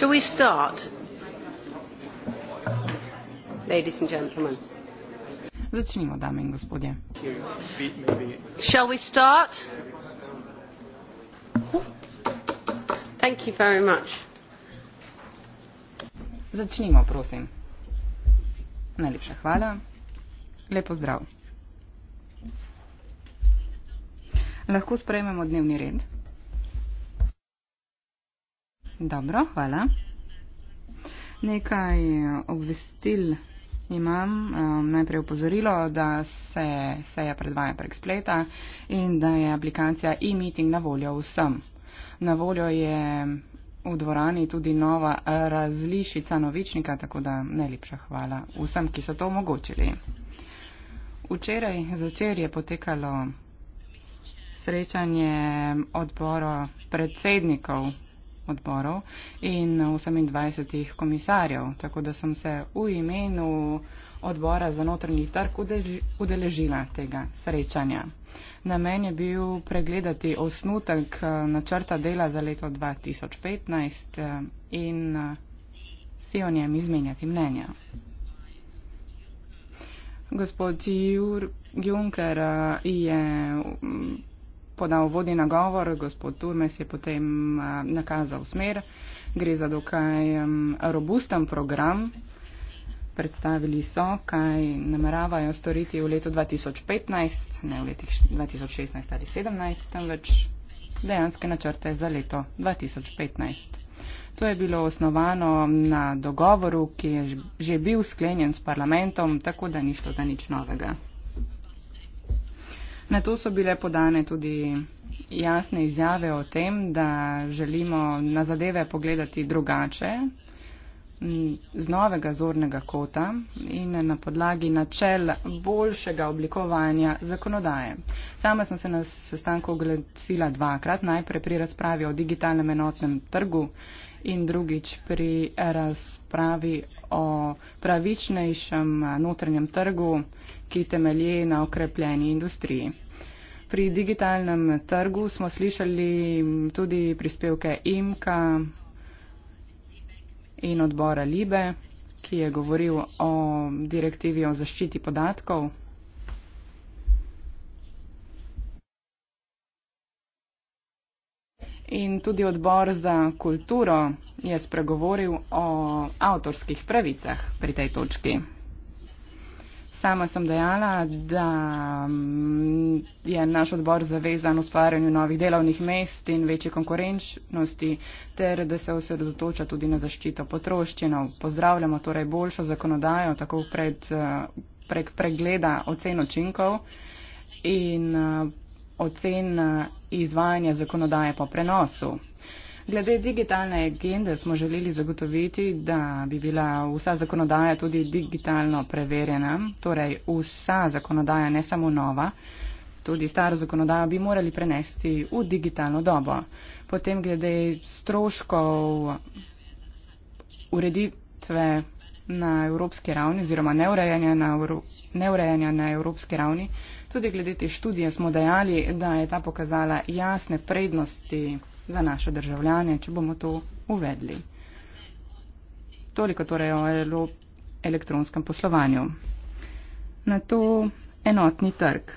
Shall we start? Ladies and gentlemen. Začnimo, dame in gospodje. Shall we start? Thank you very much. Začnimo, prosim. Najlepša hvala. Lepo zdrav. Lahko sprejmemo dnevni red. Dobro, hvala. Nekaj obvestil imam. Um, najprej opozorilo, da se seja predvaja prek spleta in da je aplikacija e-meeting na voljo vsem. Na voljo je v dvorani tudi nova različica novičnika, tako da najlepša hvala vsem, ki so to omogočili. Včeraj začer je potekalo srečanje odbora predsednikov odborov in 28 komisarjev. Tako da sem se v imenu odbora za notrni trg udeležila tega srečanja. Namen je bil pregledati osnutek eh, načrta dela za leto 2015 eh, in eh, si o njem izmenjati mnenja. Gospod Jur Juncker je podal vodni nagovor, gospod Turmes je potem eh, nakazal smer. Gre za dokaj robusten program. Predstavili so, kaj nameravajo storiti v letu 2015, ne v letih 2016 ali 2017, temveč dejanske načrte za leto 2015. To je bilo osnovano na dogovoru, ki je že bil sklenjen s parlamentom, tako da ni šlo za nič novega. Na to so bile podane tudi jasne izjave o tem, da želimo na zadeve pogledati drugače, z novega zornega kota in na podlagi načel boljšega oblikovanja zakonodaje. Sama sem se na sestanku oglasila dvakrat, najprej pri razpravi o digitalnem enotnem trgu in drugič pri razpravi o pravičnejšem notranjem trgu, ki temelje na okrepljeni industriji. Pri digitalnem trgu smo slišali tudi prispevke IMKA in odbora Libe, ki je govoril o direktivi o zaščiti podatkov. in tudi odbor za kulturo je spregovoril o avtorskih pravicah pri tej točki. Sama sem dejala, da mm, je naš odbor zavezan ustvarjanju novih delovnih mest in večji konkurenčnosti, ter da se osredotoča tudi na zaščito potroščinov. Pozdravljamo torej boljšo zakonodajo, tako pred, eh, prek pregleda ocen očinkov in eh, ocen eh, izvajanja zakonodaje po prenosu. Glede digitalne agende smo želeli zagotoviti, da bi bila vsa zakonodaja tudi digitalno preverjena, torej vsa zakonodaja, ne samo nova, tudi staro zakonodajo bi morali prenesti v digitalno dobo. Potem glede stroškov ureditve na evropski ravni oziroma neurejanja na, neurejanja na evropski ravni. Tudi glede te študije smo dejali, da je ta pokazala jasne prednosti za naše državljane, če bomo to uvedli. Toliko torej o elektronskem poslovanju. Na to enotni trg.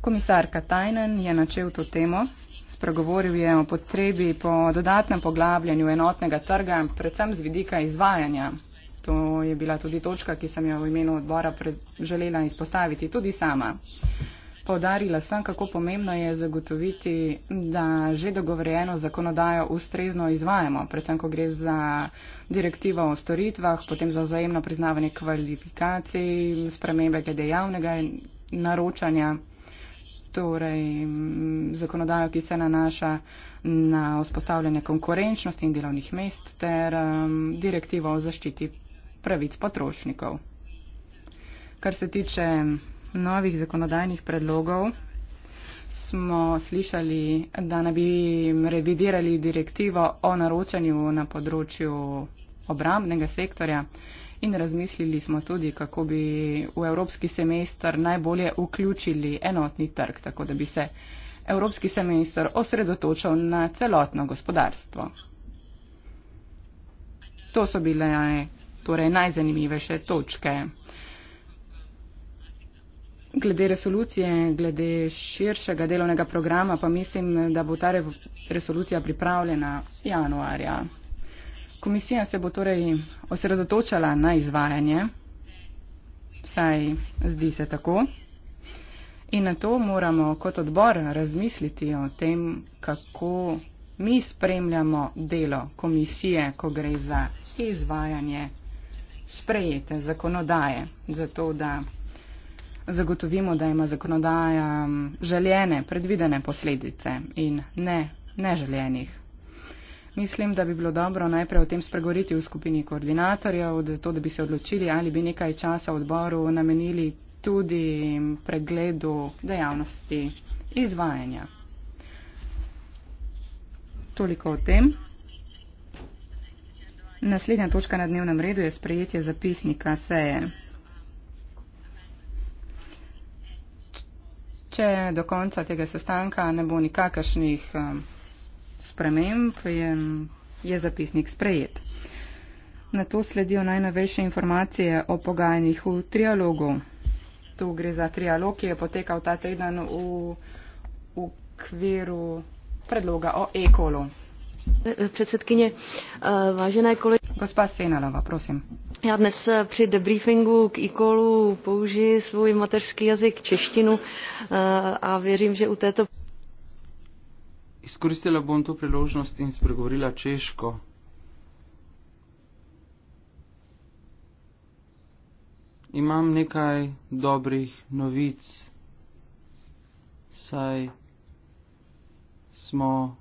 Komisarka Tajnen je načel to temo, spregovoril je o potrebi po dodatnem poglabljanju enotnega trga, predvsem z vidika izvajanja To je bila tudi točka, ki sem jo v imenu odbora želela izpostaviti tudi sama. Podarila sem, kako pomembno je zagotoviti, da že dogovorjeno zakonodajo ustrezno izvajamo, predvsem, ko gre za direktivo o storitvah, potem za vzajemno priznavanje kvalifikacij, spremembe glede javnega naročanja, torej mm, zakonodajo, ki se nanaša na vzpostavljanje konkurenčnosti in delovnih mest ter mm, direktivo o zaščiti pravic potrošnikov. Kar se tiče novih zakonodajnih predlogov, smo slišali, da ne bi revidirali direktivo o naročanju na področju obramnega sektorja in razmislili smo tudi, kako bi v evropski semester najbolje vključili enotni trg, tako da bi se evropski semester osredotočal na celotno gospodarstvo. To so bile torej najzanimivejše točke. Glede resolucije, glede širšega delovnega programa, pa mislim, da bo ta resolucija pripravljena januarja. Komisija se bo torej osredotočala na izvajanje, vsaj zdi se tako. In na to moramo kot odbor razmisliti o tem, kako mi spremljamo delo komisije, ko gre za izvajanje sprejete zakonodaje, zato da zagotovimo, da ima zakonodaja željene, predvidene posledice in ne neželjenih. Mislim, da bi bilo dobro najprej o tem spregovoriti v skupini koordinatorjev, zato da bi se odločili, ali bi nekaj časa odboru namenili tudi pregledu dejavnosti izvajanja. Toliko o tem. Naslednja točka na dnevnem redu je sprejetje zapisnika seje. Če do konca tega sestanka ne bo nikakršnih um, sprememb, je, je zapisnik sprejet. Na to sledijo najnovejše informacije o pogajanjih v trialogu. Tu gre za trialog, ki je potekal ta teden v, v kviru predloga o ekolu. Eh, já dnes eh, při debriefingu k ecall použiji svůj mateřský jazyk češtinu eh, a věřím, že u této. Izkoristila bom tu priložnost in spregovorila češko. Imam nekaj dobrih novic, saj smo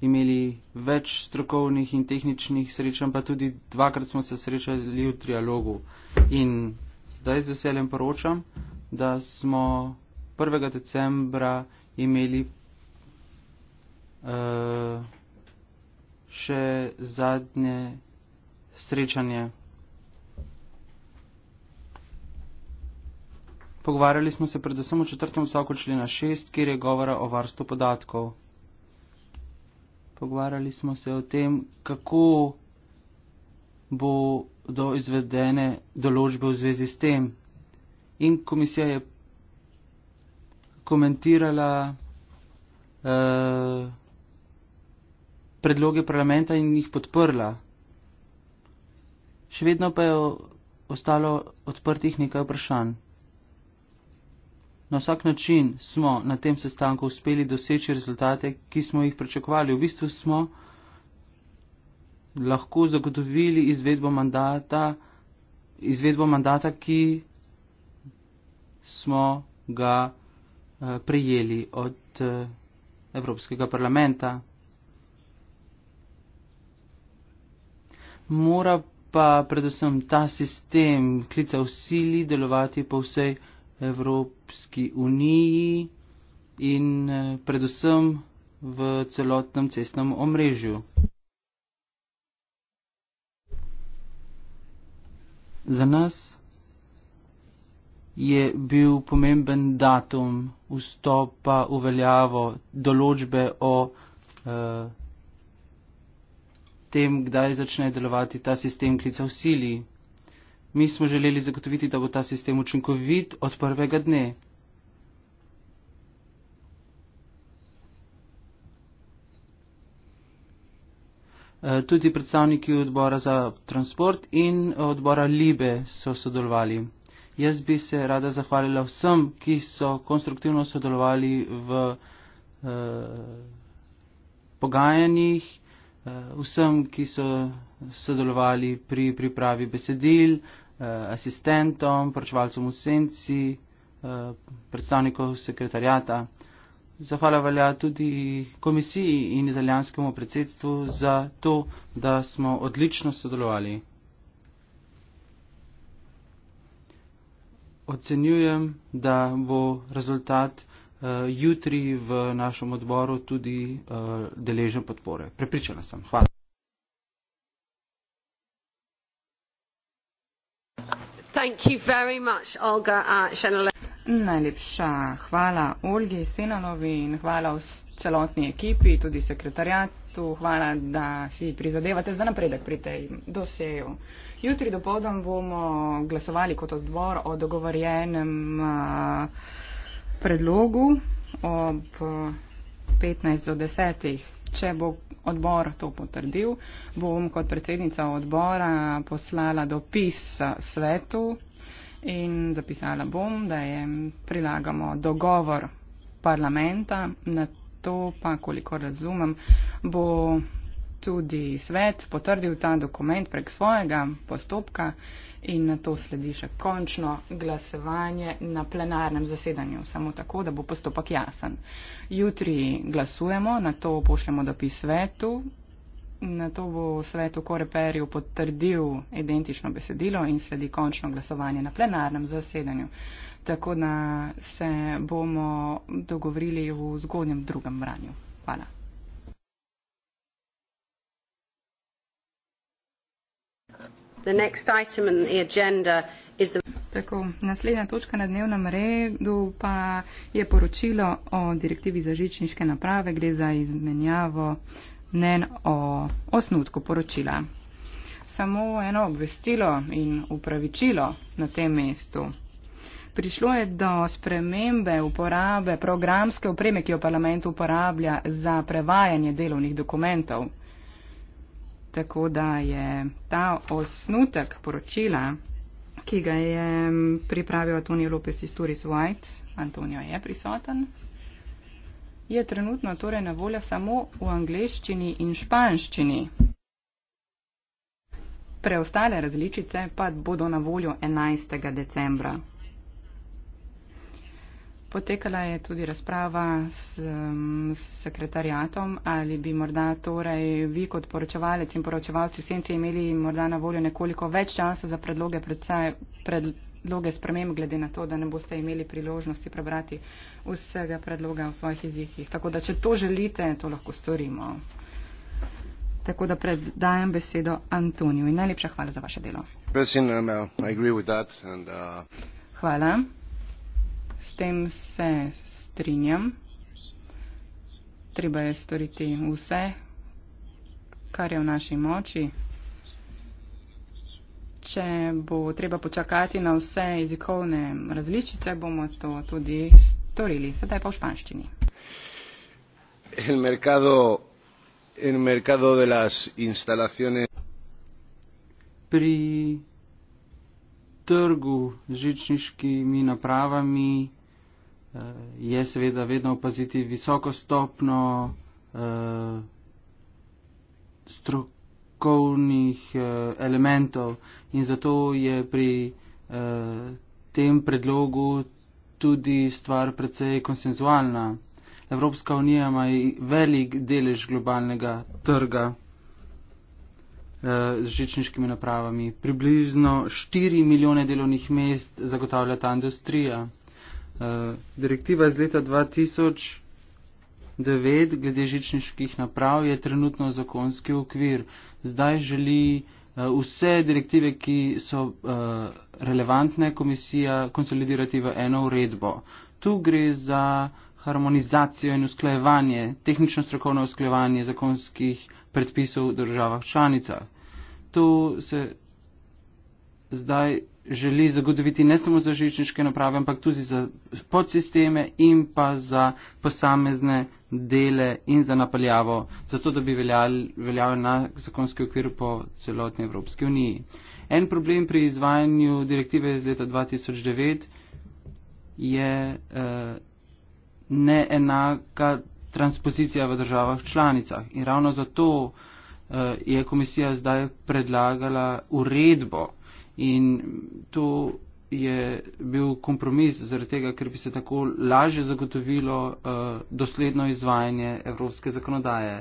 imeli več strokovnih in tehničnih srečanj, pa tudi dvakrat smo se srečali v trialogu. In zdaj z veseljem poročam, da smo 1. decembra imeli uh, še zadnje srečanje. Pogovarjali smo se predvsem o četrtem vsako člena 6, kjer je govora o varstvu podatkov pogovarjali smo se o tem, kako bo do izvedene določbe v zvezi s tem. In komisija je komentirala eh, predloge parlamenta in jih podprla. Še vedno pa je ostalo odprtih nekaj vprašanj. Na vsak način smo na tem sestanku uspeli doseči rezultate, ki smo jih pričakovali. V bistvu smo lahko zagotovili izvedbo mandata, izvedbo mandata ki smo ga eh, prejeli od eh, Evropskega parlamenta. Mora pa predvsem ta sistem klica v sili delovati po vsej Evropi. Evropski uniji in eh, predvsem v celotnem cestnem omrežju. Za nas je bil pomemben datum vstopa v veljavo določbe o eh, tem, kdaj začne delovati ta sistem klica v sili. Mi smo želeli zagotoviti, da bo ta sistem učinkovit od prvega dne. E, tudi predstavniki odbora za transport in odbora Libe so sodelovali. Jaz bi se rada zahvalila vsem, ki so konstruktivno sodelovali v eh, pogajanjih Eh, vsem, ki so sodelovali pri pripravi besedil, eh, asistentom, poročevalcem v senci, eh, predstavnikov sekretarjata. Zahvala velja tudi komisiji in italijanskemu predsedstvu za to, da smo odlično sodelovali. Ocenjujem, da bo rezultat Eh, jutri v našem odboru tudi eh, deležen podpore. Prepričana sem. Hvala. Thank you very much, Olga, uh, Najlepša hvala Olgi Senalovi in hvala celotni ekipi, tudi sekretarjatu. Hvala, da si prizadevate za napredek pri tej doseju. Jutri do bomo glasovali kot odbor o dogovorjenem uh, predlogu ob 15 do 10. Če bo odbor to potrdil, bom kot predsednica odbora poslala dopis svetu in zapisala bom, da jim prilagamo dogovor parlamenta. Na to pa, koliko razumem, bo tudi svet potrdil ta dokument prek svojega postopka in na to sledi še končno glasovanje na plenarnem zasedanju, samo tako, da bo postopek jasen. Jutri glasujemo, na to pošljemo dopis svetu, na to bo svetu Koreperju potrdil identično besedilo in sledi končno glasovanje na plenarnem zasedanju. Tako da se bomo dogovorili v zgodnjem drugem branju. Hvala. The next item on the agenda is the... Tako, naslednja točka na dnevnem redu pa je poročilo o direktivi za žičniške naprave, gre za izmenjavo mnen o osnutku poročila. Samo eno obvestilo in upravičilo na tem mestu. Prišlo je do spremembe uporabe programske opreme, ki jo parlament uporablja za prevajanje delovnih dokumentov. Tako da je ta osnutek poročila, ki ga je pripravil Antonijo Lopes iz Turis White, Antonijo je prisoten, je trenutno torej na voljo samo v angleščini in španščini. Preostale različice pa bodo na voljo 11. decembra. Potekala je tudi razprava s, um, s sekretarjatom, ali bi morda torej vi kot poročevalec in poročevalci v senci imeli morda na voljo nekoliko več časa za predloge, predvsej, predloge sprememb, glede na to, da ne boste imeli priložnosti prebrati vsega predloga v svojih jezikih. Tako da, če to želite, to lahko storimo. Tako da predajam besedo Antoniju in najlepša hvala za vaše delo. Uh, hvala tem se strinjam. Treba je storiti vse, kar je v naši moči. Če bo treba počakati na vse jezikovne različice, bomo to tudi storili. Sedaj pa v španščini. El mercado, el mercado de las instalaciones. Pri trgu z žičniškimi napravami je seveda vedno opaziti visoko stopno uh, strokovnih uh, elementov in zato je pri uh, tem predlogu tudi stvar precej konsenzualna. Evropska unija ima velik delež globalnega trga z žičniškimi napravami. Približno 4 milijone delovnih mest zagotavlja ta industrija. Eh, direktiva iz leta 2009 glede žičniških naprav je trenutno zakonski okvir. Zdaj želi eh, vse direktive, ki so eh, relevantne, komisija konsolidirati v eno uredbo. Tu gre za harmonizacijo in usklajevanje, tehnično strokovno usklajevanje zakonskih predpisov v državah članicah. To se zdaj želi zagotoviti ne samo za žičniške naprave, ampak tudi za podsisteme in pa za posamezne dele in za napeljavo, zato da bi veljali na zakonski okvir po celotni Evropski uniji. En problem pri izvajanju direktive iz leta 2009 je eh, neenaka transpozicija v državah članicah in ravno zato eh, je komisija zdaj predlagala uredbo In to je bil kompromis zaradi tega, ker bi se tako lažje zagotovilo uh, dosledno izvajanje evropske zakonodaje.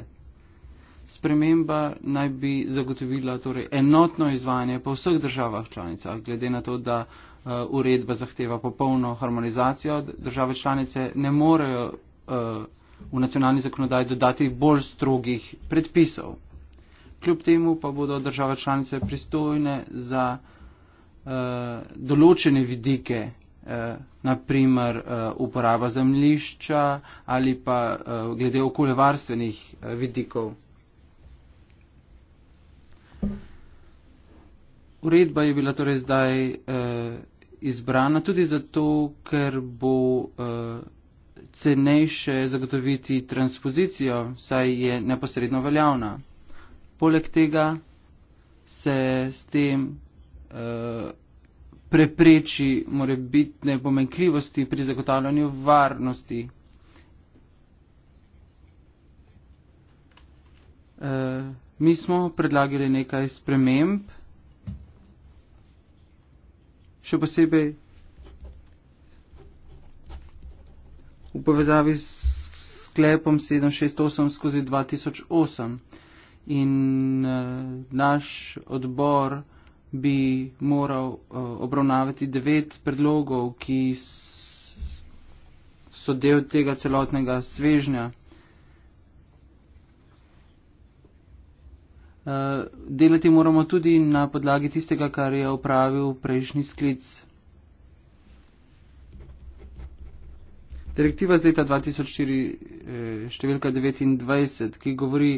Sprememba naj bi zagotovila torej, enotno izvajanje po vseh državah članicah, glede na to, da uh, uredba zahteva popolno harmonizacijo. Države članice ne morejo uh, v nacionalni zakonodaji dodati bolj strogih predpisov. Kljub temu pa bodo države članice pristojne za Eh, določene vidike, eh, naprimer eh, uporaba zemljišča ali pa eh, glede okoljevarstvenih eh, vidikov. Uredba je bila torej zdaj eh, izbrana tudi zato, ker bo eh, cenejše zagotoviti transpozicijo, saj je neposredno veljavna. Poleg tega se s tem Eh, prepreči morebitne pomenkljivosti pri zagotavljanju varnosti. Eh, mi smo predlagali nekaj sprememb, še posebej v povezavi s sklepom 768 skozi 2008 in eh, naš odbor bi moral eh, obravnavati devet predlogov, ki so del tega celotnega svežnja. Eh, delati moramo tudi na podlagi tistega, kar je upravil prejšnji sklic. Direktiva z leta 2004 eh, številka 29, ki govori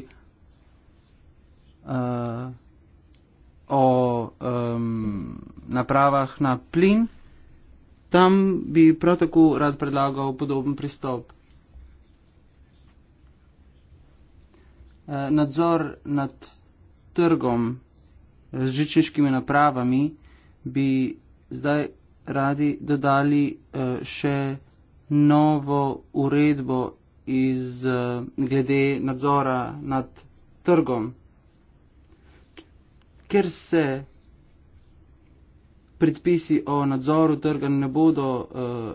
o um, napravah na plin, tam bi prav tako rad predlagal podoben pristop. E, nadzor nad trgom z žičniškimi napravami bi zdaj radi dodali e, še novo uredbo iz, e, glede nadzora nad trgom ker se predpisi o nadzoru trga ne bodo uh,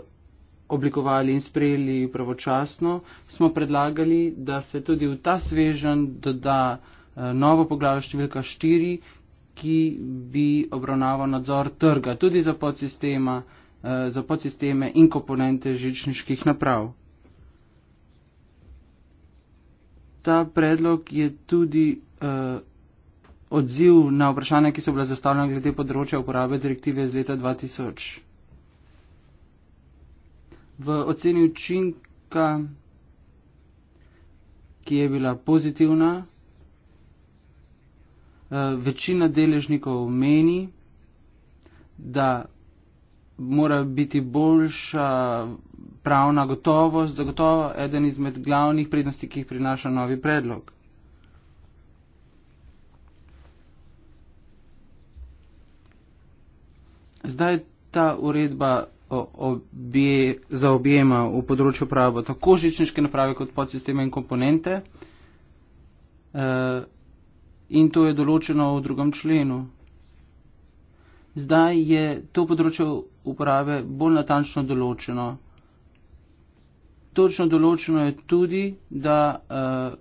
oblikovali in sprejeli pravočasno, smo predlagali, da se tudi v ta svežen doda uh, novo poglavje številka 4, ki bi obravnaval nadzor trga tudi za, podsistema, uh, za podsisteme in komponente žičniških naprav. Ta predlog je tudi uh, odziv na vprašanja, ki so bila zastavljena glede področja uporabe direktive iz leta 2000. V oceni učinka, ki je bila pozitivna, eh, večina deležnikov meni, da mora biti boljša pravna gotovost, zagotovo eden izmed glavnih prednosti, ki jih prinaša novi predlog. Zdaj ta uredba obje, zaobjema v področju pravo tako žičniške naprave kot podsisteme in komponente eh, in to je določeno v drugem členu. Zdaj je to področje uporabe bolj natančno določeno. Točno določeno je tudi, da uh,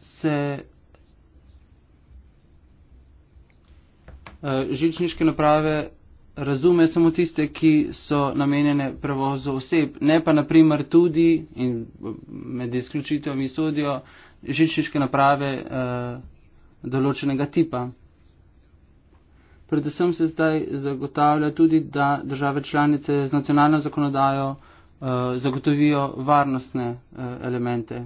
se Eh, žičniške naprave razume samo tiste, ki so namenjene prevozu oseb, ne pa naprimer tudi in med izključitvami sodijo žičniške naprave uh, določenega tipa. Predvsem se zdaj zagotavlja tudi, da države članice z nacionalno zakonodajo uh, zagotovijo varnostne uh, elemente.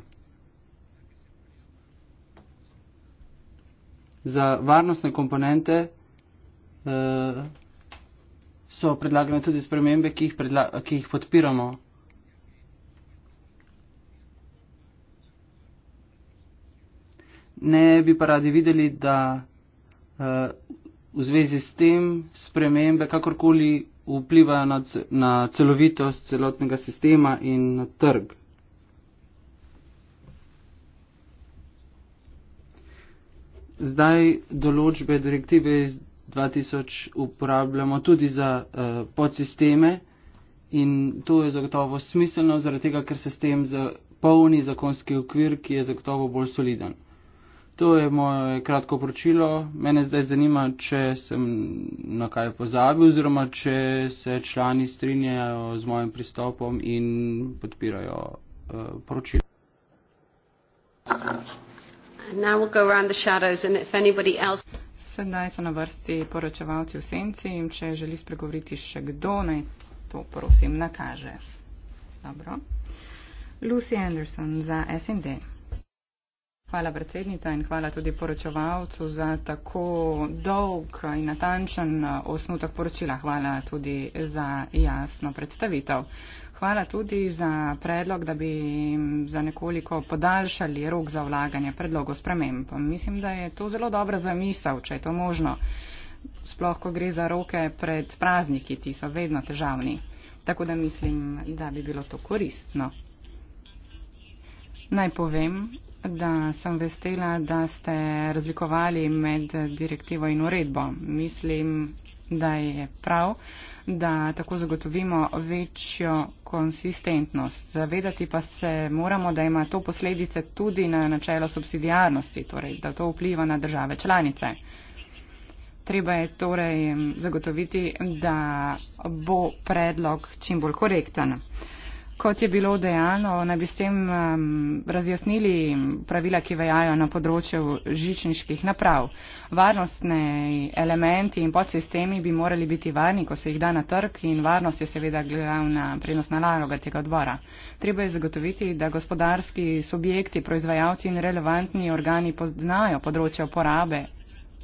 Za varnostne komponente uh, so predlagane tudi spremembe, ki jih, ki jih podpiramo. Ne bi pa radi videli, da uh, v zvezi s tem spremembe kakorkoli vplivajo na, na celovitost celotnega sistema in na trg. Zdaj določbe direktive iz 2000 uporabljamo tudi za uh, podsisteme in to je zagotovo smiselno, zaradi tega, ker se s tem zapolni zakonski okvir, ki je zagotovo bolj soliden. To je moje kratko poročilo. Mene zdaj zanima, če sem na kaj pozabil oziroma če se člani strinjajo z mojim pristopom in podpirajo uh, poročilo. Now we'll go around the shadows and if anybody else sedaj so na vrsti poročevalci v senci in če želi spregovoriti še kdo, naj to prosim nakaže. Dobro. Lucy Anderson za SND. Hvala predsednica in hvala tudi poročevalcu za tako dolg in natančen eh, osnutek poročila. Hvala tudi za jasno predstavitev. Hvala tudi za predlog, da bi za nekoliko podaljšali rok za vlaganje predlogov sprememb. Mislim, da je to zelo dobra zamisel, če je to možno. Sploh, ko gre za roke pred prazniki, ti so vedno težavni. Tako da mislim, da bi bilo to koristno. Naj povem, da sem vestela, da ste razlikovali med direktivo in uredbo. Mislim, da je prav, da tako zagotovimo večjo konsistentnost. Zavedati pa se moramo, da ima to posledice tudi na načelo subsidijarnosti, torej da to vpliva na države članice. Treba je torej zagotoviti, da bo predlog čim bolj korektan. Kot je bilo dejano, naj bi s tem um, razjasnili pravila, ki vejajo na področju žičniških naprav. Varnostne elementi in podsistemi bi morali biti varni, ko se jih da na trg in varnost je seveda glavna prednostna naloga tega odbora. Treba je zagotoviti, da gospodarski subjekti, proizvajalci in relevantni organi poznajo področje uporabe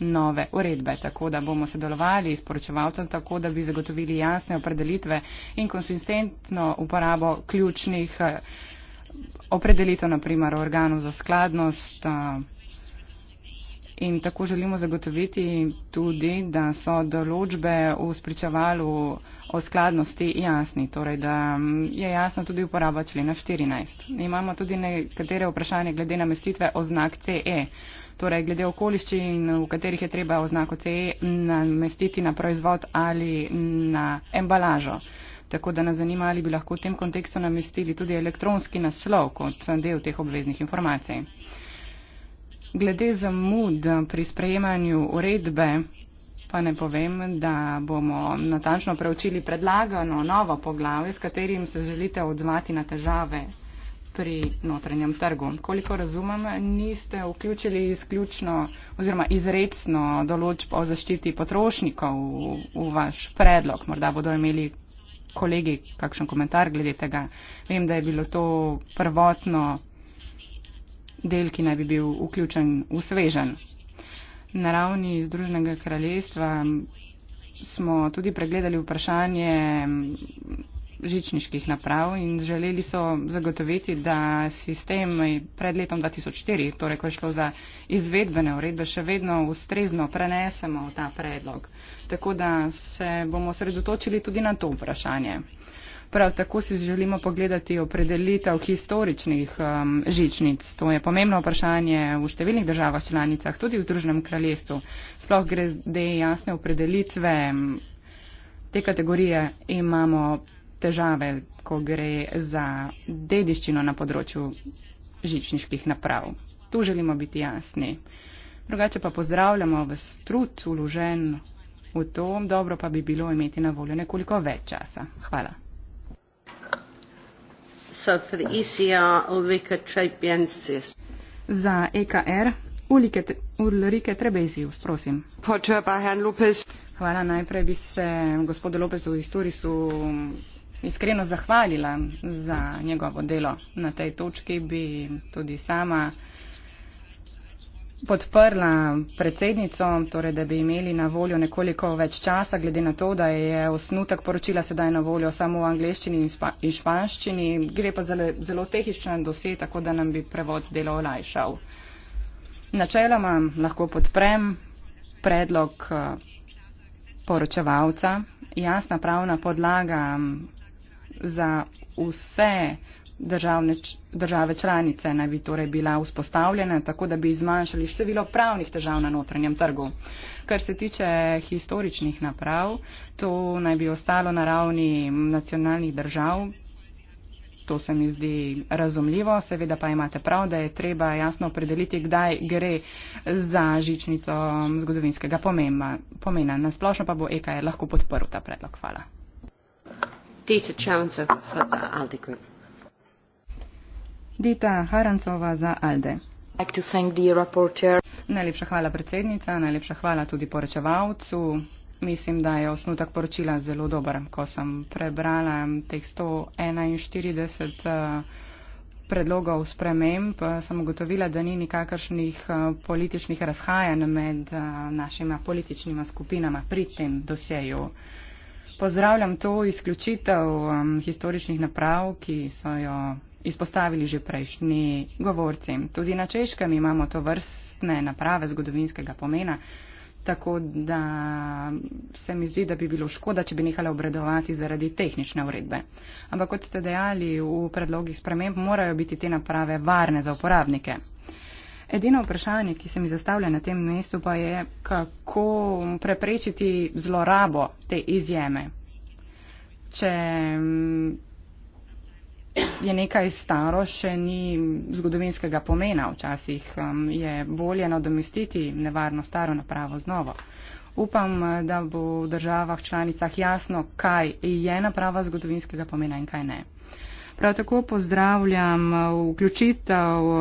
nove uredbe, tako da bomo sodelovali s poročevalcem, tako da bi zagotovili jasne opredelitve in konsistentno uporabo ključnih eh, opredelitev, naprimer organov za skladnost. Eh, in tako želimo zagotoviti tudi, da so določbe v spričevalu o skladnosti jasni, torej da mm, je jasna tudi uporaba člena 14. Imamo tudi nekatere vprašanje glede namestitve oznak CE. Torej, glede okoliščin, v katerih je treba oznako CE namestiti na proizvod ali na embalažo. Tako da nas zanima, ali bi lahko v tem kontekstu namestili tudi elektronski naslov kot del teh obveznih informacij. Glede zamud pri sprejemanju uredbe, pa ne povem, da bomo natančno preučili predlagano novo poglavje, s katerim se želite odzvati na težave pri notranjem trgu. Koliko razumem, niste vključili izključno oziroma izredno določb o zaščiti potrošnikov v, v vaš predlog. Morda bodo imeli kolegi kakšen komentar glede tega. Vem, da je bilo to prvotno del, ki naj bi bil vključen v svežen. Na ravni Združenega kraljestva smo tudi pregledali vprašanje žičniških naprav in želeli so zagotoviti, da sistem pred letom 2004, torej ko je šlo za izvedbene uredbe, še vedno ustrezno prenesemo ta predlog. Tako da se bomo sredotočili tudi na to vprašanje. Prav tako si želimo pogledati opredelitev historičnih um, žičnic. To je pomembno vprašanje v številnih državah članicah, tudi v Združenem kraljestvu. Sploh gre de jasne opredelitve te kategorije. Imamo težave, ko gre za dediščino na področju žičniških naprav. Tu želimo biti jasni. Drugače pa pozdravljamo v strut uložen v to, dobro pa bi bilo imeti na voljo nekoliko več časa. Hvala. E za EKR Ulrike Trebeziv, prosim. Hvala, najprej bi se gospodu Lopezu iz Turisu iskreno zahvalila za njegovo delo. Na tej točki bi tudi sama podprla predsednico, torej da bi imeli na voljo nekoliko več časa, glede na to, da je osnutek poročila sedaj na voljo samo v angleščini in španščini. Gre pa zelo, zelo tehničen dosje, tako da nam bi prevod delo olajšal. Načeloma lahko podprem predlog eh, poročevalca. Jasna pravna podlaga za vse državne, države članice naj bi torej bila vzpostavljena, tako da bi zmanjšali število pravnih težav na notranjem trgu. Kar se tiče historičnih naprav, to naj bi ostalo na ravni nacionalnih držav. To se mi zdi razumljivo, seveda pa imate prav, da je treba jasno opredeliti, kdaj gre za žičnico zgodovinskega pomena. Nasplošno pa bo EKR lahko podprl ta predlog. Hvala. Dita Chance for the Alde Group. Dita Harancova za Alde. Like to thank the reporter. Najlepša hvala predsednica, najlepša hvala tudi poročevalcu. Mislim, da je osnutek poročila zelo dober. Ko sem prebrala teh 141 eh, predlogov sprememb, eh, sem ugotovila, da ni nikakršnih eh, političnih razhajanj med našima političnima skupinama pri tem dosjeju. Pozdravljam to izključitev um, historičnih naprav, ki so jo izpostavili že prejšnji govorci. Tudi na Češkem imamo to vrstne naprave zgodovinskega pomena, tako da se mi zdi, da bi bilo škoda, če bi nehala obredovati zaradi tehnične uredbe. Ampak kot ste dejali, v predlogih sprememb morajo biti te naprave varne za uporabnike. Edino vprašanje, ki se mi zastavlja na tem mestu, pa je, kako preprečiti zlorabo te izjeme. Če mm, je nekaj staro, še ni zgodovinskega pomena, včasih mm, je bolje nadomestiti nevarno staro napravo z novo. Upam, da bo v državah članicah jasno, kaj je naprava zgodovinskega pomena in kaj ne. Prav tako pozdravljam mm, vključitev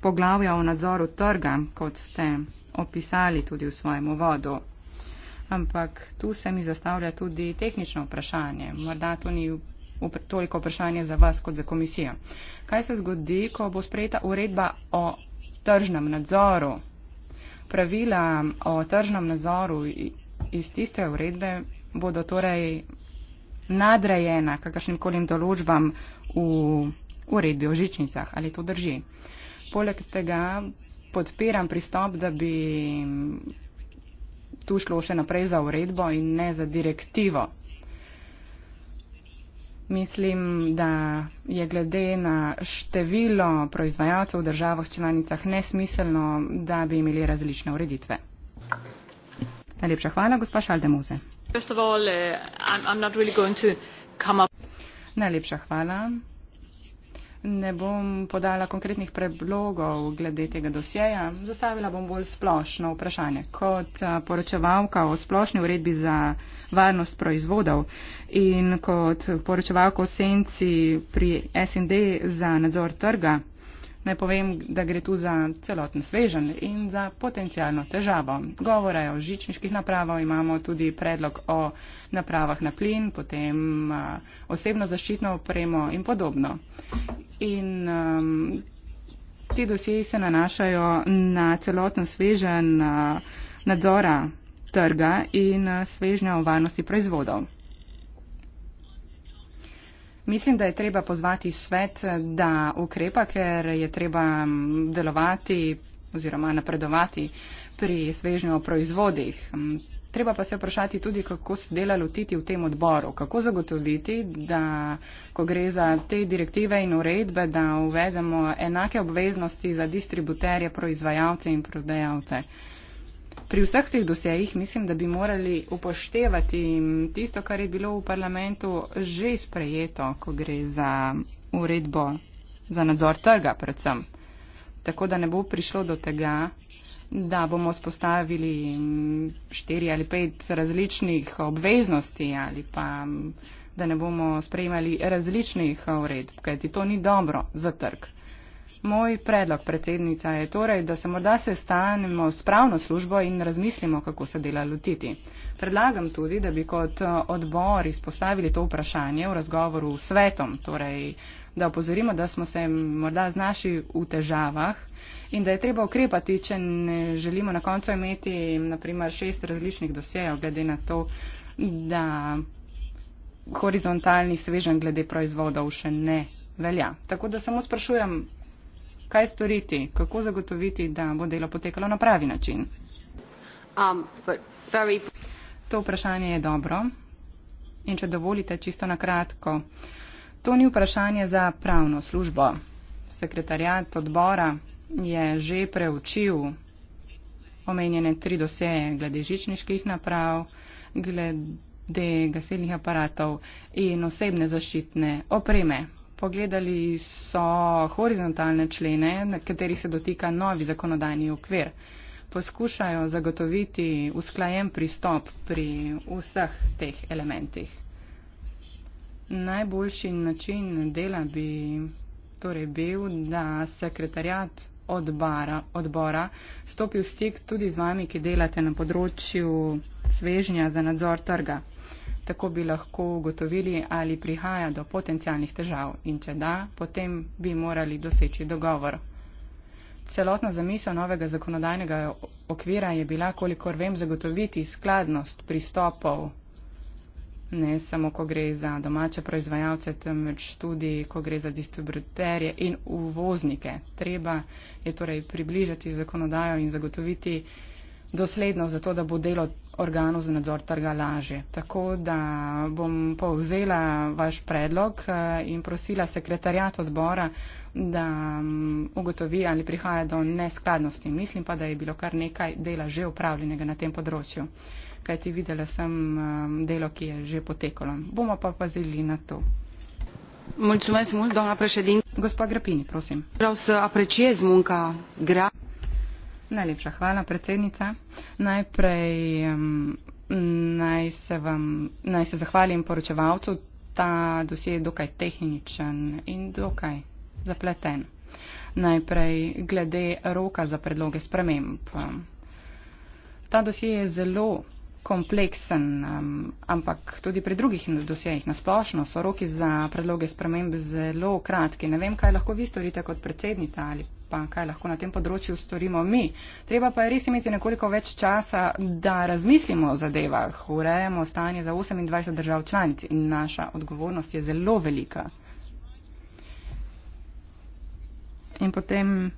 poglavja o nadzoru trga, kot ste opisali tudi v svojem uvodu. Ampak tu se mi zastavlja tudi tehnično vprašanje. Morda to ni toliko vprašanje za vas kot za komisijo. Kaj se zgodi, ko bo sprejeta uredba o tržnem nadzoru? Pravila o tržnem nadzoru iz tiste uredbe bodo torej nadrejena kakršnim kolim določbam v uredbi o žičnicah. Ali to drži? poleg tega podpiram pristop, da bi tu šlo še naprej za uredbo in ne za direktivo. Mislim, da je glede na število proizvajalcev v državah članicah nesmiselno, da bi imeli različne ureditve. Najlepša hvala, gospa Šaldemuse. All, uh, I'm, I'm really Najlepša hvala ne bom podala konkretnih predlogov glede tega dosjeja, zastavila bom bolj splošno vprašanje. Kot poročevalka o splošni uredbi za varnost proizvodov in kot poročevalka o senci pri SND za nadzor trga, Naj povem, da gre tu za celoten svežen in za potencijalno težavo. Govora je o žičniških napravah, imamo tudi predlog o napravah na plin, potem osebno zaščitno opremo in podobno. In um, ti dosjeji se nanašajo na celoten svežen uh, nadzora trga in uh, svežnja o varnosti proizvodov. Mislim, da je treba pozvati svet, eh, da ukrepa, ker je treba mm, delovati oziroma napredovati pri svežnjo proizvodih. Mm, treba pa se vprašati tudi, kako se dela lotiti v tem odboru, kako zagotoviti, da ko gre za te direktive in uredbe, da uvedemo enake obveznosti za distributerje, proizvajalce in prodajalce pri vseh teh dosejih mislim, da bi morali upoštevati tisto, kar je bilo v parlamentu že sprejeto, ko gre za uredbo za nadzor trga predvsem. Tako da ne bo prišlo do tega, da bomo spostavili štiri ali pet različnih obveznosti ali pa da ne bomo sprejemali različnih uredb, kajti to ni dobro za trg. Moj predlog, predsednica, je torej, da se morda sestanemo s pravno službo in razmislimo, kako se dela lotiti. Predlagam tudi, da bi kot eh, odbor izpostavili to vprašanje v razgovoru s svetom, torej, da opozorimo, da smo se morda znašli v težavah in da je treba ukrepati, če ne želimo na koncu imeti naprimer šest različnih dosejev, glede na to, da horizontalni svežen glede proizvodov še ne velja. Tako da samo sprašujem, kaj storiti, kako zagotoviti, da bo delo potekalo na pravi način? Um, very... To vprašanje je dobro in če dovolite, čisto na kratko. To ni vprašanje za pravno službo. Sekretarjat odbora je že preučil omenjene tri doseje glede žičniških naprav, glede gasilnih aparatov in osebne zaščitne opreme pogledali so horizontalne člene, na katerih se dotika novi zakonodajni okvir. Poskušajo zagotoviti usklajen pristop pri vseh teh elementih. Najboljši način dela bi torej bil, da sekretarjat odbara, odbora stopi v stik tudi z vami, ki delate na področju svežnja za nadzor trga. Tako bi lahko ugotovili, ali prihaja do potencijalnih težav in če da, potem bi morali doseči dogovor. Celotna zamisel novega zakonodajnega okvira je bila, kolikor vem, zagotoviti skladnost pristopov, ne samo, ko gre za domače proizvajalce, temveč tudi, ko gre za distributerje in uvoznike. Treba je torej približati zakonodajo in zagotoviti, dosledno za to, da bo delo organov za nadzor trga lažje. Tako da bom povzela vaš predlog eh, in prosila sekretarjat odbora, da mm, ugotovi, ali prihaja do neskladnosti. Mislim pa, da je bilo kar nekaj dela že upravljenega na tem področju, kajti videla sem mm, delo, ki je že potekalo. Bomo pa pazili na to. Mulțumesc mult, doamna președinte. Gospa Grapini, prosim. Vreau să apreciez munca grea. Najlepša hvala, predsednica. Najprej um, naj, se vam, naj se zahvalim poročevalcu. Ta dosje je dokaj tehničen in dokaj zapleten. Najprej glede roka za predloge sprememb. Ta dosje je zelo kompleksen, um, ampak tudi pri drugih dosjejih nasplošno so roki za predloge sprememb zelo kratki. Ne vem, kaj lahko vi storite kot predsednica ali predsednica pa kaj lahko na tem področju storimo mi. Treba pa je res imeti nekoliko več časa, da razmislimo o zadevah, urejemo stanje za 28 držav članic in naša odgovornost je zelo velika. In potem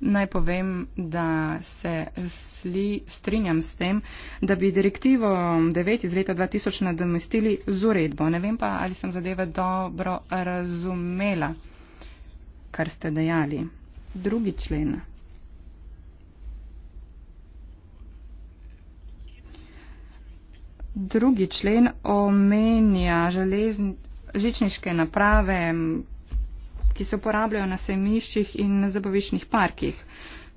naj povem, da se sli, strinjam s tem, da bi direktivo 9 iz leta 2000 nadomestili z uredbo. Ne vem pa, ali sem zadeve dobro razumela kar ste dejali. Drugi člen. Drugi člen omenja železn, žičniške naprave, ki se uporabljajo na semiščih in na zaboviščnih parkih.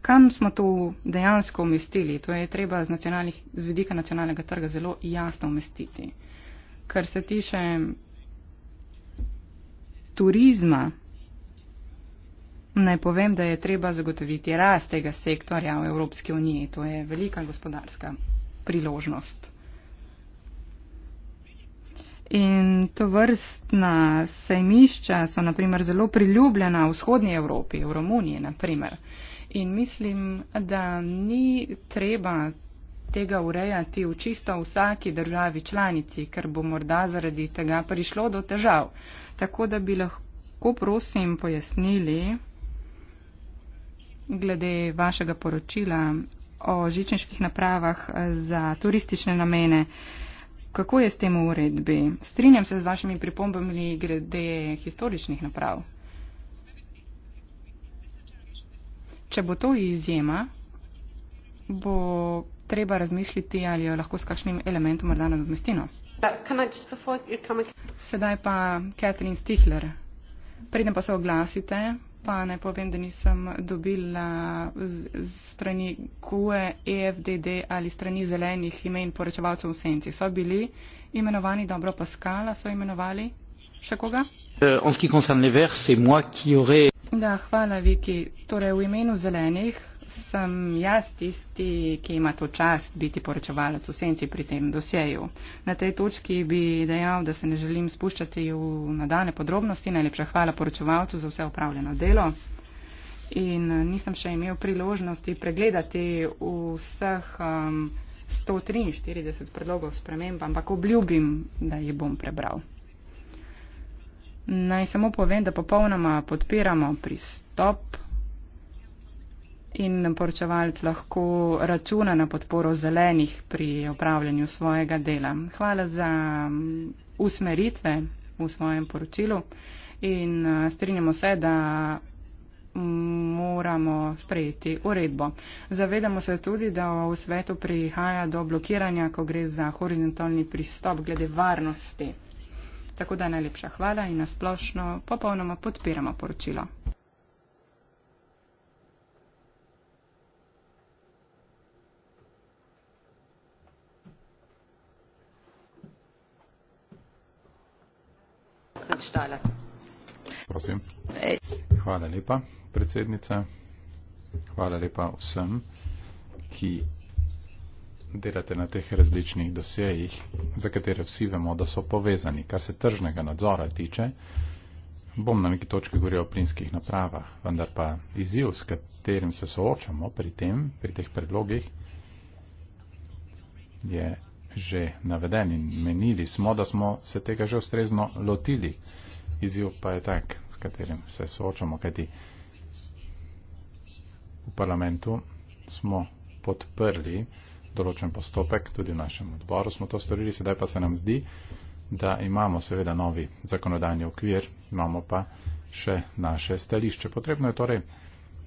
Kam smo to dejansko umestili? To je treba z, z vidika nacionalnega trga zelo jasno umestiti. Kar se tiče turizma, Naj povem, da je treba zagotoviti rast tega sektorja v Evropski uniji. To je velika gospodarska priložnost. In to vrstna sejmišča so naprimer zelo priljubljena v vzhodnji Evropi, v Romuniji naprimer. In mislim, da ni treba tega urejati v čisto vsaki državi članici, ker bo morda zaradi tega prišlo do težav. Tako da bi lahko prosim pojasnili, glede vašega poročila o žičniških napravah eh, za turistične namene. Kako je s tem uredbi? Strinjam se z vašimi pripombami glede historičnih naprav. Če bo to izjema, bo treba razmisliti, ali jo lahko s kakšnim elementom morda nadomestino. Sedaj pa Catherine Stihler. Preden pa se oglasite, pa ne povem, da nisem dobila strani KUE, EFDD ali strani zelenih imen poročevalcev v senci. So bili imenovani dobro Paskala, so imenovali še koga? Euh, da, hvala, Viki. Torej, v imenu zelenih sem jaz tisti, ki ima to čast biti poročevalec v senci pri tem dosjeju. Na tej točki bi dejal, da se ne želim spuščati v nadaljne podrobnosti. Najlepša hvala poročevalcu za vse upravljeno delo. In eh, nisem še imel priložnosti pregledati vseh um, ehm, 143 predlogov sprememb, ampak obljubim, da jih bom prebral. Naj samo povem, da popolnoma podpiramo pristop in poročevalc lahko računa na podporo zelenih pri opravljanju svojega dela. Hvala za mm, usmeritve v svojem poročilu in eh, strinjamo se, da moramo sprejeti uredbo. Zavedamo se tudi, da v svetu prihaja do blokiranja, ko gre za horizontalni pristop glede varnosti. Tako da najlepša hvala in nasplošno popolnoma podpiramo poročilo. srečala. Prosim. Hvala lepa, predsednica. Hvala lepa vsem, ki delate na teh različnih dosejih, za katere vsi vemo, da so povezani. Kar se tržnega nadzora tiče, bom na neki točki govoril o plinskih napravah, vendar pa izziv, s katerim se soočamo pri tem, pri teh predlogih, je že naveden in menili smo, da smo se tega že ustrezno lotili. Izjiv pa je tak, s katerim se soočamo, kajti v parlamentu smo podprli določen postopek, tudi v našem odboru smo to storili, sedaj pa se nam zdi, da imamo seveda novi zakonodajni okvir, imamo pa še naše stališče. Potrebno je torej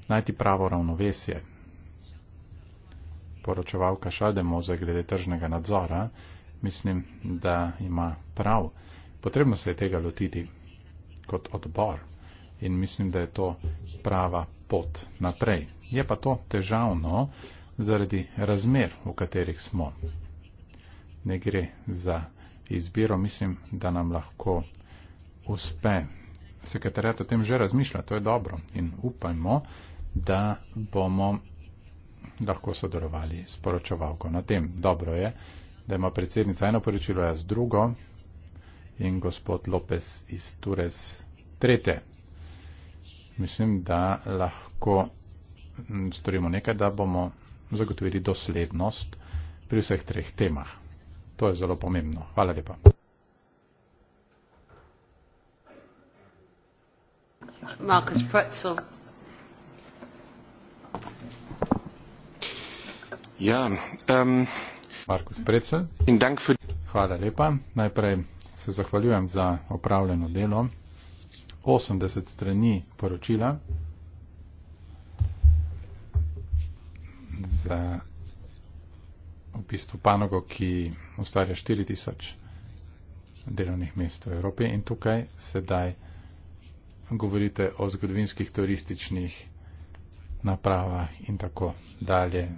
najti pravo ravnovesje poročevalka Šademoze glede tržnega nadzora, mislim, da ima prav. Potrebno se je tega lotiti kot odbor in mislim, da je to prava pot naprej. Je pa to težavno zaradi razmer, v katerih smo. Ne gre za izbiro, mislim, da nam lahko uspe. Sekretarjat o tem že razmišlja, to je dobro in upajmo, da bomo lahko sodelovali s poročevalko na tem. Dobro je, da ima predsednica eno poročilo, jaz drugo in gospod Lopez iz Tures trete. Mislim, da lahko storimo nekaj, da bomo zagotovili doslednost pri vseh treh temah. To je zelo pomembno. Hvala lepa. Markus Pretzel. Ja, Hvala lepa. Najprej se zahvaljujem za opravljeno delo. 80 strani poročila za v bistvu panogo, ki ustvarja 4000 delovnih mest v Evropi in tukaj sedaj govorite o zgodovinskih turističnih napravah in tako dalje.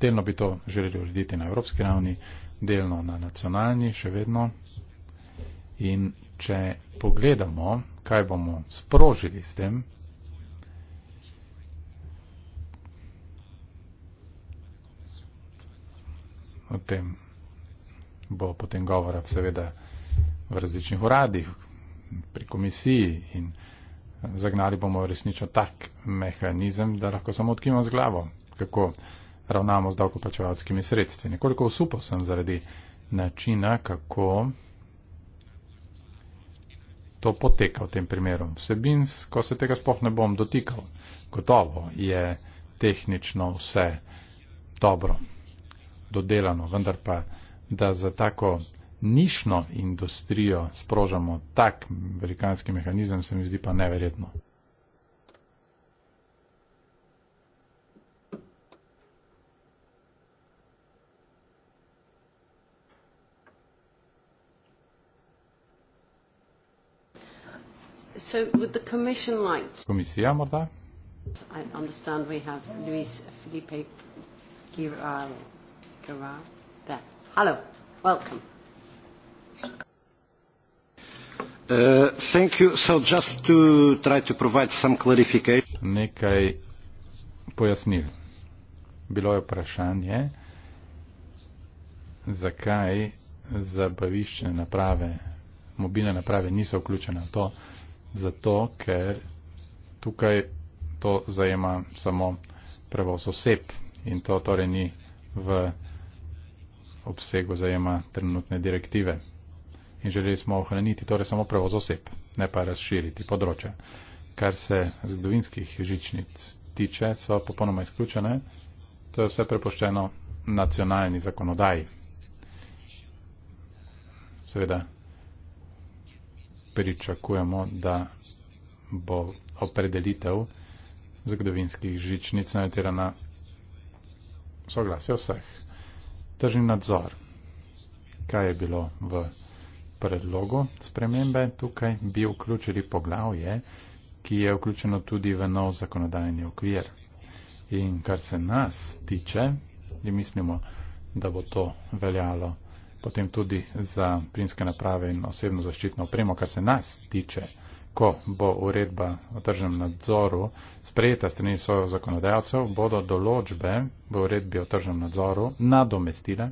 Delno bi to želeli urediti na evropski ravni, delno na nacionalni še vedno. In če pogledamo, kaj bomo sprožili s tem, o tem bo potem govora seveda v različnih uradih, pri komisiji in komisiji zagnali bomo resnično tak mehanizem, da lahko samo odkimam z glavo, kako ravnamo z davkoplačevalskimi sredstvi. Nekoliko usupal sem zaradi načina, kako to poteka v tem primeru. Vsebinsko se tega sploh ne bom dotikal. Gotovo je tehnično vse dobro dodelano, vendar pa, da za tako nišno industrijo sprožamo tak velikanski mehanizem, se mi zdi pa neverjetno. So would the commission like to Komisija morda? I understand we have Luis Felipe Girard. Hello, welcome. Uh, nekaj pojasnil. Bilo je vprašanje, zakaj zabaviščne naprave, mobilne naprave niso vključene v to, zato ker tukaj to zajema samo prevoz oseb in to torej ni v obsegu zajema trenutne direktive in želeli smo ohraniti torej samo prevoz oseb, ne pa razširiti področje. Kar se zgodovinskih žičnic tiče, so popolnoma izključene. To je vse prepoščeno nacionalni zakonodaji. Seveda pričakujemo, da bo opredelitev zgodovinskih žičnic naletirana soglasje vseh. Tržni nadzor. Kaj je bilo v predlogu spremembe tukaj bi vključili poglavje, ki je vključeno tudi v nov zakonodajni okvir. In kar se nas tiče, in mislimo, da bo to veljalo potem tudi za plinske naprave in osebno zaščitno opremo, kar se nas tiče, ko bo uredba o tržnem nadzoru sprejeta strani svojo zakonodajalcev, bodo določbe v uredbi o tržnem nadzoru nadomestile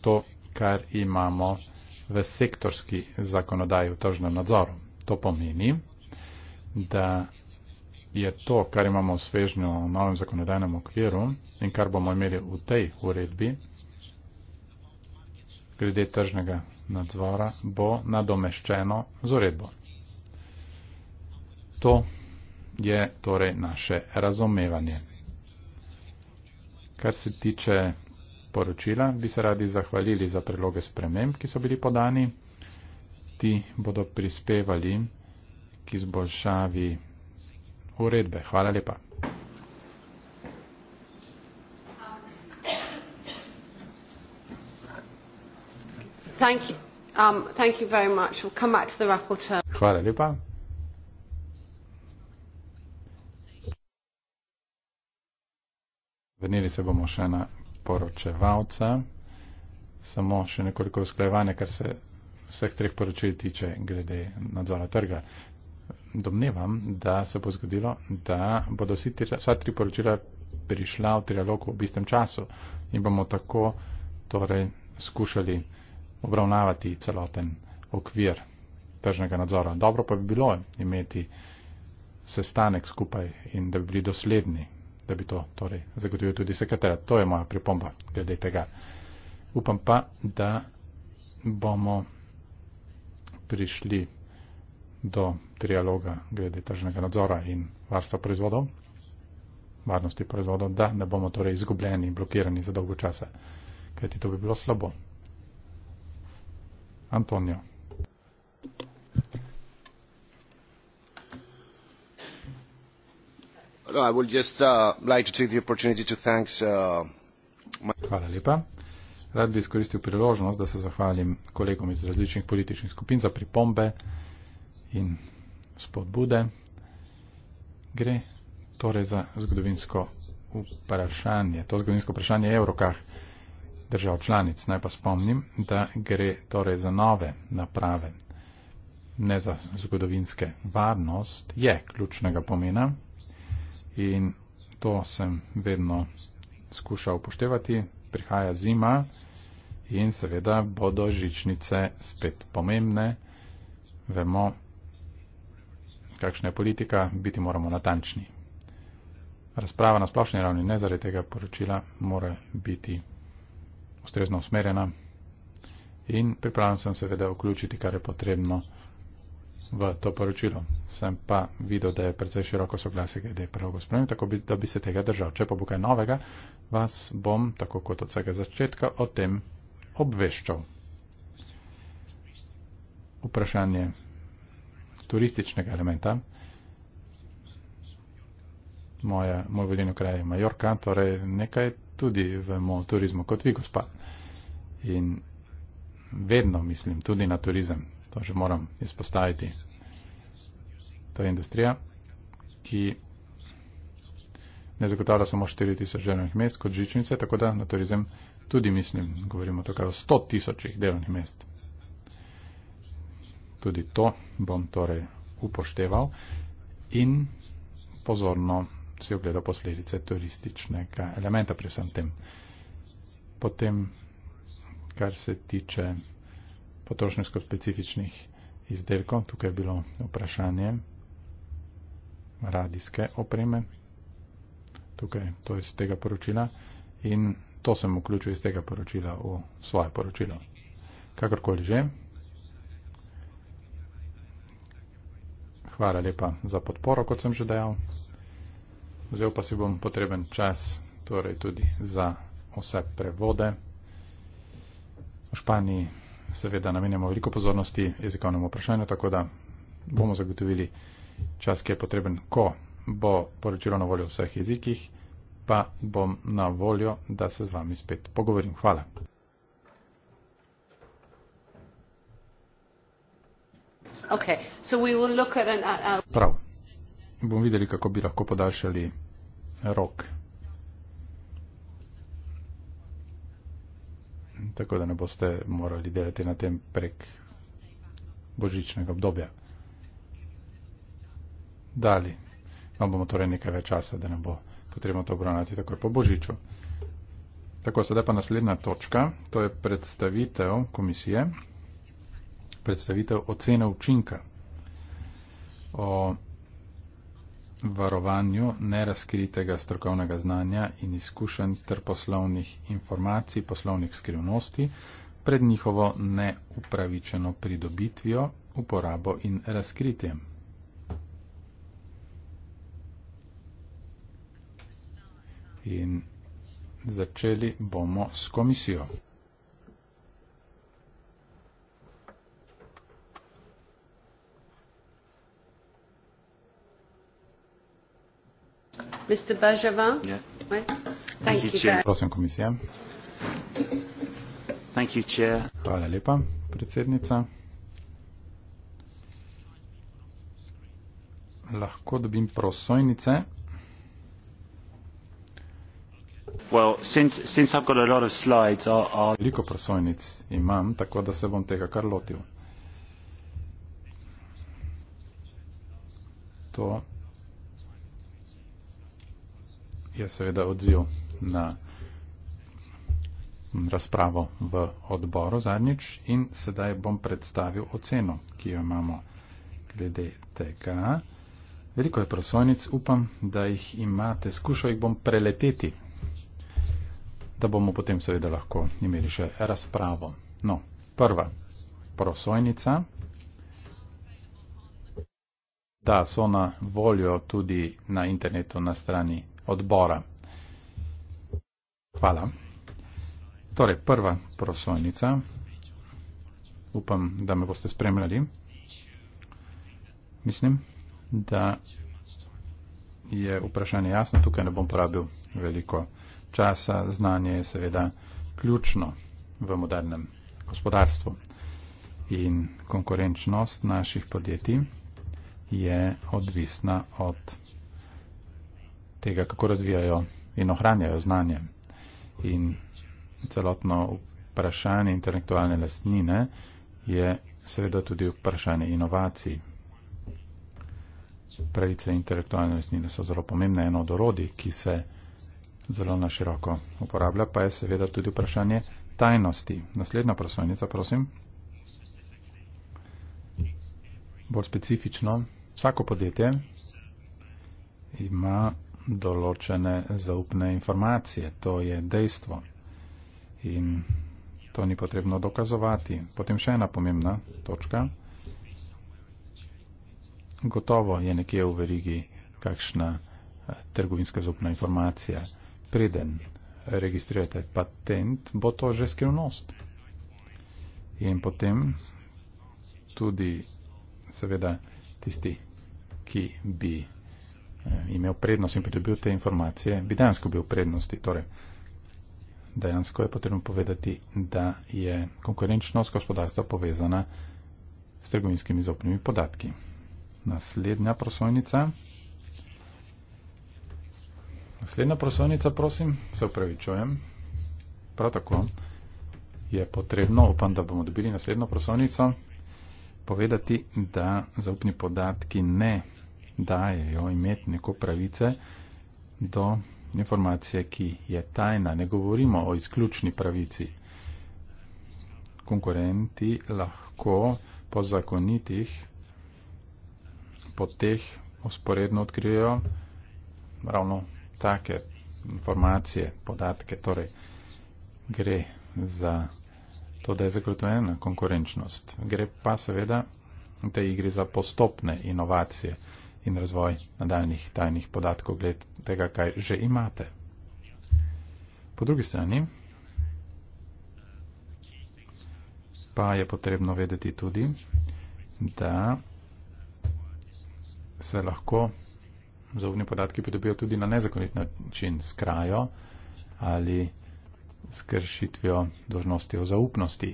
to, kar imamo v sektorski zakonodaji v tržnem nadzoru. To pomeni, da je to, kar imamo v svežnju v novem zakonodajnem okviru in kar bomo imeli v tej uredbi, glede tržnega nadzora, bo nadomeščeno z uredbo. To je torej naše razumevanje. Kar se tiče poročila, bi se radi zahvalili za predloge sprememb, ki so bili podani. Ti bodo prispevali k izboljšavi uredbe. Hvala lepa. Thank you. Um, thank you very much. We'll come back to the rapporteur. Hvala lepa. Vrnili se bomo še na poročevalca. Samo še nekoliko usklajevanja, kar se vseh treh poročil tiče glede nadzora trga. Domnevam, da se bo zgodilo, da bodo vsa tri poročila prišla v trialogu ob istem času in bomo tako torej skušali obravnavati celoten okvir tržnega nadzora. Dobro pa bi bilo imeti sestanek skupaj in da bi bili dosledni da bi to torej zagotovil tudi sekretarat. To je moja pripomba glede tega. Upam pa, da bomo prišli do trialoga glede tržnega nadzora in varstva proizvodov, varnosti proizvodov, da ne bomo torej izgubljeni in blokirani za dolgo časa, kajti to bi bilo slabo. Antonio. No, I would just uh, like to take the opportunity to thank uh, Hvala lepa. Rad bi izkoristil priložnost, da se zahvalim kolegom iz različnih političnih skupin za pripombe in spodbude. Gre torej za zgodovinsko vprašanje. To zgodovinsko vprašanje je v rokah držav članic. Naj pa spomnim, da gre torej za nove naprave, ne za zgodovinske. Varnost je ključnega pomena in to sem vedno skušal upoštevati. Prihaja zima in seveda bodo žičnice spet pomembne. Vemo, kakšna je politika, biti moramo natančni. Razprava na splošni ravni ne zaradi tega poročila mora biti ustrezno usmerjena. In pripravljam sem seveda vključiti, kar je potrebno v to poročilo. Sem pa videl, da je precej široko soglasje glede predlogov sprememb, tako bi, da bi se tega držal. Če pa bo kaj novega, vas bom, tako kot od vsega začetka, o tem obveščal. Vprašanje turističnega elementa. Moja, moj veljeno kraj je Majorka, torej nekaj tudi vemo o turizmu kot vi, gospa. In vedno mislim tudi na turizem to že moram izpostaviti. To je industrija, ki ne zagotavlja samo 4000 delovnih mest kot žičnice, tako da na turizem tudi mislim, govorimo tukaj o 100 tisočih delovnih mest. Tudi to bom torej upošteval in pozorno si ogledal posledice turističnega elementa pri vsem tem. Potem, kar se tiče potrošniško specifičnih izdelkov. Tukaj je bilo vprašanje radijske opreme, tukaj to iz tega poročila in to sem vključil iz tega poročila v svoje poročilo. Kakorkoli že. Hvala lepa za podporo, kot sem že dejal. Vzel pa si bom potreben čas, torej tudi za vse prevode. V Španiji seveda namenjamo veliko pozornosti jezikovnemu vprašanju, tako da bomo zagotovili čas, ki je potreben, ko bo poročilo na voljo v vseh jezikih, pa bom na voljo, da se z vami spet pogovorim. Hvala. Uh, uh, Prav. Bomo videli, kako bi lahko podaljšali rok. tako da ne boste morali delati na tem prek božičnega obdobja. Dali, vam bomo torej nekaj več časa, da ne bo potrebno to obravnati takoj po božiču. Tako, sedaj pa naslednja točka, to je predstavitev komisije, predstavitev ocene učinka. O, varovanju nerazkritega strokovnega znanja in izkušenj ter poslovnih informacij, poslovnih skrivnosti pred njihovo neupravičeno pridobitvijo, uporabo in razkritjem. In začeli bomo s komisijo. Mr. Bergevin? Yeah. Right. Thank, Thank you, Chair. Prosim, komisija. Thank you, Chair. Hvala lepa, predsednica. Lahko dobim prosojnice. Well, since, since I've got a lot of slides, I'll, I'll... Veliko prosojnic imam, tako da se bom tega kar lotil. To je seveda odziv na razpravo v odboru zadnjič in sedaj bom predstavil oceno, ki jo imamo glede tega. Veliko je prosojnic, upam, da jih imate, skušal jih bom preleteti, da bomo potem seveda lahko imeli še razpravo. No, prva prosojnica, da so na voljo tudi na internetu na strani odbora. Hvala. Torej, prva prosojnica. Upam, da me boste spremljali. Mislim, da je vprašanje jasno. Tukaj ne bom porabil veliko časa. Znanje je seveda ključno v modernem gospodarstvu. In konkurenčnost naših podjetij je odvisna od tega, kako razvijajo in ohranjajo znanje in celotno vprašanje intelektualne lastnine je seveda tudi vprašanje inovacij. Pravice intelektualne lastnine so zelo pomembne, eno od orodij, ki se zelo naširoko uporablja, pa je seveda tudi vprašanje tajnosti. Naslednja prosojnica, prosim. Bolj specifično, vsako podjetje ima določene zaupne informacije. To je dejstvo. In to ni potrebno dokazovati. Potem še ena pomembna točka. Gotovo je nekje v verigi kakšna eh, trgovinska zaupna informacija. Preden registrirate patent, bo to že skrivnost. In potem tudi seveda tisti, ki bi Eh, imel prednost in pridobil te informacije, bi dejansko bil v prednosti. Torej, dejansko je potrebno povedati, da je konkurenčnost gospodarstva povezana s trgovinskimi zopnimi podatki. Naslednja prosojnica. Naslednja prosojnica, prosim, se upravičujem. Prav tako je potrebno, upam, da bomo dobili naslednjo prosojnico, povedati, da zaupni podatki ne dajejo imeti neko pravice do informacije, ki je tajna. Ne govorimo o izključni pravici. Konkurenti lahko po zakonitih po teh usporedno odkrijejo ravno take informacije, podatke. Torej, gre za to, da je zagotovljena konkurenčnost. Gre pa seveda v tej igri za postopne inovacije in razvoj nadaljnih tajnih podatkov glede tega, kaj že imate. Po drugi strani pa je potrebno vedeti tudi, da se lahko zaupni podatki pridobijo tudi na nezakonit način s krajo ali s kršitvijo dožnosti o zaupnosti,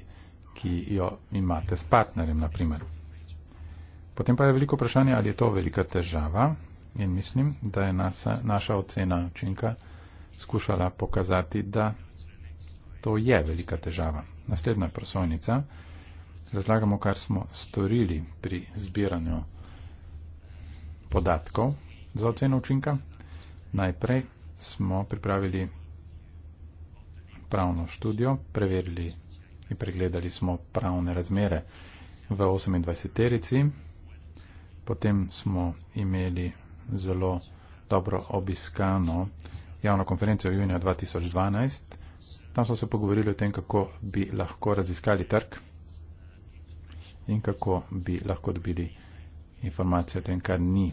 ki jo imate s partnerjem, naprimer. Potem pa je veliko vprašanje, ali je to velika težava in mislim, da je nasa, naša ocena učinka skušala pokazati, da to je velika težava. Naslednja prosojnica. Razlagamo, kar smo storili pri zbiranju podatkov za oceno učinka. Najprej smo pripravili pravno študijo, preverili in pregledali smo pravne razmere v 28 terici Potem smo imeli zelo dobro obiskano javno konferenco junija 2012. Tam smo se pogovorili o tem, kako bi lahko raziskali trg in kako bi lahko dobili informacije o tem, kar ni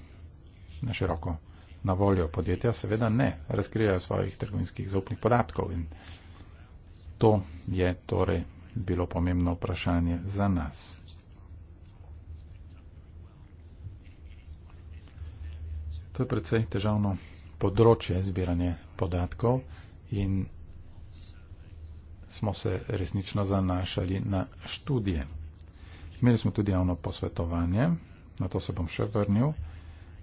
na široko na voljo podjetja. Seveda ne razkrijajo svojih trgovinskih zaupnih podatkov in to je torej bilo pomembno vprašanje za nas. To je predvsej težavno področje zbiranje podatkov in smo se resnično zanašali na študije. Imeli smo tudi javno posvetovanje, na to se bom še vrnil.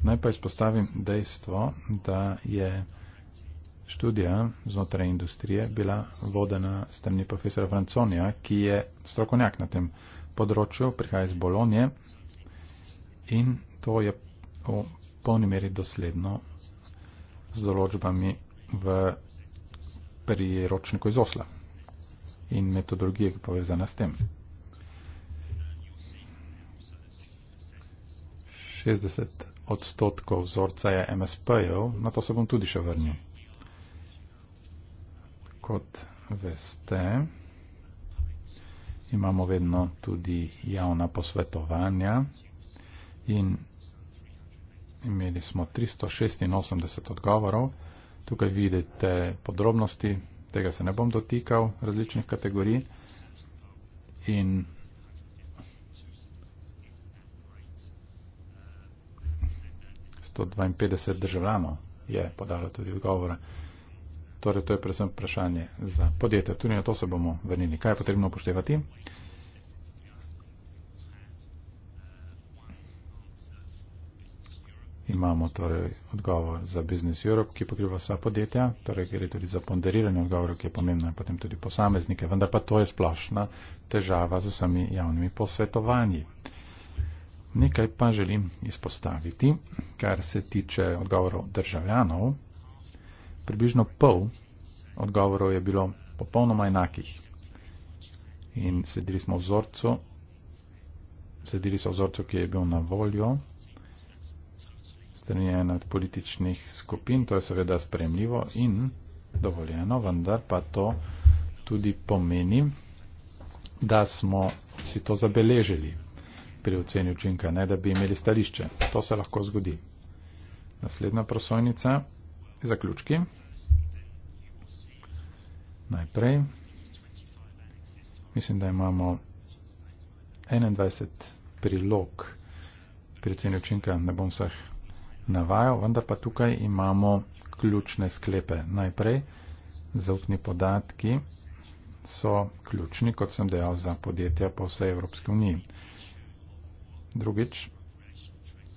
Najprej izpostavim dejstvo, da je študija znotraj industrije bila vodena strani profesora Franconija, ki je strokovnjak na tem področju, prihaja iz Bolonije in to je v polni meri dosledno z določbami v priročniku iz Osla in metodologije, ki povezana s tem. 60 odstotkov vzorca je MSP-jev, na to se bom tudi še vrnil. Kot veste, imamo vedno tudi javna posvetovanja in imeli smo 386 odgovorov. Tukaj vidite podrobnosti, tega se ne bom dotikal, različnih kategorij. In od 52 državljanov je podalo tudi odgovora. Torej, to je predvsem vprašanje za podjetja. Tudi na to se bomo vrnili. Kaj je potrebno upoštevati? Uh, imamo torej odgovor za Business Europe, ki pokriva vsa podjetja, torej gre tudi za ponderiranje odgovorov, ki je pomembno in potem tudi posameznike, vendar pa to je splošna težava z vsemi javnimi posvetovanji. Nekaj pa želim izpostaviti, kar se tiče odgovorov državljanov. Približno pol odgovorov je bilo popolnoma enakih in sedeli smo v vzorcu, sedeli so v vzorcu, ki je bil na voljo strani ene od političnih skupin, to je seveda spremljivo in dovoljeno, vendar pa to tudi pomeni, da smo si to zabeležili pri oceni učinka, ne da bi imeli stališče. To se lahko zgodi. Naslednja prosojnica, zaključki. Najprej, mislim, da imamo 21 prilog pri oceni učinka, ne bom vseh navajal, vendar pa tukaj imamo ključne sklepe. Najprej, zaupni podatki so ključni, kot sem dejal, za podjetja po vsej Evropski uniji. Drugič,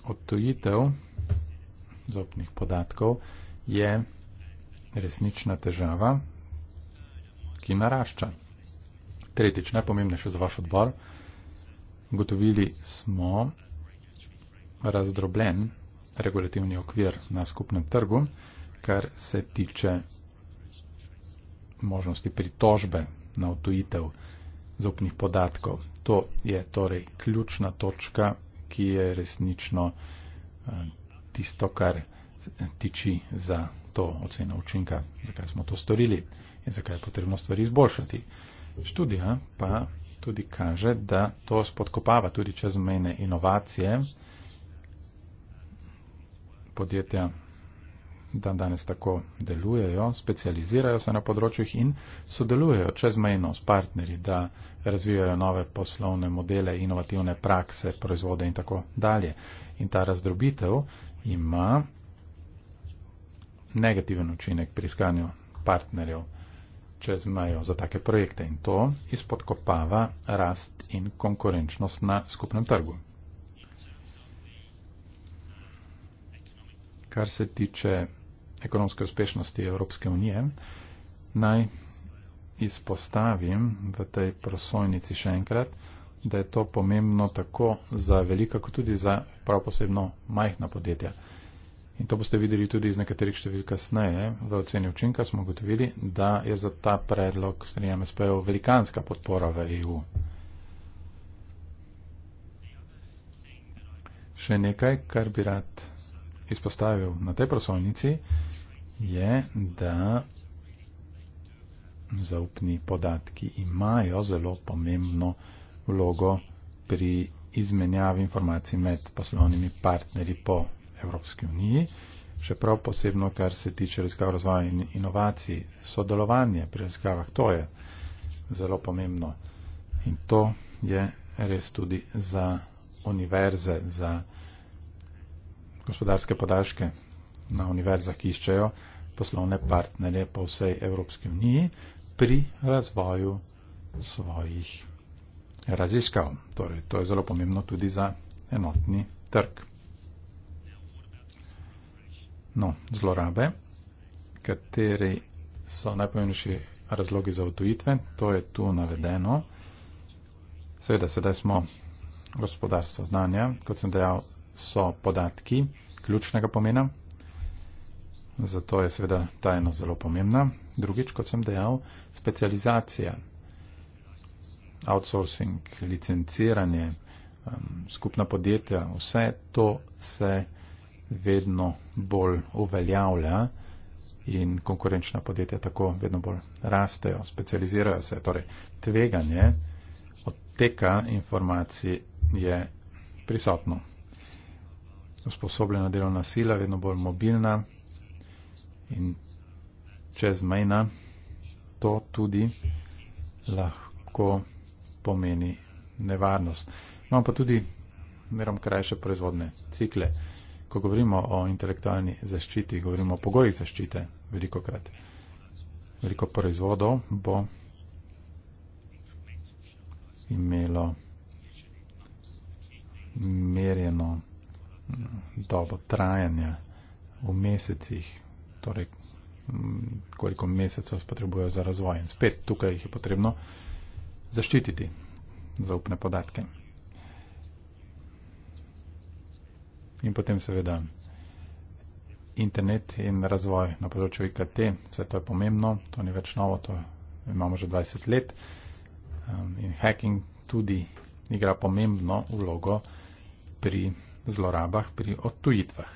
odtojitev zaupnih podatkov je resnična težava, ki narašča. Tretjič, najpomembnejše za vaš odbor, gotovili smo razdrobljen regulativni okvir na skupnem trgu, kar se tiče možnosti pritožbe na otujitev zopnih podatkov. To je torej ključna točka, ki je resnično eh, tisto, kar tiči za to oceno učinka, zakaj smo to storili in zakaj je potrebno stvari izboljšati. Študija pa tudi kaže, da to spodkopava tudi čezmejne inovacije podjetja dan danes tako delujejo, specializirajo se na področjih in sodelujejo čezmejno s partnerji, da razvijajo nove poslovne modele, inovativne prakse, proizvode in tako dalje. In ta razdrobitev ima negativen učinek pri iskanju partnerjev čezmejo za take projekte in to izpodkopava rast in konkurenčnost na skupnem trgu. kar se tiče ekonomske uspešnosti Evropske unije, naj izpostavim v tej prosojnici še enkrat, da je to pomembno tako za velika, kot tudi za prav posebno majhna podjetja. In to boste videli tudi iz nekaterih števil kasneje. V oceni učinka smo gotovili, da je za ta predlog strani MSP-ov velikanska podpora v EU. Še nekaj, kar bi rad izpostavil na tej prosolnici, je, da zaupni podatki imajo zelo pomembno vlogo pri izmenjavi informacij med poslovnimi partnerji po Evropski uniji, še prav posebno, kar se tiče raziskav razvoja in inovacij, sodelovanje pri raziskavah, to je zelo pomembno in to je res tudi za univerze, za gospodarske podaljške na univerzah, ki iščejo poslovne partnerje po vsej Evropski uniji pri razvoju svojih raziskav. Torej, to je zelo pomembno tudi za enotni trg. No, zlorabe, kateri so najpomembnejši razlogi za odtujitve, to je tu navedeno. Seveda, sedaj smo gospodarstvo znanja, kot sem dejal, so podatki ključnega pomena. Zato je seveda tajno zelo pomembna. Drugič, kot sem dejal, specializacija, outsourcing, licenciranje, skupna podjetja, vse to se vedno bolj uveljavlja in konkurenčna podjetja tako vedno bolj rastejo, specializirajo se. Torej, tveganje odteka informacij je prisotno usposobljena delovna sila, vedno bolj mobilna in čezmejna, to tudi lahko pomeni nevarnost. Imamo pa tudi merom krajše proizvodne cikle. Ko govorimo o intelektualni zaščiti, govorimo o pogojih zaščite, veliko krat. Veliko proizvodov bo imelo merjeno dobo trajanja v mesecih, torej mm, koliko mesecev potrebujejo za razvoj. In spet tukaj jih je potrebno zaščititi zaupne podatke. In potem seveda internet in razvoj na področju IKT, vse to je pomembno, to ni več novo, to imamo že 20 let um, in hacking tudi igra pomembno vlogo pri zlorabah pri odtujitvah.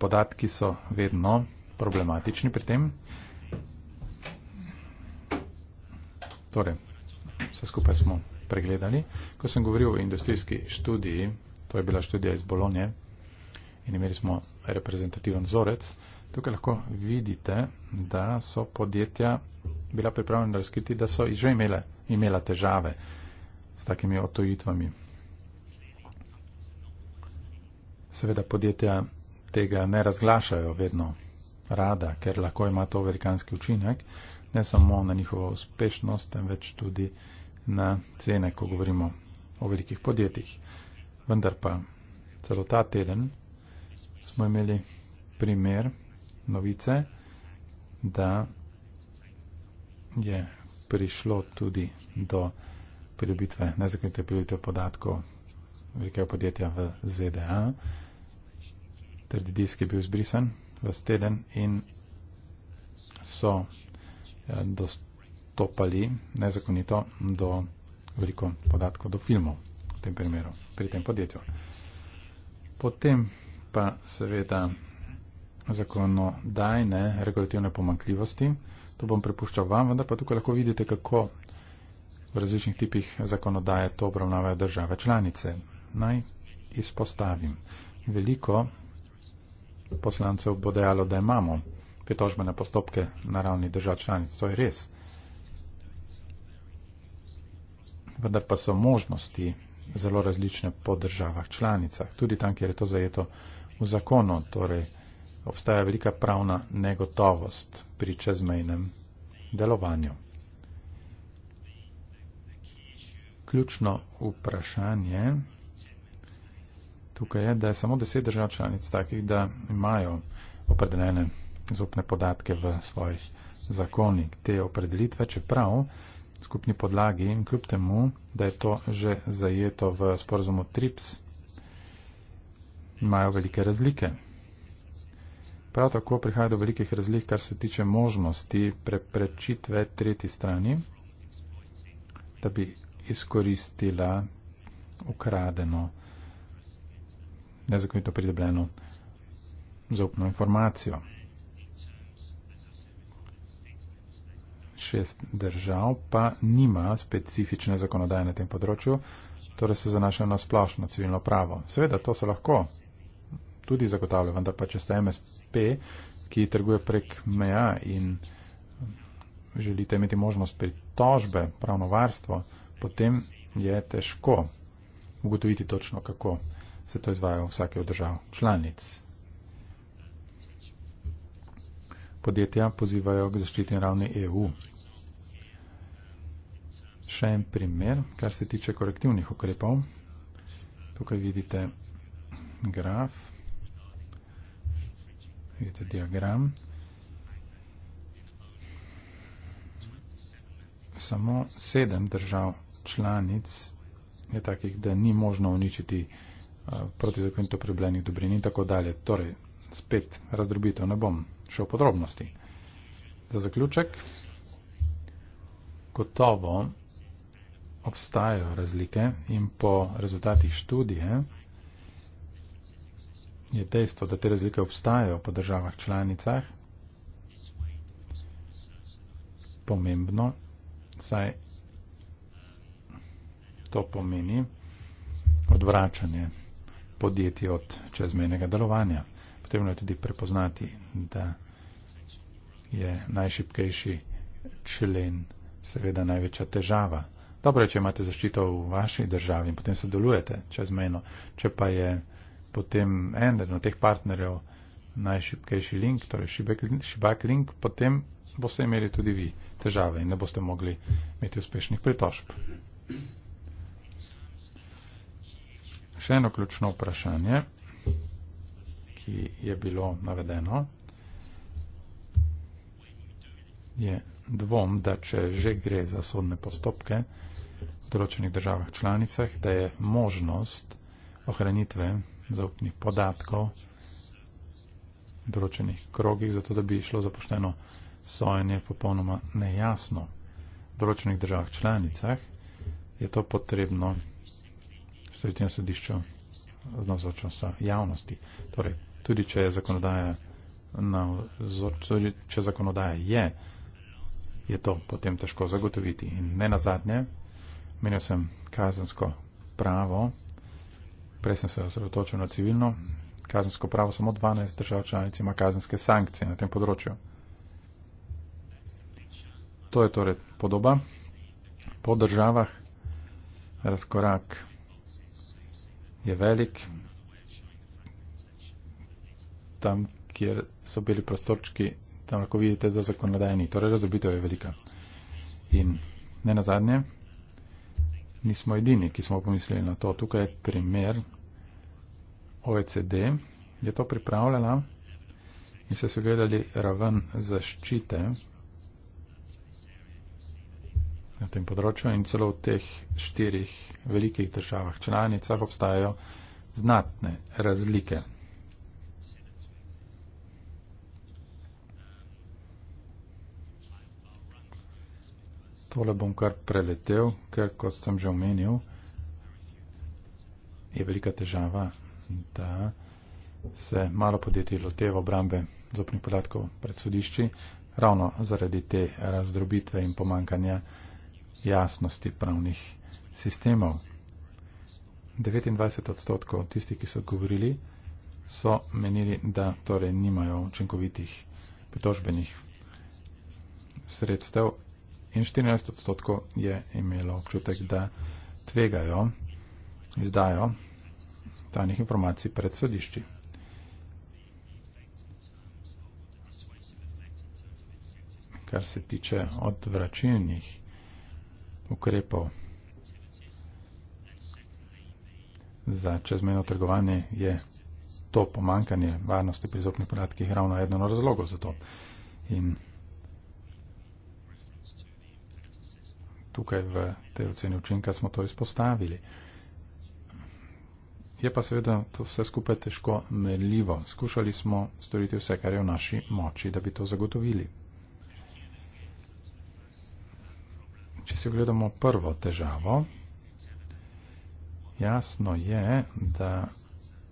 Podatki so vedno problematični pri tem. Torej, vse skupaj smo pregledali. Ko sem govoril o industrijski študiji, to je bila študija iz Bolonje in imeli smo reprezentativen vzorec, tukaj lahko vidite, da so podjetja bila pripravljena razkriti, da so že imela, imela težave s takimi otojitvami. seveda podjetja tega ne razglašajo vedno rada, ker lahko ima to velikanski učinek, ne samo na njihovo uspešnost, temveč tudi na cene, ko govorimo o velikih podjetjih. Vendar pa celo ta teden smo imeli primer novice, da je prišlo tudi do pridobitve, nezakonite pridobitve podatkov velikega podjetja v ZDA. Trdi disk je bil zbrisan v steden in so eh, dostopali nezakonito do veliko podatkov, do filmov v tem primeru, pri tem podjetju. Potem pa seveda zakonodajne regulativne pomankljivosti. To bom prepuščal vam, vendar pa tukaj lahko vidite, kako v različnih tipih zakonodaje to obravnavajo države članice naj izpostavim. Veliko poslancev bo dejalo, da imamo pritožbene postopke na ravni držav članic. To je res. Vendar pa so možnosti zelo različne po državah članicah, tudi tam, kjer je to zajeto v zakonu. Torej, obstaja velika pravna negotovost pri čezmejnem delovanju. Ključno vprašanje tukaj je, da je samo deset držav članic takih, da imajo opredeljene zupne podatke v svojih zakonih te opredelitve, čeprav skupni podlagi in kljub temu, da je to že zajeto v sporozumu TRIPS, imajo velike razlike. Prav tako prihaja do velikih razlik, kar se tiče možnosti preprečitve tretji strani, da bi izkoristila ukradeno uh, nezakonito pridobljeno zaupno informacijo. Šest držav pa nima specifične zakonodaje na tem področju, torej se zanašajo na splošno civilno pravo. Seveda, to se lahko tudi zagotavlja, vendar pa če ste MSP, ki trguje prek meja in želite imeti možnost pritožbe, pravno varstvo, potem je težko ugotoviti točno kako se to izvaja v vsake od držav članic. Podjetja pozivajo k zaščiti ravni EU. Še en primer, kar se tiče korektivnih ukrepov. Tukaj vidite graf, vidite diagram. Samo sedem držav članic je takih, da ni možno uničiti korektivnih ukrepov protizakonito pridobljenih dobrin in tako dalje. Torej, spet razdrobitev, ne bom šel v podrobnosti. Za zaključek, gotovo obstajajo razlike in po rezultatih študije je dejstvo, da te razlike obstajajo po državah članicah, pomembno, saj to pomeni odvračanje podjetij od čezmejnega delovanja. Potrebno je tudi prepoznati, da je najšipkejši člen seveda največja težava. Dobro je, če imate zaščito v vaši državi in potem sodelujete čezmejno. Če pa je potem eden od teh partnerjev najšipkejši link, torej šibek, šibak link, potem boste imeli tudi vi težave in ne boste mogli imeti uspešnih pritožb. Thank you. Še eno ključno vprašanje, ki je bilo navedeno, je dvom, da če že gre za sodne postopke v določenih državah članicah, da je možnost ohranitve zaupnih podatkov v določenih krogih, zato da bi šlo za pošteno sojenje popolnoma nejasno v določenih državah članicah, je to potrebno sredstvenem sodišču z navzočnostjo javnosti. Torej, tudi če je zakonodaja, na, če zakonodaja je, je to potem težko zagotoviti. In ne nazadnje, menil sem kazensko pravo, prej sem se osredotočil na civilno, kazensko pravo, samo 12 držav članic ima kazenske sankcije na tem področju. To je torej podoba. Po državah razkorak je velik. Tam, kjer so bili prostorčki, tam lahko vidite za zakonodajni. Torej, razobitev je velika. In ne na zadnje, nismo edini, ki smo pomislili na to. Tukaj je primer OECD, je to pripravljala in so se gledali raven zaščite na tem področju in celo v teh štirih velikih državah članicah obstajajo znatne razlike. Tole bom kar preletel, ker kot sem že omenil, je velika težava, da se malo podjetij loteva obrambe zopnih podatkov pred sodišči, ravno zaradi te razdrobitve in pomankanja jasnosti pravnih sistemov. 29 odstotkov tistih, ki so govorili, so menili, da torej nimajo učinkovitih pritožbenih sredstev in 14 odstotkov je imelo občutek, da tvegajo izdajo tajnih informacij pred sodišči. Kar se tiče odvračilnih ukrepov za čezmeno trgovanje je to pomankanje varnosti pri zopnih podatkih ravno eden od razlogov za to. In tukaj v tej oceni učinka smo to izpostavili. Je pa seveda to vse skupaj težko merljivo. Skušali smo storiti vse, kar je v naši moči, da bi to zagotovili. si ogledamo prvo težavo. Jasno je, da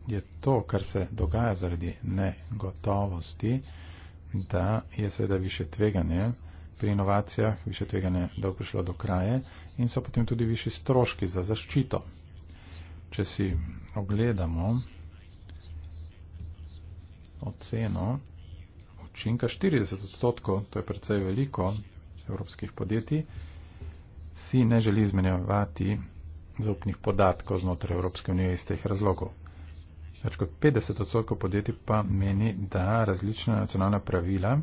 je to, kar se dogaja zaradi negotovosti, da je seveda više tveganje pri inovacijah, više tveganje, da bo prišlo do kraje in so potem tudi više stroški za zaščito. Če si ogledamo oceno učinka 40 odstotkov, to je precej veliko evropskih podjetij, si ne želi izmenjevati zaupnih podatkov znotraj Evropske unije iz teh razlogov. Več kot 50 odstotkov podjetij pa meni, da različna nacionalna pravila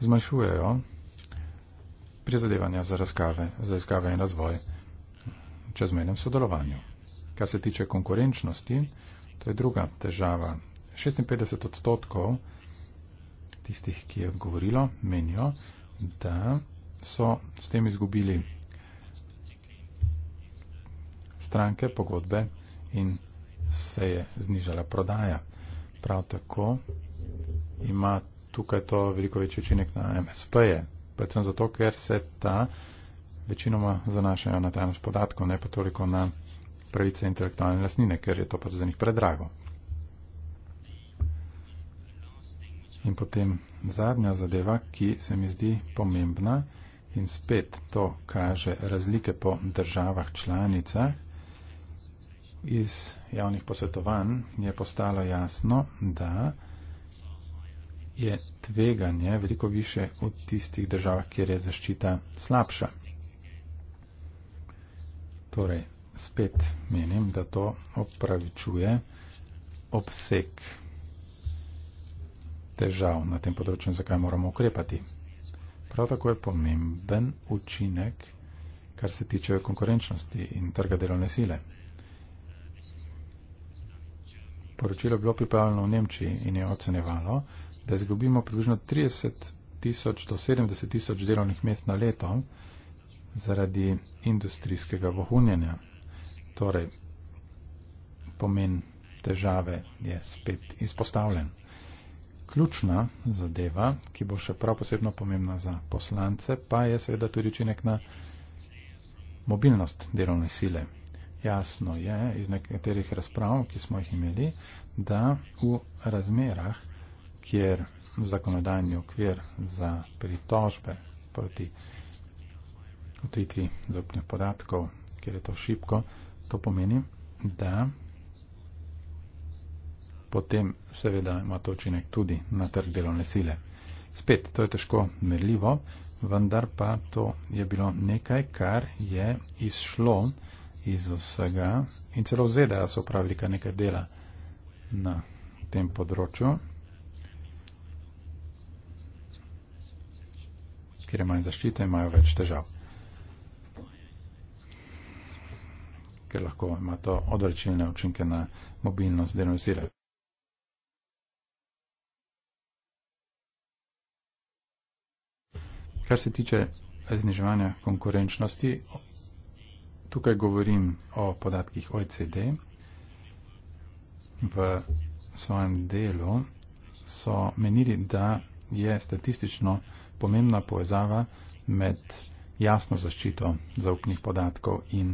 zmanjšujejo prizadevanja za razkave, za izkave in razvoj čezmenem sodelovanju. Kar se tiče konkurenčnosti, to je druga težava. 56 odstotkov tistih, ki je odgovorilo, menijo, da so s tem izgubili stranke, pogodbe in se je znižala prodaja. Prav tako ima tukaj to veliko večji učinek na MSP-je, predvsem zato, ker se ta večinoma zanašajo na tajnost podatkov, ne pa toliko na pravice intelektualne lasnine, ker je to pač za njih predrago. In potem zadnja zadeva, ki se mi zdi pomembna. In spet to kaže razlike po državah članicah. Iz javnih posvetovanj je postalo jasno, da je tveganje veliko više v tistih državah, kjer je zaščita slabša. Torej, spet menim, da to opravičuje obseg težav na tem področju, zakaj moramo ukrepati. Prav tako je pomemben učinek, kar se tiče konkurenčnosti in trga delovne sile. Poročilo je bilo pripravljeno v Nemčiji in je ocenevalo, da izgubimo približno 30 tisoč do 70 tisoč delovnih mest na leto zaradi industrijskega vohunjenja. Torej, pomen težave je spet izpostavljen ključna zadeva, ki bo še prav posebno pomembna za poslance, pa je seveda tudi učinek na mobilnost delovne sile. Jasno je iz nekaterih razprav, ki smo jih imeli, da v razmerah, kjer zakonodajni okvir za pritožbe proti otvitvi zaupnih podatkov, kjer je to šipko, to pomeni, da potem seveda ima to učinek tudi na trg delovne sile. Spet, to je težko merljivo, vendar pa to je bilo nekaj, kar je izšlo iz vsega in celo v ZDA so upravili kar nekaj dela na tem področju, kjer je manj zaščite, imajo več težav. Ker lahko ima to odrečilne učinke na mobilnost delovne sile. Kar se tiče zniževanja konkurenčnosti, tukaj govorim o podatkih OECD. V svojem delu so menili, da je statistično pomembna povezava med jasno zaščito zaupnih podatkov in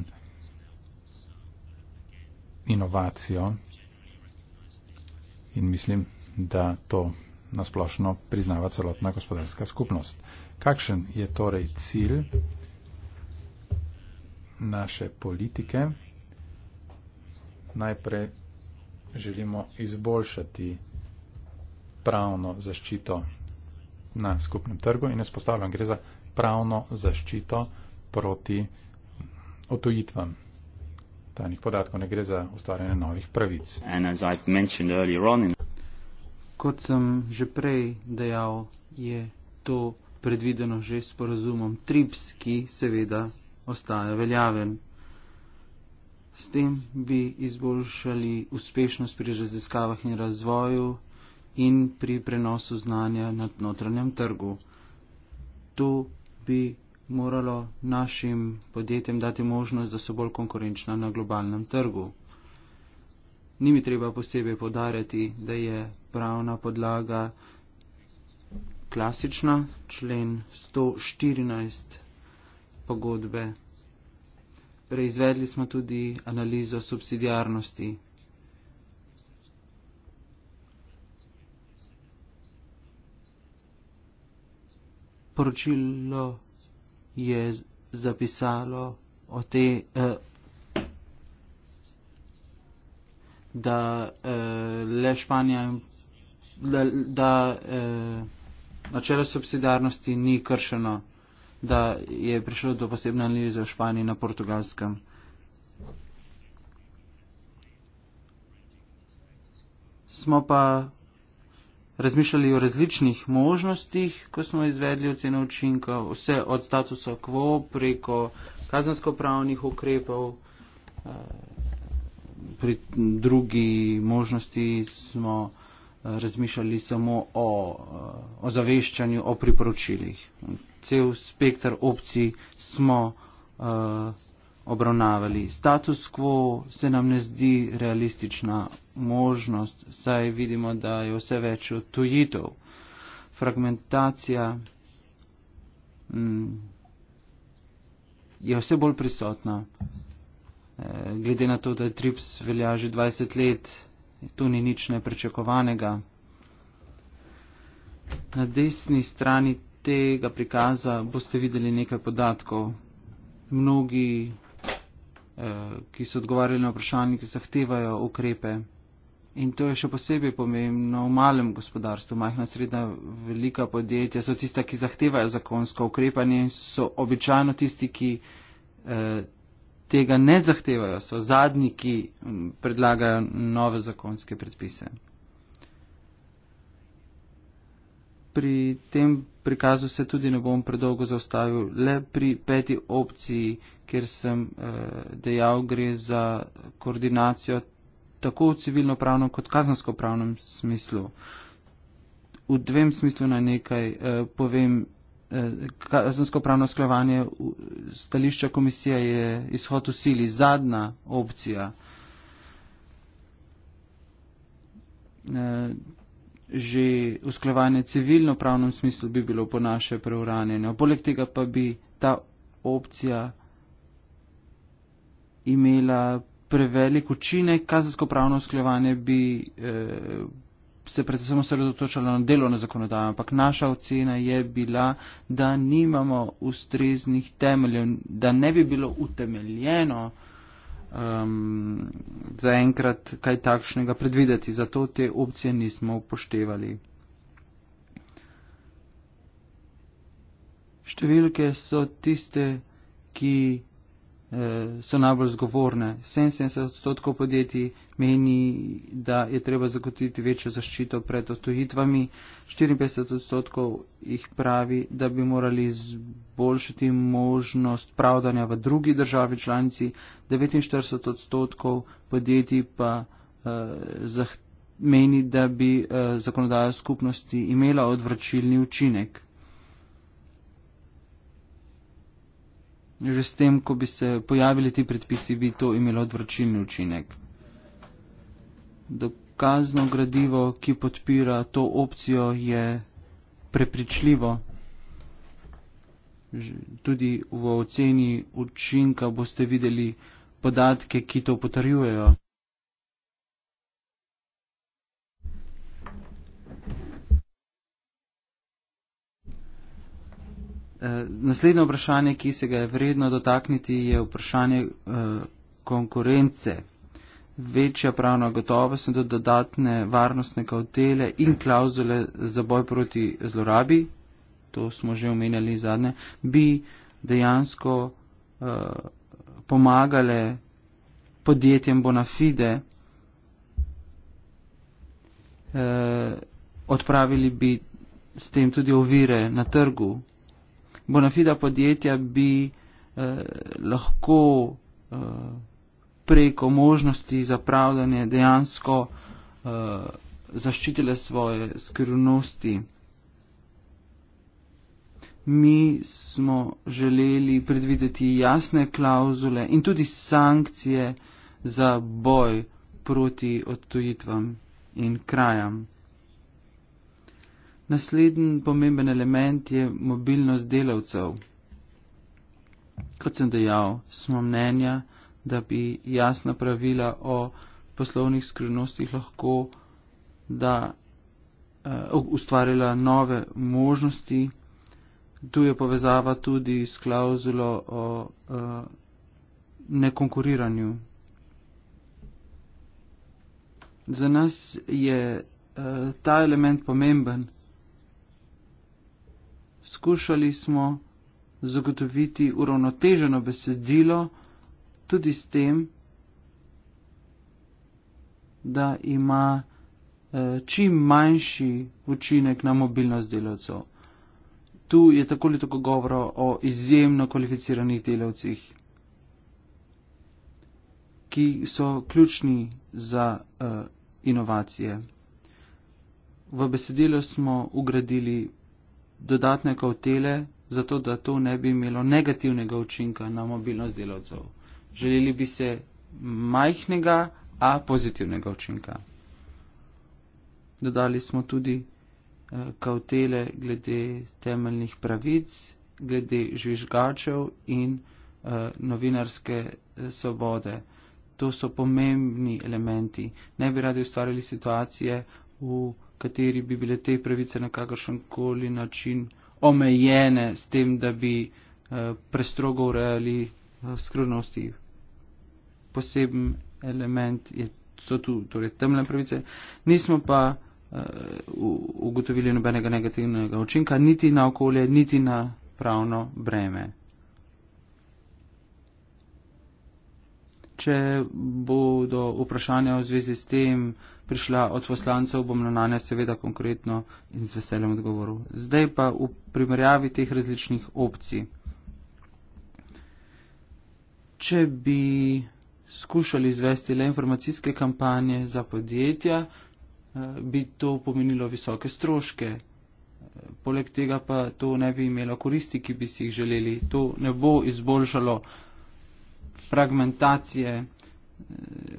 inovacijo. In mislim, da to nasplošno priznava celotna gospodarska skupnost. Kakšen je torej cilj naše politike? Najprej želimo izboljšati pravno zaščito na skupnem trgu in izpostavljam, gre za pravno zaščito proti otojitvam tajnih podatkov, ne gre za ustvarjanje novih pravic. Kot sem že prej dejal, je to predvideno že s porazumom TRIPS, ki seveda ostaja veljaven. S tem bi izboljšali uspešnost pri raziskavah in razvoju in pri prenosu znanja na notranjem trgu. To bi moralo našim podjetjem dati možnost, da so bolj konkurenčna na globalnem trgu. Ni mi treba posebej podarjati, da je pravna podlaga klasična člen 114 pogodbe. Preizvedli smo tudi analizo subsidijarnosti. Poročilo je zapisalo o tej, eh, da eh, le Španija in da, da eh, načelo subsidarnosti ni kršeno, da je prišlo do posebne analize v Španiji na portugalskem. Smo pa razmišljali o različnih možnostih, ko smo izvedli oceno učinka, vse od statusa quo preko kazensko-pravnih ukrepov. Eh, pri drugi možnosti smo razmišljali samo o ozaveščanju, eh, o, o priporočilih. Cel spektr opcij smo uh, obravnavali. Status quo se nam ne zdi realistična možnost, saj vidimo, da je vse več tujitev. Fragmentacija mm, je vse bolj prisotna. E, glede na to, da je TRIPS velja že 20 let, Tu ni nič neprečakovanega. Na desni strani tega prikaza boste videli nekaj podatkov. Mnogi, eh, ki so odgovarjali na vprašanje, ki zahtevajo ukrepe. In to je še posebej pomembno v malem gospodarstvu. Majhna srednja velika podjetja so tista, ki zahtevajo zakonsko ukrepanje in so običajno tisti, ki eh, tega ne zahtevajo, so zadnji, ki predlagajo nove zakonske predpise. Pri tem prikazu se tudi ne bom predolgo zaustavil, le pri peti opciji, kjer sem eh, dejal, gre za koordinacijo tako v civilno-pravnem kot kazansko-pravnem smislu. V dvem smislu naj nekaj eh, povem kazensko pravno sklovanje stališča komisije je izhod v sili, zadnja opcija. Eh, že usklevanje v civilno pravnem smislu bi bilo po naše preuranjeno. Poleg tega pa bi ta opcija imela prevelik učinek, kazensko pravno usklevanje bi eh, se predvsem osredotočalo na delovno zakonodajo, ampak naša ocena je bila, da nimamo ustreznih temeljev, da ne bi bilo utemeljeno um, zaenkrat kaj takšnega predvideti. Zato te opcije nismo upoštevali. Številke so tiste, ki Eh, so najbolj zgovorne. 77 odstotkov podjetij meni, da je treba zagotoviti večjo zaščito pred otojitvami, 54 odstotkov jih pravi, da bi morali zboljšati možnost pravdanja v drugi državi članici, 49 odstotkov podjetij pa eh, zahteva meni, da bi eh, zakonodaja skupnosti imela odvračilni učinek. že s tem, ko bi se pojavili ti predpisi, bi to imelo odvračilni učinek. Dokazno gradivo, ki podpira to opcijo, je prepričljivo. Tudi v oceni učinka boste videli podatke, ki to potrjujejo. Eh, naslednje vprašanje, ki se ga je vredno dotakniti, je vprašanje eh, konkurence. Večja pravna gotovost in dodatne varnostne kautele in klauzule za boj proti zlorabi, to smo že omenjali zadnje, bi dejansko uh, pomagale podjetjem Bonafide, uh, odpravili bi s tem tudi ovire na trgu bonafida podjetja bi eh, lahko eh, preko možnosti za pravdanje dejansko eh, zaščitile svoje skrivnosti. Mi smo želeli predvideti jasne klauzule in tudi sankcije za boj proti odtujitvam in krajam. Naslednji pomemben element je mobilnost delavcev. Kot sem dejal, smo mnenja, da bi jasna pravila o poslovnih skrivnostih lahko da, uh, ustvarila nove možnosti. Tu je povezava tudi s klauzulo o uh, nekonkuriranju. Za nas je uh, ta element pomemben skušali smo zagotoviti uravnoteženo besedilo tudi s tem, da ima eh, čim manjši učinek na mobilnost delavcev. Tu je tako ali tako govoro o izjemno kvalificiranih delavcih, ki so ključni za uh, inovacije. V besedilo smo ugradili dodatne kautele, zato da to ne bi imelo negativnega učinka na mobilnost delavcev. Želeli bi se majhnega, a pozitivnega učinka. Dodali smo tudi eh, kautele glede temeljnih pravic, glede žvižgačev in eh, novinarske eh, svobode. To so pomembni elementi. Ne bi radi ustvarjali situacije v kateri bi bile te pravice na kakršen koli način omejene s tem, da bi eh, prestrogo urejali eh, skrivnosti. Poseben element je, so tu torej temne pravice. Nismo pa uh, ugotovili nobenega negativnega učinka niti na okolje, niti na pravno breme. Če bodo vprašanja v zvezi s tem, uh, prišla od poslancev, bom na nje seveda konkretno in z veseljem odgovoril. Zdaj pa v primerjavi teh različnih opcij. Če bi skušali izvesti le informacijske kampanje za podjetja, eh, bi to pomenilo visoke stroške. Eh, poleg tega pa to ne bi imelo koristi, ki bi si jih želeli. To ne bo izboljšalo fragmentacije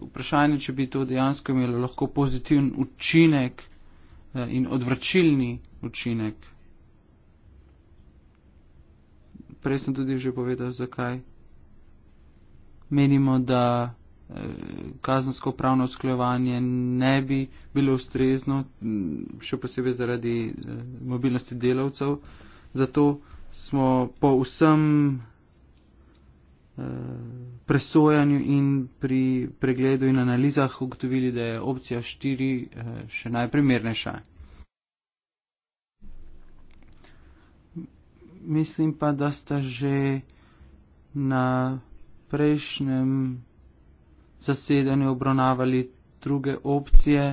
Vprašanje, če bi to dejansko imelo lahko pozitiven učinek eh, in odvračilni učinek. Prej sem tudi že povedal, zakaj menimo, da eh, kazansko pravno sklevanje ne bi bilo ustrezno, mm, še posebej zaradi eh, mobilnosti delavcev. Zato smo po vsem presojanju in pri pregledu in analizah ugotovili, da je opcija 4 eh, še najprimernejša. Mislim pa, da sta že na prejšnjem zasedanju obravnavali druge opcije.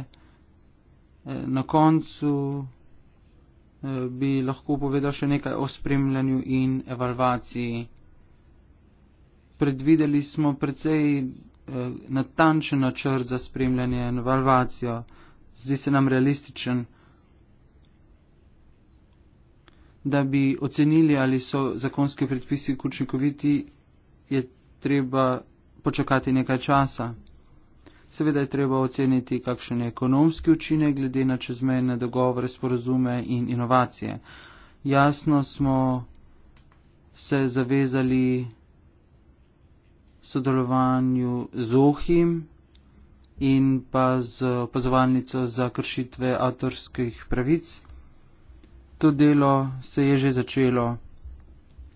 Eh, na koncu eh, bi lahko povedal še nekaj o spremljanju in evalvaciji predvideli smo precej eh, natančen načrt za spremljanje in evalvacijo. Zdi se nam realističen, da bi ocenili, ali so zakonski predpisi učinkoviti, je treba počakati nekaj časa. Seveda je treba oceniti, kakšen je ekonomski učinek glede na čezmejne dogovore, sporozume in inovacije. Jasno smo se zavezali sodelovanju z OHIM in pa z opazovalnico za kršitve avtorskih pravic. To delo se je že začelo.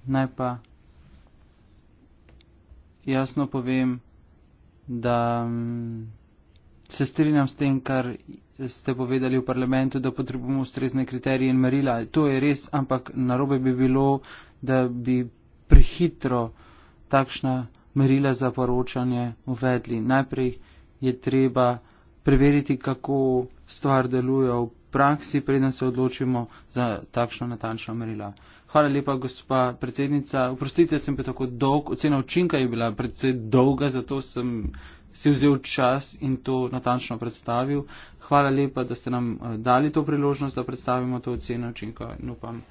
Naj pa jasno povem, da mm, se strinjam s tem, kar ste povedali v parlamentu, da potrebujemo ustrezne kriterije in merila. To je res, ampak narobe bi bilo, da bi prehitro takšna merila za poročanje uvedli. Najprej je treba preveriti, kako stvar deluje v praksi, preden se odločimo za takšno natančno merila. Hvala lepa, gospa predsednica. Oprostite, sem pa tako dolg, ocena učinka je bila predvsej dolga, zato sem si vzel čas in to natančno predstavil. Hvala lepa, da ste nam eh, dali to priložnost, da predstavimo to oceno učinka in upam,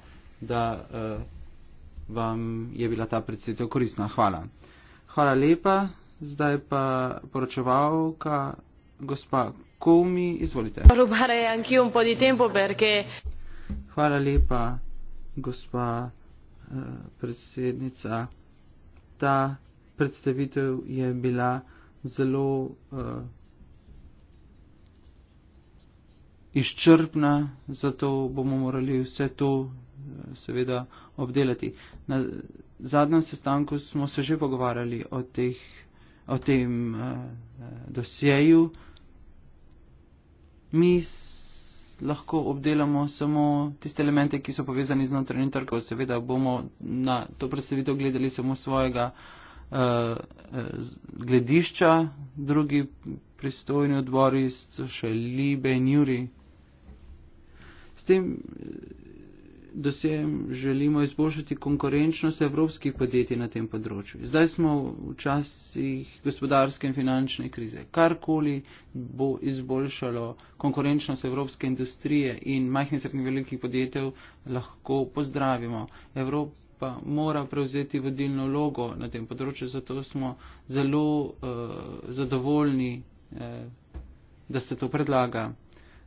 da uh, vam je bila ta predsednica koristna. Hvala. Hvala lepa. Zdaj pa poročevalka, gospa Komi, izvolite. Hvala lepa, gospa eh, predsednica. Ta predstavitev je bila zelo uh, izčrpna, zato bomo morali vse to eh, seveda obdelati. Na zadnjem sestanku smo se že pogovarjali o, teh, o tem eh, dosjeju. Mi lahko obdelamo samo tiste elemente, ki so povezani z notranjim trgom. Seveda bomo na to predstavitev gledali samo svojega eh, eh, gledišča, drugi pristojni odbori so še Libe in Juri. S tem eh, dosjem želimo izboljšati konkurenčnost evropskih podjetij na tem področju. Zdaj smo v časih gospodarske in finančne krize. Karkoli bo izboljšalo konkurenčnost evropske industrije in majhnih in srednjih velikih podjetij, lahko pozdravimo. Evropa mora prevzeti vodilno logo na tem področju, zato smo zelo uh, zadovoljni, uh, da se to predlaga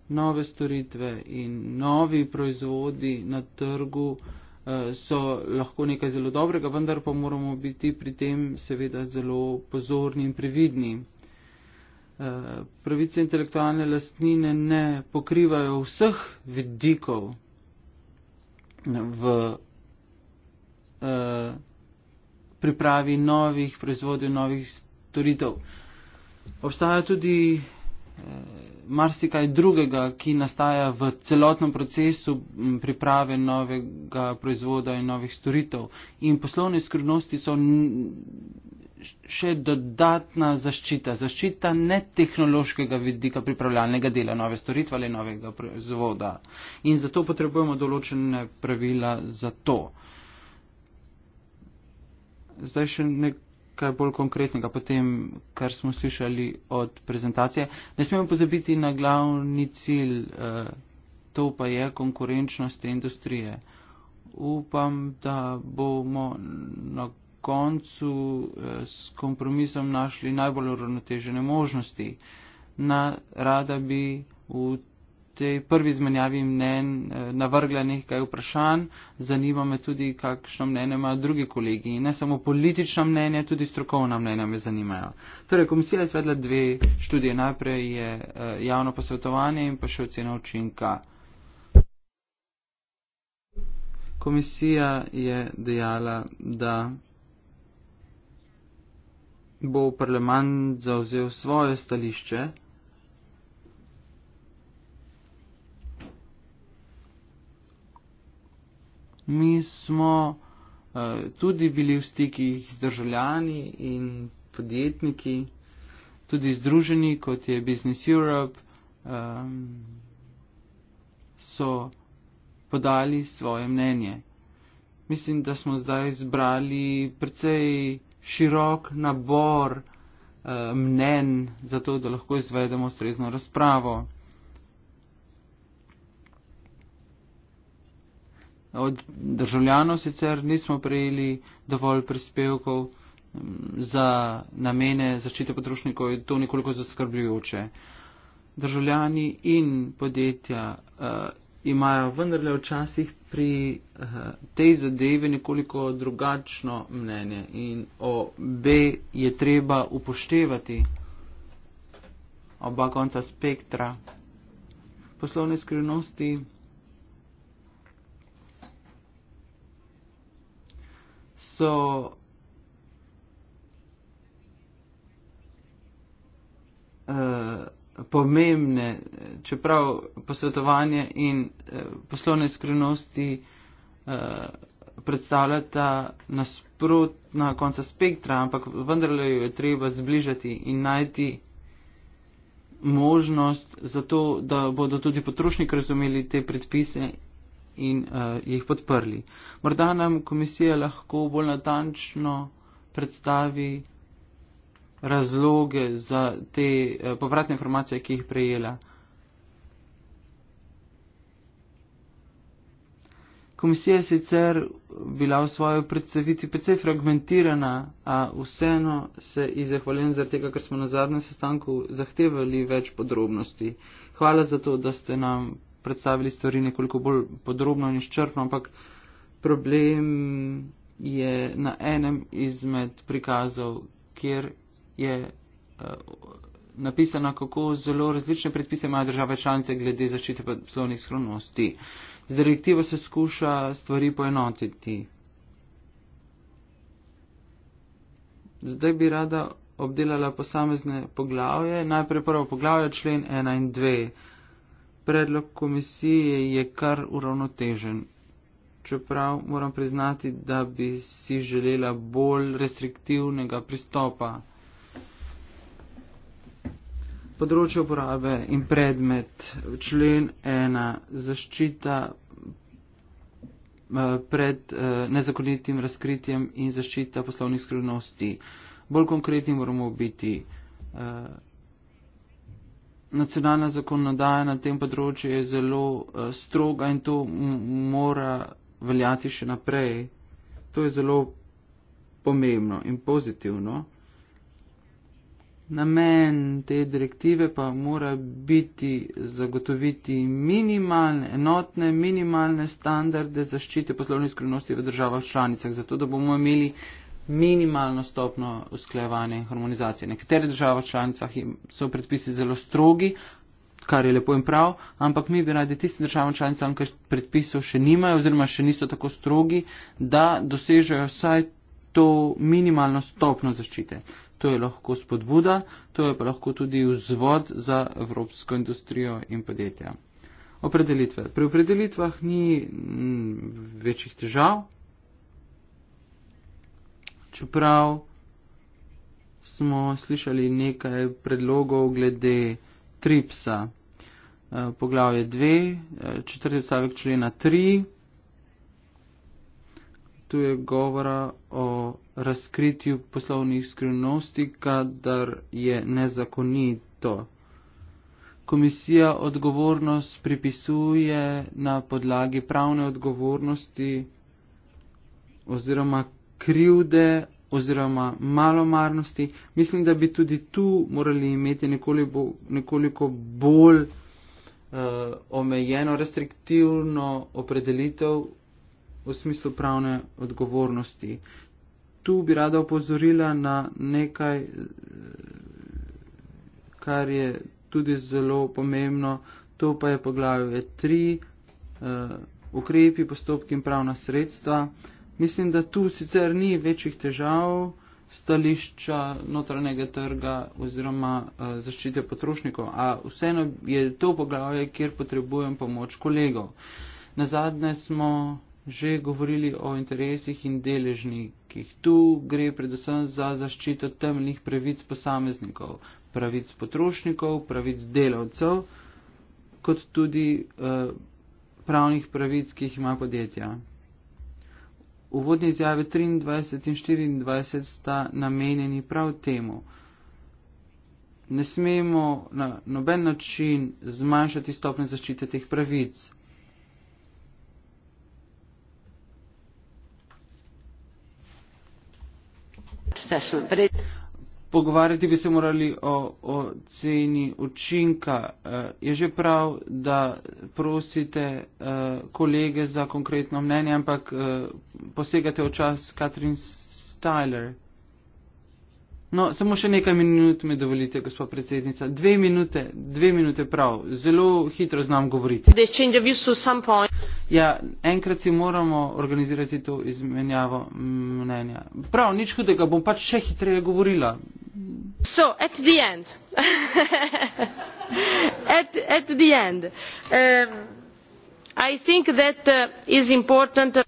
nove storitve in novi proizvodi na trgu eh, so lahko nekaj zelo dobrega, vendar pa moramo biti pri tem seveda zelo pozorni in previdni. Eh, pravice intelektualne lastnine ne pokrivajo vseh vidikov v eh, pripravi novih proizvodov, novih storitev. Obstaja tudi marsikaj drugega, ki nastaja v celotnem procesu priprave novega proizvoda in novih storitev. In poslovne skrivnosti so še dodatna zaščita, zaščita ne tehnološkega vidika pripravljalnega dela nove storitve ali novega proizvoda. In zato potrebujemo določene pravila za to. Zdaj še nekaj kaj bolj konkretnega potem, kar smo slišali od prezentacije. Ne smemo pozabiti na glavni cilj, eh, to pa je konkurenčnost te industrije. Upam, da bomo na koncu eh, s kompromisom našli najbolj uravnotežene možnosti. Na, rada bi v tej prvi izmenjavi mnen eh, navrgla nekaj vprašanj, zanima me tudi, kakšno mnenje imajo drugi kolegi. Ne samo politična mnenja, tudi strokovna mnenja me zanimajo. Torej, komisija je svedla dve študije. Najprej je eh, javno posvetovanje in pa še ocena učinka. Komisija je dejala, da bo parlament zauzel svoje stališče. mi smo eh, tudi bili v stikih z državljani in podjetniki, tudi združeni, kot je Business Europe, ehm, so podali svoje mnenje. Mislim, da smo zdaj zbrali precej širok nabor eh, mnen za to, da lahko izvedemo strezno razpravo. od državljanov sicer nismo prejeli dovolj prispevkov za namene zaščite potrošnikov, je to nekoliko zaskrbljujoče. Državljani in podjetja uh, imajo vendarle včasih pri uh, tej zadevi nekoliko drugačno mnenje in o B je treba upoštevati oba konca spektra poslovne skrivnosti. So uh, pomembne, čeprav posvetovanje in uh, poslovne skrivnosti uh, predstavljata nasprotna konca spektra, ampak vendarle jo je treba zbližati in najti možnost za to, da bodo tudi potrošniki razumeli te predpise in uh, jih podprli. Morda nam komisija lahko bolj natančno predstavi razloge za te uh, povratne informacije, ki jih prejela. Komisija je sicer bila v svojo predstavici precej fragmentirana, a vseeno se ji zahvaljujem zaradi tega, ker smo na zadnjem sestanku zahtevali več podrobnosti. Hvala za to, da ste nam predstavili stvari nekoliko bolj podrobno in izčrpno, ampak problem je na enem izmed prikazov, kjer je uh, napisano, kako zelo različne predpise imajo države članice glede zaščite poslovnih skromnosti. Z direktivo se skuša stvari poenotiti. Zdaj bi rada obdelala posamezne poglavje. Najprej prvo poglavje, člen 1 in 2 predlog komisije je kar uravnotežen. Čeprav moram priznati, da bi si želela bolj restriktivnega pristopa. Področje uporabe in predmet člen 1 zaščita eh, pred eh, nezakonitim razkritjem in zaščita poslovnih skrivnosti. Bolj konkretni moramo biti. Eh, nacionalna zakonodaja na tem področju je zelo uh, stroga in to mora veljati še naprej. To je zelo pomembno in pozitivno. Namen te direktive pa mora biti zagotoviti minimalne, enotne, minimalne standarde zaščite poslovnih skrivnosti v državah članicah, zato da bomo imeli uh, minimalno stopno usklajevanja in harmonizacije. Nekatere države v članicah so predpisi zelo strogi, kar je lepo in prav, ampak mi bi radi tistim državam članicam, ker predpisov še nimajo oziroma še niso tako strogi, da dosežejo vsaj to minimalno stopno zaščite. To je lahko spodbuda, to je pa lahko tudi vzvod za evropsko industrijo in podjetja. Opredelitve. Pri opredelitvah ni m, mm, večjih težav, čeprav smo slišali nekaj predlogov glede tripsa. Eh, poglavje 2, eh, četrti odstavek člena 3. Tu je govora o razkritju poslovnih skrivnosti, kadar je nezakonito. Komisija odgovornost pripisuje na podlagi pravne odgovornosti oziroma krivde oziroma malomarnosti. Mislim, da bi tudi tu morali imeti nekoliko, nekoliko bolj uh, omejeno, restriktivno opredelitev v smislu pravne odgovornosti. Tu bi rada opozorila na nekaj, kar je tudi zelo pomembno, to pa je poglavje 3, uh, eh, ukrepi, postopki in pravna sredstva. Uh, mislim, da tu sicer ni večjih težav stališča notranjega trga oziroma uh, zaščite potrošnikov, a vseeno je to poglavje, kjer potrebujem pomoč kolegov. Na zadnje smo že govorili o interesih in deležnikih. Tu gre predvsem za zaščito temeljnih pravic posameznikov, pravic potrošnikov, pravic delavcev, kot tudi uh, pravnih pravic, ki jih ima podjetja. Uvodni izjave 23 in 24 sta namenjeni prav temu. Ne smemo na noben način zmanjšati stopne zaščite teh pravic pogovarjati bi se morali o, o ceni učinka. Eh, je že prav, da prosite eh, kolege za konkretno mnenje, ampak eh, posegate v čas Katrin Styler. No, samo še nekaj minut mi dovolite, gospa predsednica. Dve minute, dve minute prav. Zelo hitro znam govoriti. Ja, enkrat si moramo organizirati to izmenjavo mnenja. Prav, nič hudega, bom pač še hitreje govorila. So, at the end. at, at the end. Um, I think that uh, is important. Uh,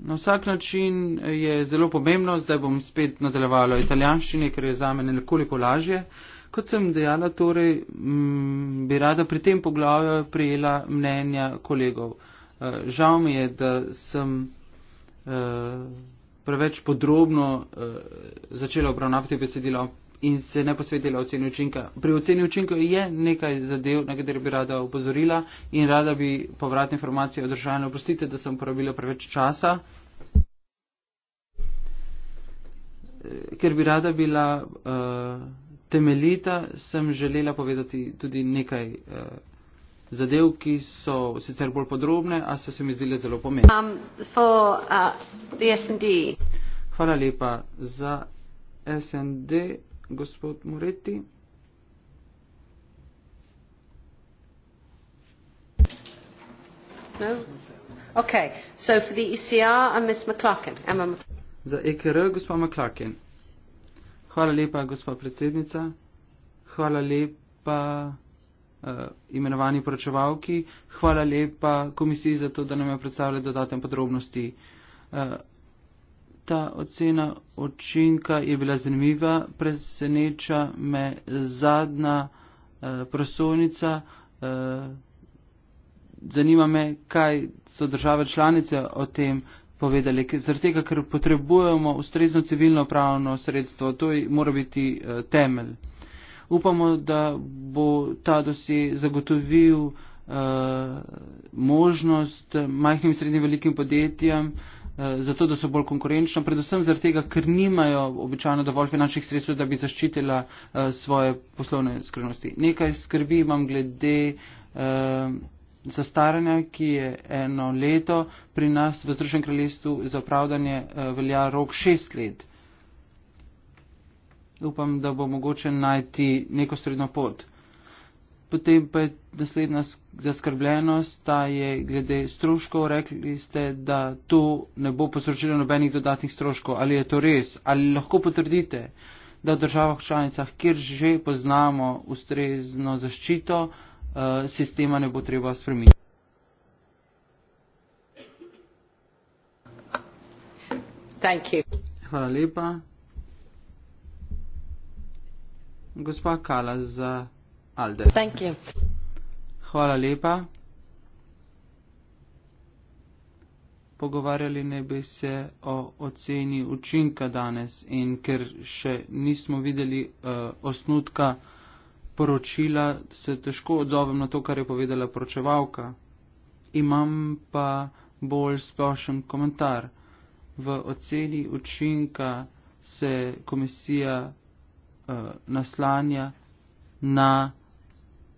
Na vsak način je zelo pomembno, zdaj bom spet nadaljevalo italijanščine, ker je za me nekoliko lažje. Uh, Kot sem dejala, torej, m, mm, bi rada pri tem poglavju prijela mnenja kolegov. E, žal mi je, da sem e, preveč podrobno e, začela obravnavati besedilo in se ne posvetila oceni učinka. Pri oceni učinka je nekaj zadev, na katere bi rada upozorila in rada bi povratne informacije održala. Oprostite, da sem uporabila preveč časa. Ker bi rada bila uh, temeljita, sem želela povedati tudi nekaj uh, zadev, ki so sicer bolj podrobne, a so se mi zdele zelo pomembne. Um, for, uh, Hvala lepa za SND, gospod Moretti. No? Okay. So ECR, Ms. Ms. Za EKR, gospod McClarkin. Hvala lepa, gospod predsednica. Hvala lepa uh, imenovani poročevalki. Hvala lepa komisiji za to, da nam je predstavljala dodaten podrobnosti. Uh, ta ocena očinka je bila zanimiva. Preseneča me zadnja uh, eh, prosovnica. Uh, zanima me, kaj so države članice o tem povedali, zaradi tega, ker potrebujemo ustrezno civilno pravno sredstvo, to je, mora biti uh, temelj. Upamo, da bo ta dosi zagotovil uh, možnost majhnim in srednjim velikim podjetjem, uh, zato da so bolj konkurenčna, predvsem zaradi tega, ker nimajo običajno dovolj finančnih sredstev, da bi zaščitila uh, svoje poslovne skrivnosti. Nekaj skrbi imam glede. Uh, zastaranja, ki je eno leto, pri nas v Združenem kraljestvu za opravdanje eh, velja rok šest let. Upam, da bo mogoče najti neko sredno pot. Potem pa je naslednja zaskrbljenost, ta je glede stroškov. Rekli ste, da to ne bo posrečilo nobenih dodatnih stroškov. Ali je to res? Ali lahko potrdite, da v državah članicah, kjer že poznamo ustrezno zaščito, Eh, sistema ne bo treba spremeniti. Thank you. Hvala lepa. Gospa Kala za Alde. Thank you. Hvala lepa. Pogovarjali ne bi se o oceni učinka danes in ker še nismo videli uh, osnutka poročila, se težko odzovem na to, kar je povedala poročevalka. Imam pa bolj splošen komentar. V oceni učinka se komisija uh, naslanja na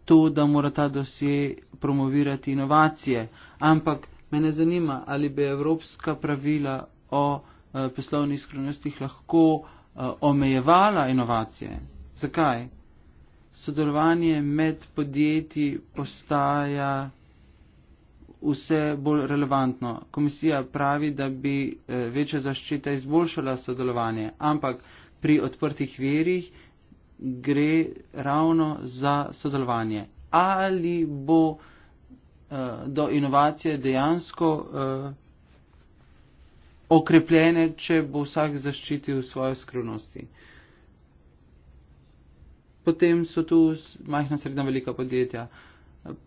to, da mora ta dosje promovirati inovacije. Ampak mene zanima, ali bi evropska pravila o uh, poslovnih skrivnostih lahko uh, omejevala inovacije. Zakaj? sodelovanje med podjetji postaja vse bolj relevantno. Komisija pravi, da bi eh, večja zaščita izboljšala sodelovanje, ampak pri odprtih verjih gre ravno za sodelovanje. Ali bo eh, do inovacije dejansko eh, okrepljene, če bo vsak zaščitil svoje skrivnosti potem so tu majhna, srednja, velika podjetja.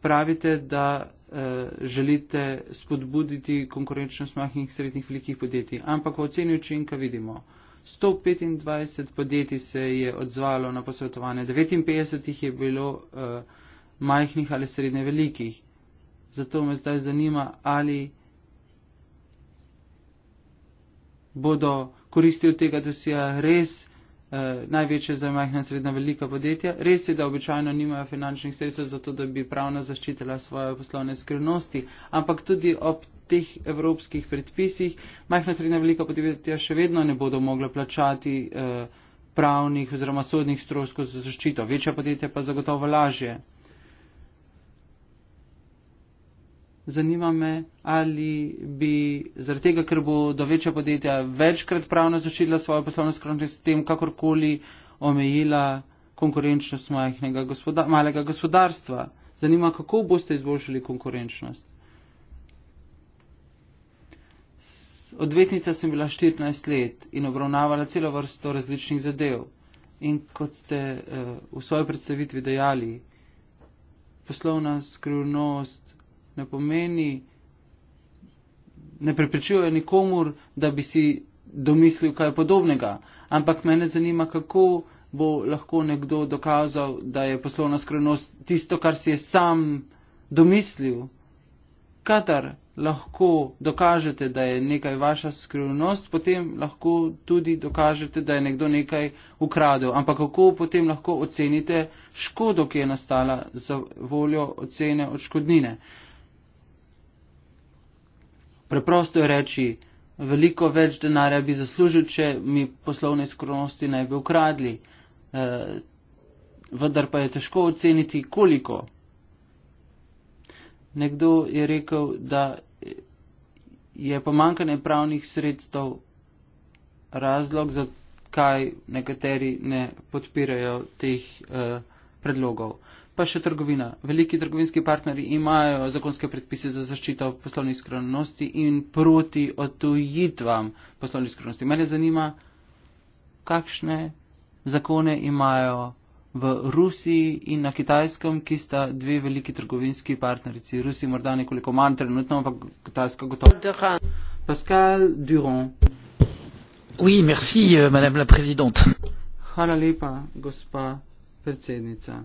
Pravite, da eh, želite spodbuditi konkurenčnost majhnih, srednjih, velikih podjetij, ampak v oceni učinka vidimo. 125 podjetij se je odzvalo na posvetovanje, 59 jih je bilo eh, majhnih ali srednje velikih. Zato me zdaj zanima, ali bodo koristi od tega, da si res Eh, največje za majhna srednja velika podjetja. Res je, da običajno nimajo finančnih sredstev za to, da bi pravno zaščitila svoje poslovne skrivnosti, ampak tudi ob teh evropskih predpisih majhna srednja velika podjetja še vedno ne bodo mogla plačati eh, pravnih oziroma sodnih stroškov za zaščito, večja podjetja pa zagotovo lažje. Zanima me, ali bi zaradi tega, ker bo do večja podjetja večkrat pravno zaščitila svojo poslovno skromnost, s tem kakorkoli omejila konkurenčnost majhnega gospoda, malega gospodarstva. Zanima me, kako boste izboljšali konkurenčnost. Odvetnica sem bila 14 let in obravnavala celo vrsto različnih zadev. In kot ste uh, v svoji predstavitvi dejali, poslovna skromnost ne pomeni, ne preprečuje nikomur, da bi si domislil kaj podobnega. Ampak mene zanima, kako bo lahko nekdo dokazal, da je poslovna skrivnost tisto, kar si je sam domislil. Kadar lahko dokažete, da je nekaj vaša skrivnost, potem lahko tudi dokažete, da je nekdo nekaj ukradel. Ampak kako potem lahko ocenite škodo, ki je nastala za voljo ocene odškodnine? Preprosto je reči, veliko več denarja bi zaslužil, če mi poslovne skromnosti ne bi ukradli. E, vendar pa je težko oceniti, koliko. Nekdo je rekel, da je pomankanje pravnih sredstev razlog, zakaj nekateri ne podpirajo teh eh, predlogov pa še trgovina. Veliki trgovinski partnerji imajo zakonske predpise za zaščito poslovnih skrivnosti in proti otujitvam poslovnih skrivnosti. Mene zanima, kakšne zakone imajo v Rusiji in na Kitajskem, ki sta dve veliki trgovinski partnerici. Rusi morda nekoliko manj trenutno, ampak Kitajska gotovo. Pascal Durand. Oui, merci, euh, madame la présidente. Hvala lepa, gospa predsednica.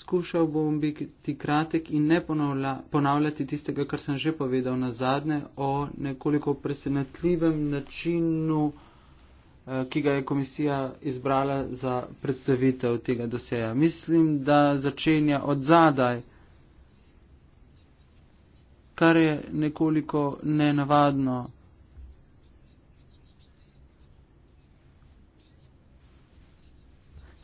Skušal bom biti kratek in ne ponavlja, ponavljati tistega, kar sem že povedal na zadnje o nekoliko presenetljivem načinu, eh, ki ga je komisija izbrala za predstavitev tega doseja. Mislim, da začenja od zadaj, kar je nekoliko nenavadno.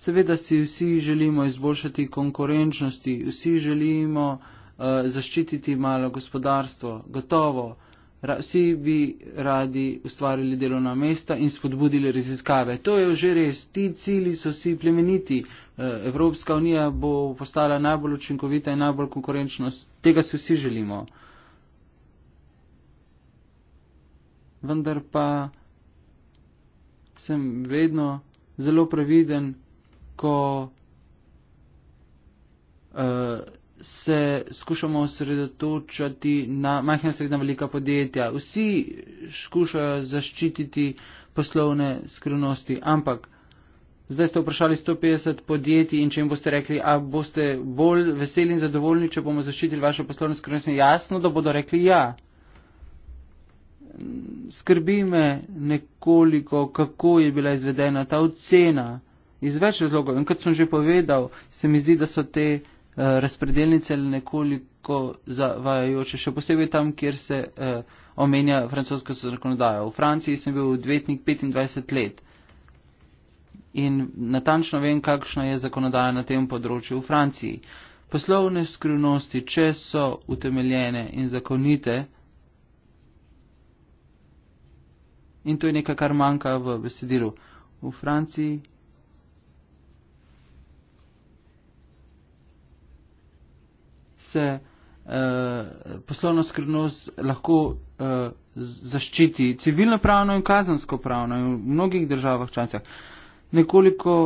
Seveda si vsi želimo izboljšati konkurenčnosti, vsi želimo uh, zaščititi malo gospodarstvo, gotovo. Ra vsi bi radi ustvarili delovna mesta in spodbudili raziskave. To je že res, ti cili so vsi plemeniti. Uh, Evropska unija bo postala najbolj učinkovita in najbolj konkurenčnost. Tega si vsi želimo. Vendar pa sem vedno zelo previden ko uh, se skušamo osredotočati na majhna srednja velika podjetja. Vsi skušajo zaščititi poslovne skrivnosti, ampak zdaj ste vprašali 150 podjetij in če jim boste rekli, a boste bolj veseli in zadovoljni, če bomo zaščitili vaše poslovne skrivnosti, jasno, da bodo rekli ja. Skrbi me nekoliko, kako je bila izvedena ta ocena iz več razlogov. In kot sem že povedal, se mi zdi, da so te eh, razpredelnice nekoliko zavajajoče, še posebej tam, kjer se eh, omenja francosko zakonodajo. V Franciji sem bil odvetnik 25 let. In natančno vem, kakšna je zakonodaja na tem področju v Franciji. Poslovne skrivnosti, če so utemeljene in zakonite, in to je nekaj, kar manjka v besedilu, v Franciji se eh, poslovno skrivnost lahko eh, zaščiti civilno pravno in kazansko pravno in v mnogih državah članicah. Nekoliko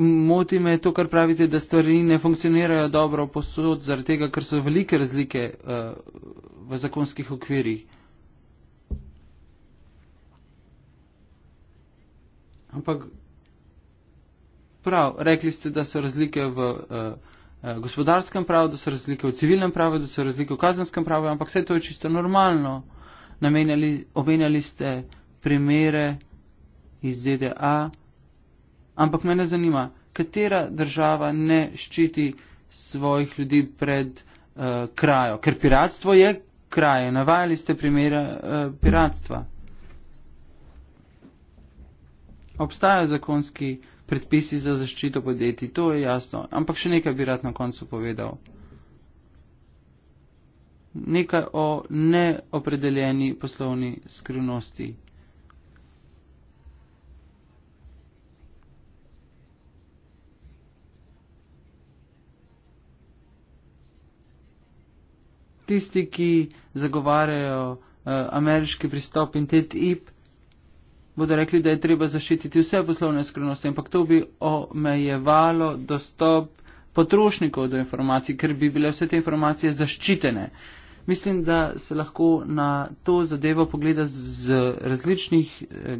moti me to, kar pravite, da stvari ne funkcionirajo dobro posod, zaradi tega, ker so velike razlike eh, v zakonskih okvirih. Ampak Prav, rekli ste, da so razlike v uh, uh, gospodarskem pravu, da so razlike v civilnem pravu, da so razlike v kazenskem pravu, ampak vse to je čisto normalno. Namenjali, omenjali ste primere iz ZDA, ampak mene zanima, katera država ne ščiti svojih ljudi pred uh, krajo, ker piratstvo je kraje. Navajali ste primere uh, piratstva. Obstaja zakonski predpisi za zaščito podjetij, to je jasno. Ampak še nekaj bi rad na koncu povedal. Nekaj o neopredeljeni poslovni skrivnosti. Tisti, ki zagovarjajo uh, ameriški pristop in TTIP, bodo rekli, da je treba zaščititi vse poslovne skrivnosti, ampak to bi omejevalo dostop potrošnikov do informacij, ker bi bile vse te informacije zaščitene. Mislim, da se lahko na to zadevo pogleda z različnih eh,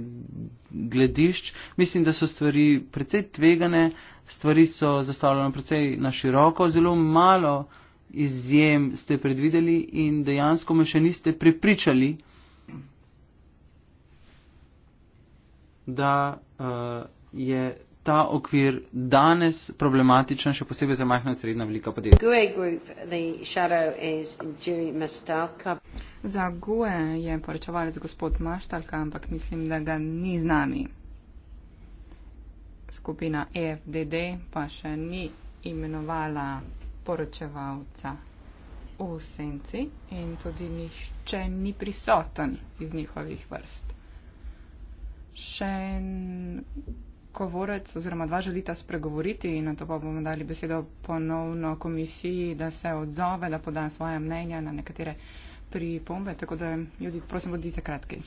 gledišč. Mislim, da so stvari precej tvegane, stvari so zastavljene precej na široko, zelo malo izjem ste predvideli in dejansko me še niste prepričali. da uh, je ta okvir danes problematičen, še posebej za majhna in srednja velika podjetja. E za GUE je poročevalec gospod Maštalka, ampak mislim, da ga ni z nami. Skupina EFDD pa še ni imenovala poročevalca v senci in tudi nišče ni prisoten iz njihovih vrst še en govorec oziroma dva želita spregovoriti in na to pa bomo dali besedo ponovno komisiji, da se odzove, da poda svoje mnenja na nekatere pripombe. Tako da, ljudi, prosim, bodite kratki.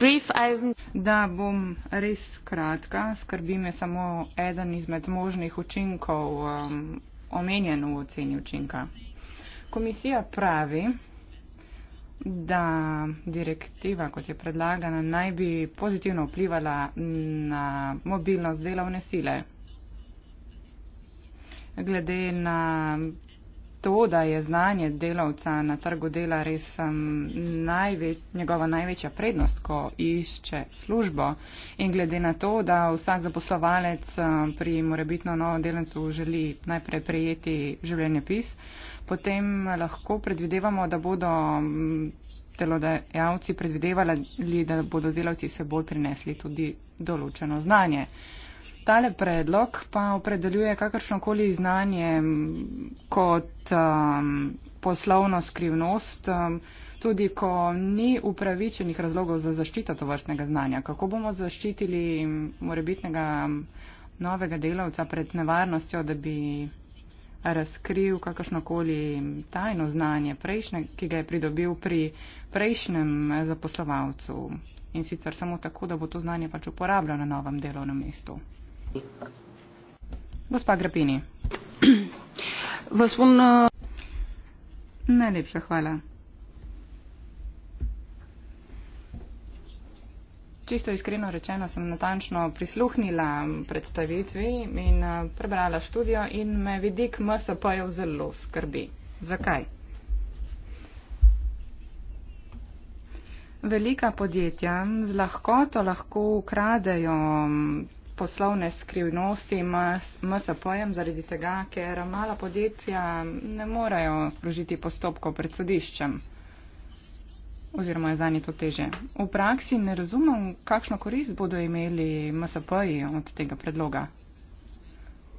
Brief, da bom res kratka, skrbi me samo eden izmed možnih učinkov, um, omenjen v oceni učinka. Komisija pravi, da direktiva, kot je predlagana, naj bi pozitivno vplivala na mobilnost delovne sile. Glede na to, da je znanje delavca na trgu dela res um, največ, njegova največja prednost, ko išče službo in glede na to, da vsak zaposlovalec um, pri morebitno novo delencu želi najprej prejeti življenjepis, potem lahko predvidevamo, da bodo mm, delodajalci predvidevali, da bodo delavci seboj prinesli tudi določeno znanje. Tale predlog pa opredeljuje kakršnokoli znanje mm, kot um, poslovno skrivnost, um, tudi ko ni upravičenih razlogov za zaščito tovrstnega znanja. Kako bomo zaščitili morebitnega novega delavca pred nevarnostjo, da bi razkril kakršnokoli tajno znanje prejšnje, ki ga je pridobil pri prejšnjem zaposlovalcu in sicer samo tako, da bo to znanje pač uporabljal na novem delovnem mestu. Gospa Grapini. Vas bom. Eh, Najlepša hvala. čisto iskreno rečeno sem natančno prisluhnila predstavitvi in eh, prebrala študijo in me vidik MSP-jev zelo skrbi. Zakaj? Velika podjetja z lahkoto lahko ukradejo mm, poslovne skrivnosti MSP-jem zaradi tega, ker mala podjetja ne morejo sprožiti postopkov pred sodiščem oziroma je za njih to teže. V praksi ne razumem, kakšno korist bodo imeli MSP-ji od tega predloga.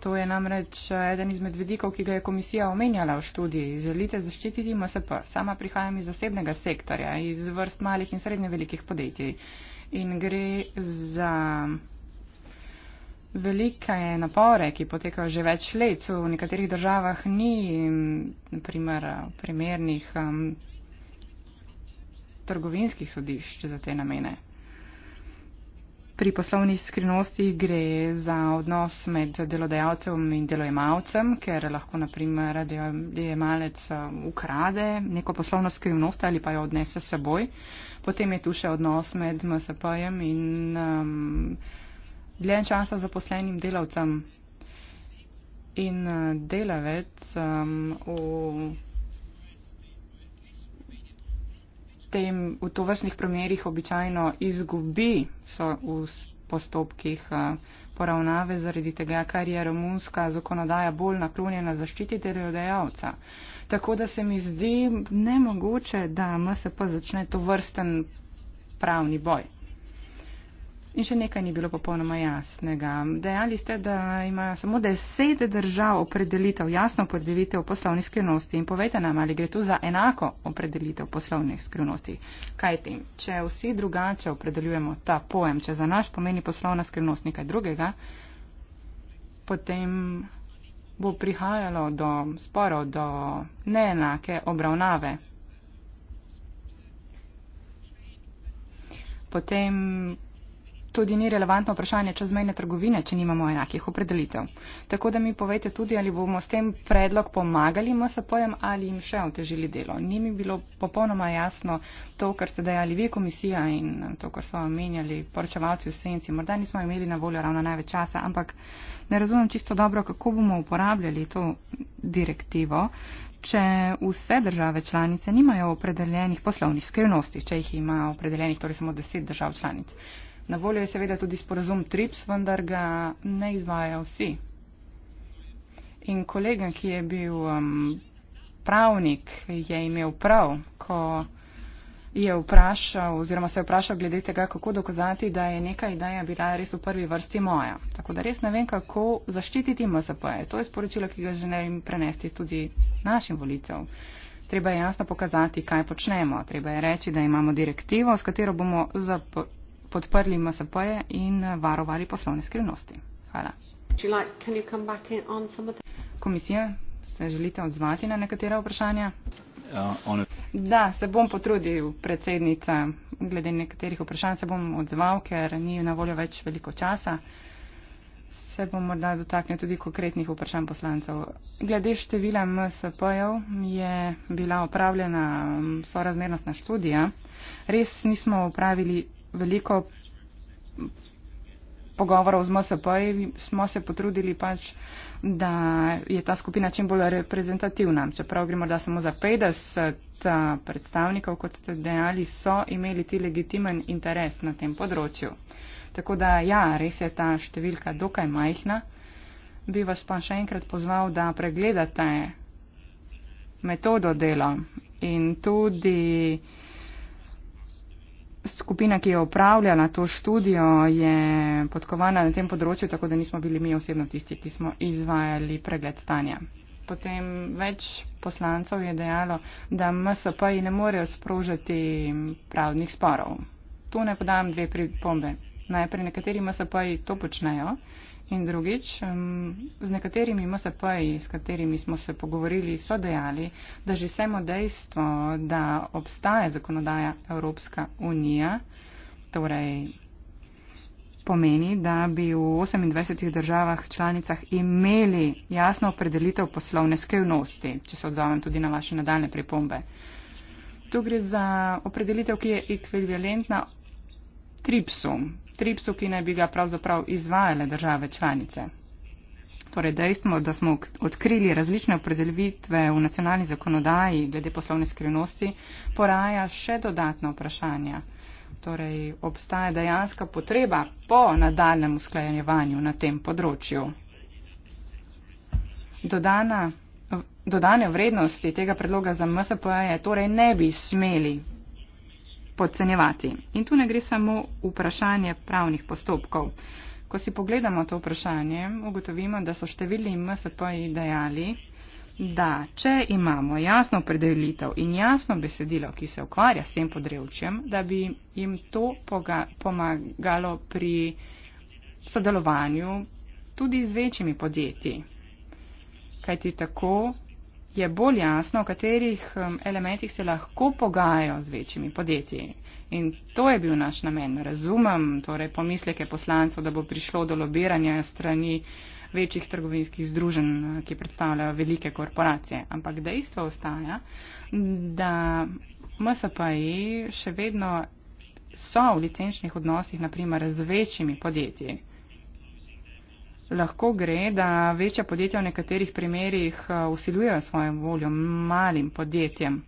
To je namreč eh, eden izmed vidikov, ki ga je komisija omenjala v študiji. Želite zaščititi MSP. Sama prihajam iz zasebnega sektorja, iz vrst malih in srednje velikih podjetij. In gre za velike napore, ki potekajo že več let. V nekaterih državah ni primer, primernih. Um, trgovinskih sodišč za te namene. Pri poslovnih skrivnostih gre za odnos med delodajalcem in delojemalcem, ker lahko naprimer delojemalec um, ukrade neko poslovno skrivnost ali pa jo odnese s seboj. Potem je tu še odnos med MSP-jem in um, dlje časa zaposlenim delavcem. In uh, delavec um, v tem, v tovrstnih primerjih običajno izgubi so v postopkih eh, poravnave zaradi tega, ker je romunska zakonodaja bolj naklonjena zaščiti delodajalca. Tako da se mi zdi nemogoče, da MSP začne to vrsten pravni boj. In še nekaj ni bilo popolnoma jasnega. Dejali ste, da ima samo deset držav opredelitev, jasno opredelitev poslovnih skrivnosti. In povejte nam, ali gre tu za enako opredelitev poslovnih skrivnosti. Kaj tem? Če vsi drugače opredeljujemo ta pojem, če za naš pomeni poslovna skrivnost nekaj drugega, potem bo prihajalo do sporov, do neenake obravnave. Potem tudi ni relevantno vprašanje čezmejne trgovine, če nimamo enakih opredelitev. Tako da mi povejte tudi, ali bomo s tem predlog pomagali MSP-jem ali jim še otežili delo. Ni mi bilo popolnoma jasno to, kar ste dejali vi, komisija in to, kar so omenjali poročevalci v senci. Morda nismo imeli na voljo ravno največ časa, ampak ne razumem čisto dobro, kako bomo uporabljali to direktivo. Če vse države članice nimajo opredeljenih poslovnih skrivnosti, če jih ima opredeljenih torej samo deset držav članic, Na voljo je seveda tudi sporazum TRIPS, vendar ga ne izvajajo vsi. In kolega, ki je bil um, pravnik, je imel prav, ko je vprašal oziroma se je vprašal glede tega, kako dokazati, da je neka ideja bila res v prvi vrsti moja. Tako da res ne vem, kako zaščititi MSP. -je. To je sporočilo, ki ga želim prenesti tudi našim volitev. Treba je jasno pokazati, kaj počnemo. Treba je reči, da imamo direktivo, s katero bomo zaprli podprli MSP-je in varovali poslovne skrivnosti. Hvala. Komisija, se želite odzvati na nekatera vprašanja? Ja, da, se bom potrudil, predsednica, glede nekaterih vprašanj se bom odzval, ker ni na voljo več veliko časa. Se bom morda dotaknil tudi konkretnih vprašanj poslancev. Glede števila MSP-jev je bila opravljena sorazmernostna študija. Res nismo opravili veliko pogovorov z MSP in smo se potrudili pač, da je ta skupina čim bolj reprezentativna. Čeprav gremo da samo za 50 eh, predstavnikov, kot ste dejali, so imeli ti legitimen interes na tem področju. Tako da ja, res je ta številka dokaj majhna. Bi vas pa še enkrat pozval, da pregledate metodo dela in tudi skupina, ki je upravljala to študijo, je podkovana na tem področju, tako da nismo bili mi osebno tisti, ki smo izvajali pregled stanja. Potem več poslancev je dejalo, da MSP-ji ne morejo sprožiti pravnih sporov. Tu ne podam dve pripombe. Najprej nekateri MSP-ji to počnejo. In drugič, z nekaterimi MSP-ji, s katerimi smo se pogovorili, so dejali, da že samo dejstvo, da obstaja zakonodaja Evropska unija, torej pomeni, da bi v 28 državah članicah imeli jasno opredelitev poslovne skrivnosti, če se odzovem tudi na vaše nadaljne pripombe. Tu gre za opredelitev, ki je ekvivalentna TRIPS-u, tripsu, ki naj bi ga pravzaprav izvajale države članice. Torej dejstvo, da smo odkrili različne opredelitve v nacionalni zakonodaji glede poslovne skrivnosti, poraja še dodatna vprašanja. Torej obstaja dejanska potreba po nadaljem usklajevanju na tem področju. Dodana, dodane vrednosti tega predloga za MSP je torej ne bi smeli podcenjevati. In tu ne gre samo vprašanje pravnih postopkov. Ko si pogledamo to vprašanje, ugotovimo, da so številni MSP-ji dejali, da če imamo jasno opredelitev in jasno besedilo, ki se ukvarja s tem področjem, da bi jim to pomagalo pri sodelovanju tudi z večjimi podjetji. Kajti tako je bolj jasno, v katerih um, elementih se lahko pogajajo z večjimi podjetji. In to je bil naš namen. Razumem torej pomisleke poslancev, da bo prišlo do lobiranja strani večjih trgovinskih združenj, ki predstavljajo velike korporacije. Ampak dejstvo ostaja, da MSPI še vedno so v licenčnih odnosih, naprimer, z večjimi podjetji lahko gre, da večja podjetja v nekaterih primerjih eh, usiljujejo svojo voljo malim podjetjem.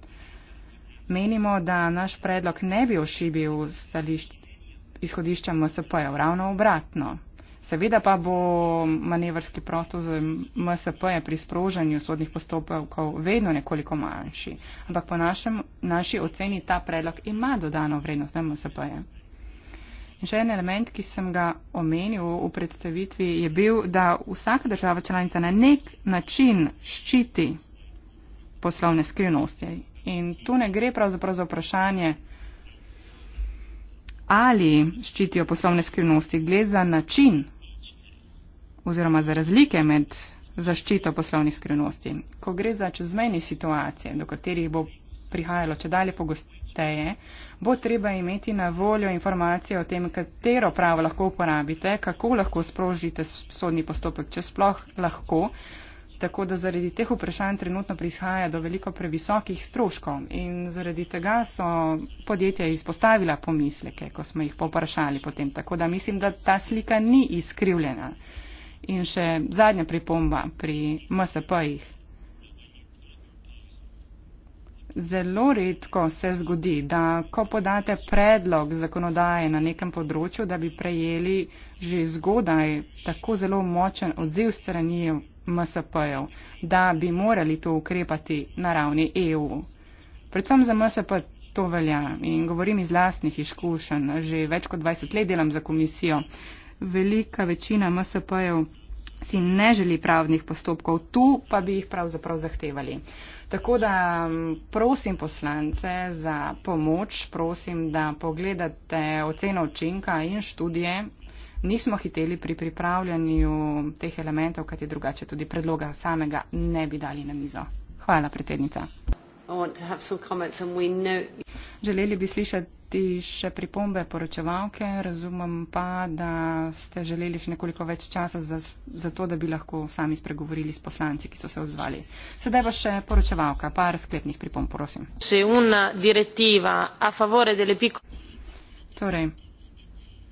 Menimo, da naš predlog ne bi ošibil stališč izhodišča MSP-jev, ravno obratno. Seveda pa bo manevrski prostor za MSP-je pri sprožanju sodnih postopkov vedno nekoliko manjši, ampak po našem, naši oceni ta predlog ima dodano vrednost na MSP-je. Že en element, ki sem ga omenil v predstavitvi, je bil, da vsaka država članica na nek način ščiti poslovne skrivnosti. In tu ne gre pravzaprav za vprašanje, ali ščitijo poslovne skrivnosti. Gre za način oziroma za razlike med zaščito poslovnih skrivnosti. Ko gre za čezmejne situacije, do katerih bo prihajalo če dalje pogosteje, bo treba imeti na voljo informacije o tem, katero pravo lahko uporabite, kako lahko sprožite sodni postopek, če sploh lahko. Tako da zaradi teh vprašanj trenutno prihaja do veliko previsokih stroškov in zaradi tega so podjetja izpostavila pomisleke, ko smo jih poprašali potem. Tako da mislim, da ta slika ni izkrivljena. In še zadnja pripomba pri MSP-jih. Zelo redko se zgodi, da ko podate predlog zakonodaje na nekem področju, da bi prejeli že zgodaj tako zelo močen odziv strani MSP-jev, da bi morali to ukrepati na ravni EU. Predvsem za MSP to velja in govorim iz lastnih izkušenj. Že več kot 20 let delam za komisijo. Velika večina MSP-jev si ne želi pravnih postopkov, tu pa bi jih pravzaprav zahtevali. Tako da prosim poslance za pomoč, prosim, da pogledate oceno učinka in študije. Nismo hiteli pri pripravljanju teh elementov, kajti drugače tudi predloga samega ne bi dali na mizo. Hvala, predsednica. Želeli bi slišati možnosti še pripombe poročevalke, razumem pa, da ste želeli še nekoliko več časa za, za to, da bi lahko sami spregovorili s poslanci, ki so se odzvali. Sedaj pa še poročevalka, par sklepnih pripomb, prosim. Torej,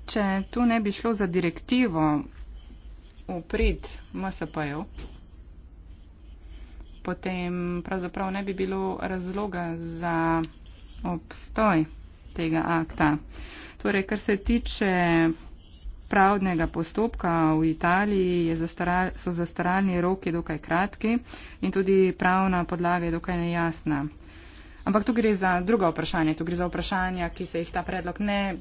če tu ne bi šlo za direktivo v prid MSP-ju, potem pravzaprav ne bi bilo razloga za obstoj tega akta. Torej, kar se tiče pravdnega postopka v Italiji, zastaral, so zastaralni roki dokaj kratki in tudi pravna podlaga je dokaj nejasna. Ampak tu gre za druga vprašanja, tu gre za vprašanja, ki se jih ta predlog ne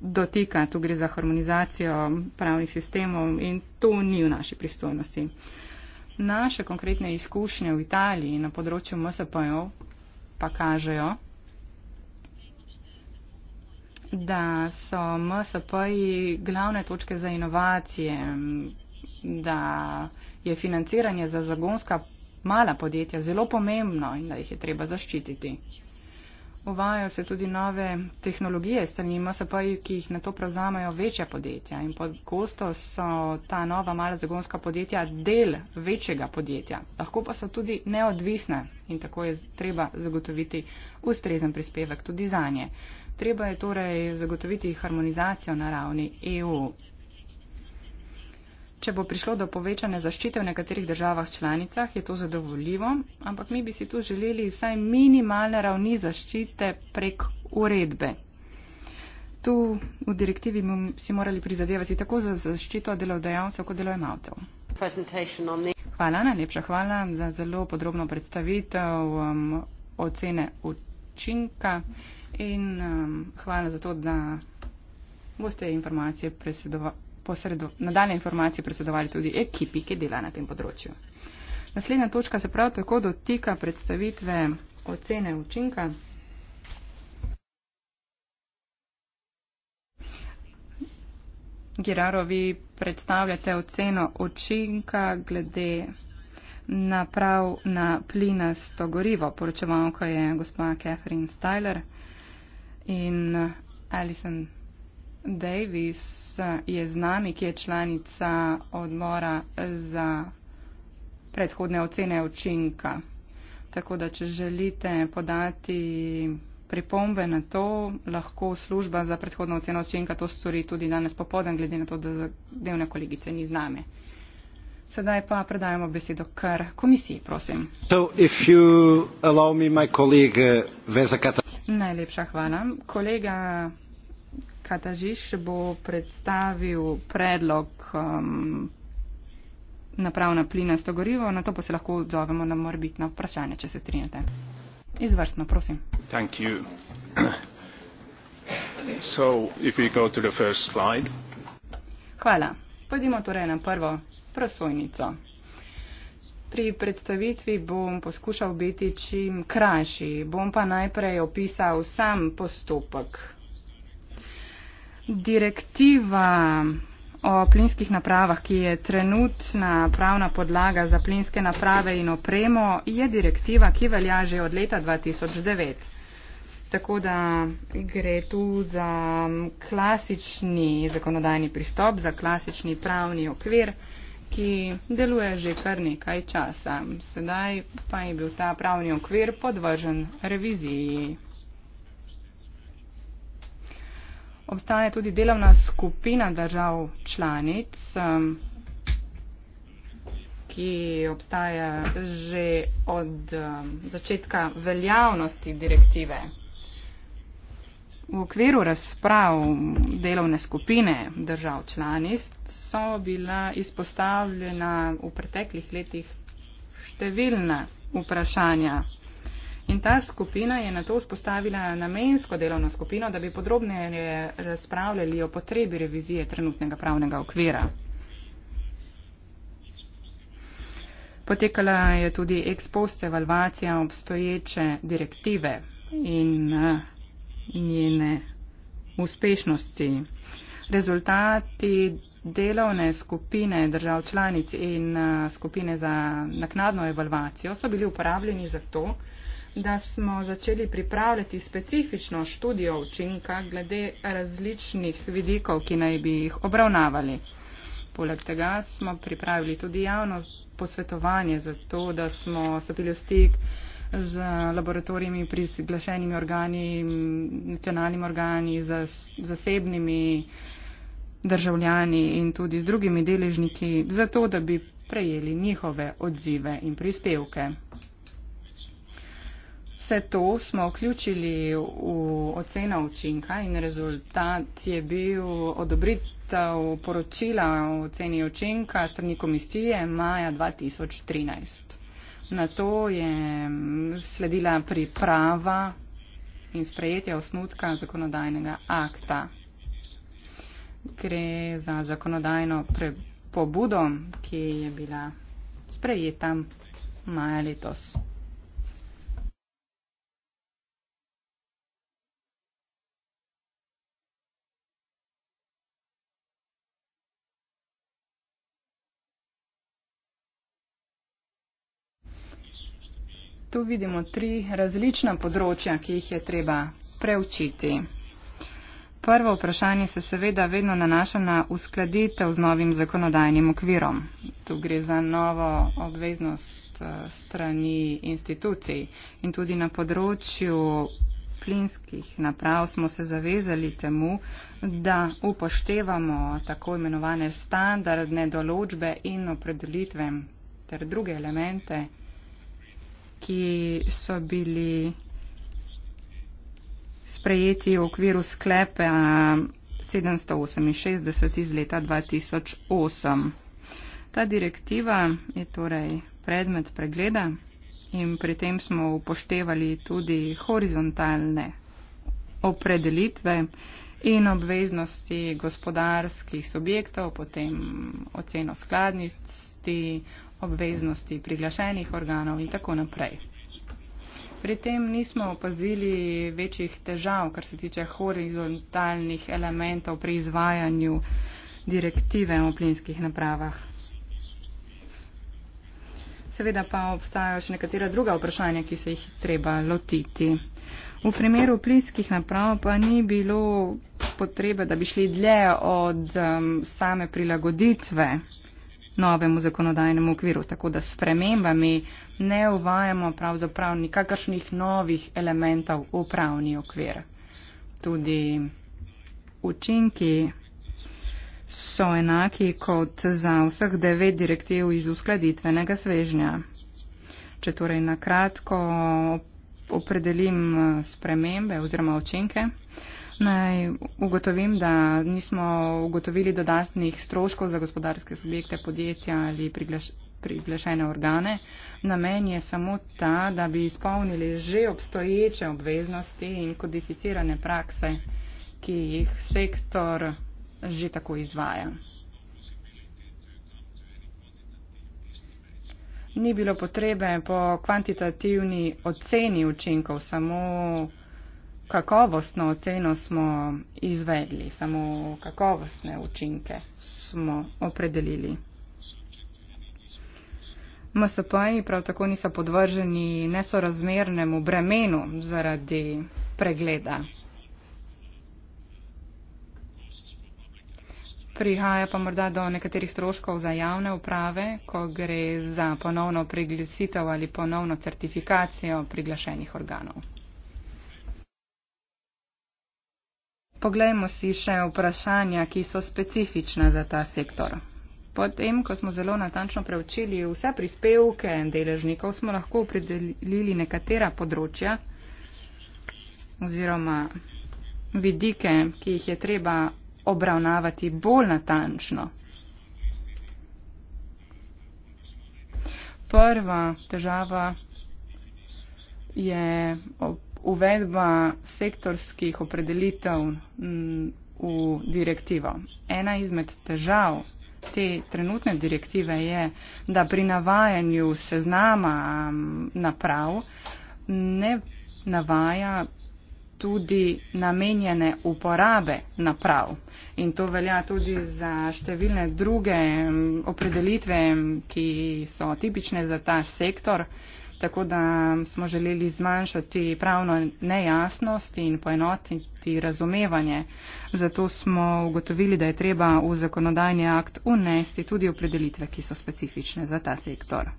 dotika, tu gre za harmonizacijo pravnih sistemov in to ni v naši pristojnosti. Naše konkretne izkušnje v Italiji na področju MSP-jev pa kažejo, da so MSP-ji glavne točke za inovacije, da je financiranje za zagonska mala podjetja zelo pomembno in da jih je treba zaščititi. Uvajajo se tudi nove tehnologije strani MSP-ji, ki jih na to prevzamejo večja podjetja in pogosto so ta nova mala zagonska podjetja del večjega podjetja. Lahko pa so tudi neodvisne in tako je treba zagotoviti ustrezen prispevek tudi za njih. Treba je torej zagotoviti harmonizacijo na ravni EU. Če bo prišlo do povečane zaščite v nekaterih državah članicah, je to zadovoljivo, ampak mi bi si tu želeli vsaj minimalne ravni zaščite prek uredbe. Tu v direktivi bi si morali prizadevati tako za zaščito delodajalcev kot delojemalcev. Hvala, najlepša hvala za zelo podrobno predstavitev um, ocene učinka. Mm -hmm in um, hvala za to, da boste informacije posredo, nadaljne informacije predsedovali tudi ekipi, ki dela na tem področju. Naslednja točka se prav tako dotika predstavitve ocene učinka. Giraro, vi predstavljate oceno učinka glede naprav na plinasto gorivo. Poročevalko je gospa Catherine Styler. Uh, In eh, Alison Davis eh, je z nami, ki je članica odbora za predhodne ocene učinka. Tako da, če želite podati pripombe na to, lahko služba za predhodno oceno učinka to stori tudi danes popoden, glede na to, da zadevne kolegice ni z nami. Sedaj pa predajamo besedo kar komisiji, prosim. So, Najlepša hvala. Kolega Katažiš bo predstavil predlog um, naprav na plinasto gorivo, na to pa se lahko odzovemo na morbitno vprašanje, če se strinjate. Izvrstno, prosim. Thank you. So, if we go to the first slide. Hvala. Pojdimo torej na prvo prosojnico pri predstavitvi bom poskušal biti čim krajši. Bom pa najprej opisal sam postopek. Direktiva o plinskih napravah, ki je trenutna pravna podlaga za plinske naprave in opremo, je direktiva, ki velja že od leta 2009. Tako da gre tu za klasični zakonodajni pristop, za klasični pravni okvir ki deluje že kar nekaj časa. Sedaj pa je bil ta pravni okvir podvržen reviziji. Obstaja tudi delovna skupina držav članic, um, ki obstaja že od um, začetka veljavnosti direktive. V okviru razprav delovne skupine držav članic so bila izpostavljena v preteklih letih številna vprašanja. In ta skupina je na to vzpostavila namensko delovno skupino, da bi podrobneje razpravljali o potrebi revizije trenutnega pravnega okvira. Potekala je tudi ekspost evalvacija obstoječe direktive in uh, njene uspešnosti. Rezultati delovne skupine držav članic in uh, skupine za naknadno evalvacijo so bili uporabljeni za to, da smo začeli pripravljati specifično študijo učinka glede različnih vidikov, ki naj bi jih obravnavali. Poleg tega smo pripravili tudi javno posvetovanje za to, da smo stopili v stik z laboratorijami, pri zglašenimi organi, nacionalnimi organi, z zasebnimi državljani in tudi z drugimi deležniki, zato da bi prejeli njihove odzive in prispevke. Vse to smo vključili v ocena učinka in rezultat je bil odobritev poročila o oceni učinka strani komisije maja 2013. Na to je mm, sledila priprava in sprejetje osnutka zakonodajnega akta. Gre za zakonodajno pobudo, ki je bila sprejeta maja letos. Tu vidimo tri različna področja, ki jih je treba preučiti. Prvo vprašanje se seveda vedno nanaša na uskladitev z novim zakonodajnim okvirom. Tu gre za novo obveznost eh, strani institucij in tudi na področju plinskih naprav smo se zavezali temu, da upoštevamo tako imenovane standardne določbe in opredelitve ter druge elemente ki so bili sprejeti v okviru sklepa 768 iz leta 2008. Ta direktiva je torej predmet pregleda in pri tem smo upoštevali tudi horizontalne opredelitve in obveznosti gospodarskih subjektov, potem oceno skladnosti, obveznosti priglašenih organov in tako naprej. Pri tem nismo opazili večjih težav, kar se tiče horizontalnih elementov pri izvajanju direktive o plinskih napravah. Seveda pa obstajajo še nekatera druga vprašanja, ki se jih treba lotiti. V primeru plinskih naprav pa ni bilo potrebe, da bi šli dlje od um, same prilagoditve novemu zakonodajnemu okviru. Tako da s premembami ne uvajamo pravzaprav nikakršnih novih elementov v pravni okvir. Tudi učinki so enaki kot za vseh devet direktiv iz uskladitvenega svežnja. Če torej nakratko opredelim eh, spremembe oziroma učinke. Naj ugotovim, da nismo ugotovili dodatnih stroškov za gospodarske subjekte, podjetja ali priglaš priglašene organe. Namen je samo ta, da bi izpolnili že obstoječe obveznosti in kodificirane prakse, ki jih sektor že tako izvaja. Ni bilo potrebe po kvantitativni oceni učinkov, samo kakovostno oceno smo izvedli, samo kakovostne učinke smo opredelili. MSP-ji prav tako niso podvrženi nesorazmernemu bremenu zaradi pregleda. Prihaja pa morda do nekaterih stroškov za javne uprave, ko gre za ponovno priglesitev ali ponovno certifikacijo priglašenih organov. Poglejmo si še vprašanja, ki so specifična za ta sektor. Potem, ko smo zelo natančno preučili vse prispevke deležnikov, smo lahko opredelili nekatera področja oziroma vidike, ki jih je treba obravnavati bolj natančno. Prva težava je ob uvedba sektorskih opredelitev mm, v direktivo. Ena izmed težav te trenutne direktive je, da pri navajanju seznama mm, naprav ne navaja tudi namenjene uporabe naprav. In to velja tudi za številne druge mm, opredelitve, ki so tipične za ta sektor. Um, tako da smo želeli zmanjšati pravno nejasnost in poenotiti razumevanje. Zato smo ugotovili, da je treba v zakonodajni akt unesti tudi opredelitve, ki so specifične za ta sektor.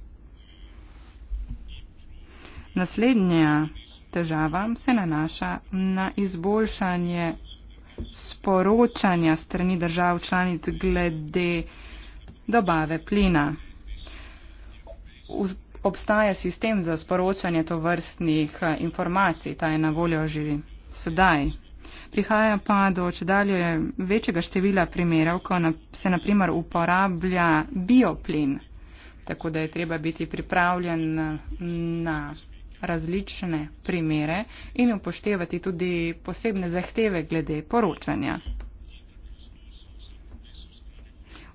Naslednja težava se nanaša na izboljšanje sporočanja strani držav članic glede dobave plina obstaja sistem za sporočanje tovrstnih eh, informacij, ta je na voljo že sedaj. Prihaja pa do očedalje večjega števila primerov, ko se naprimer uporablja bioplin, tako da je treba biti pripravljen eh, na različne primere in upoštevati tudi posebne zahteve glede poročanja.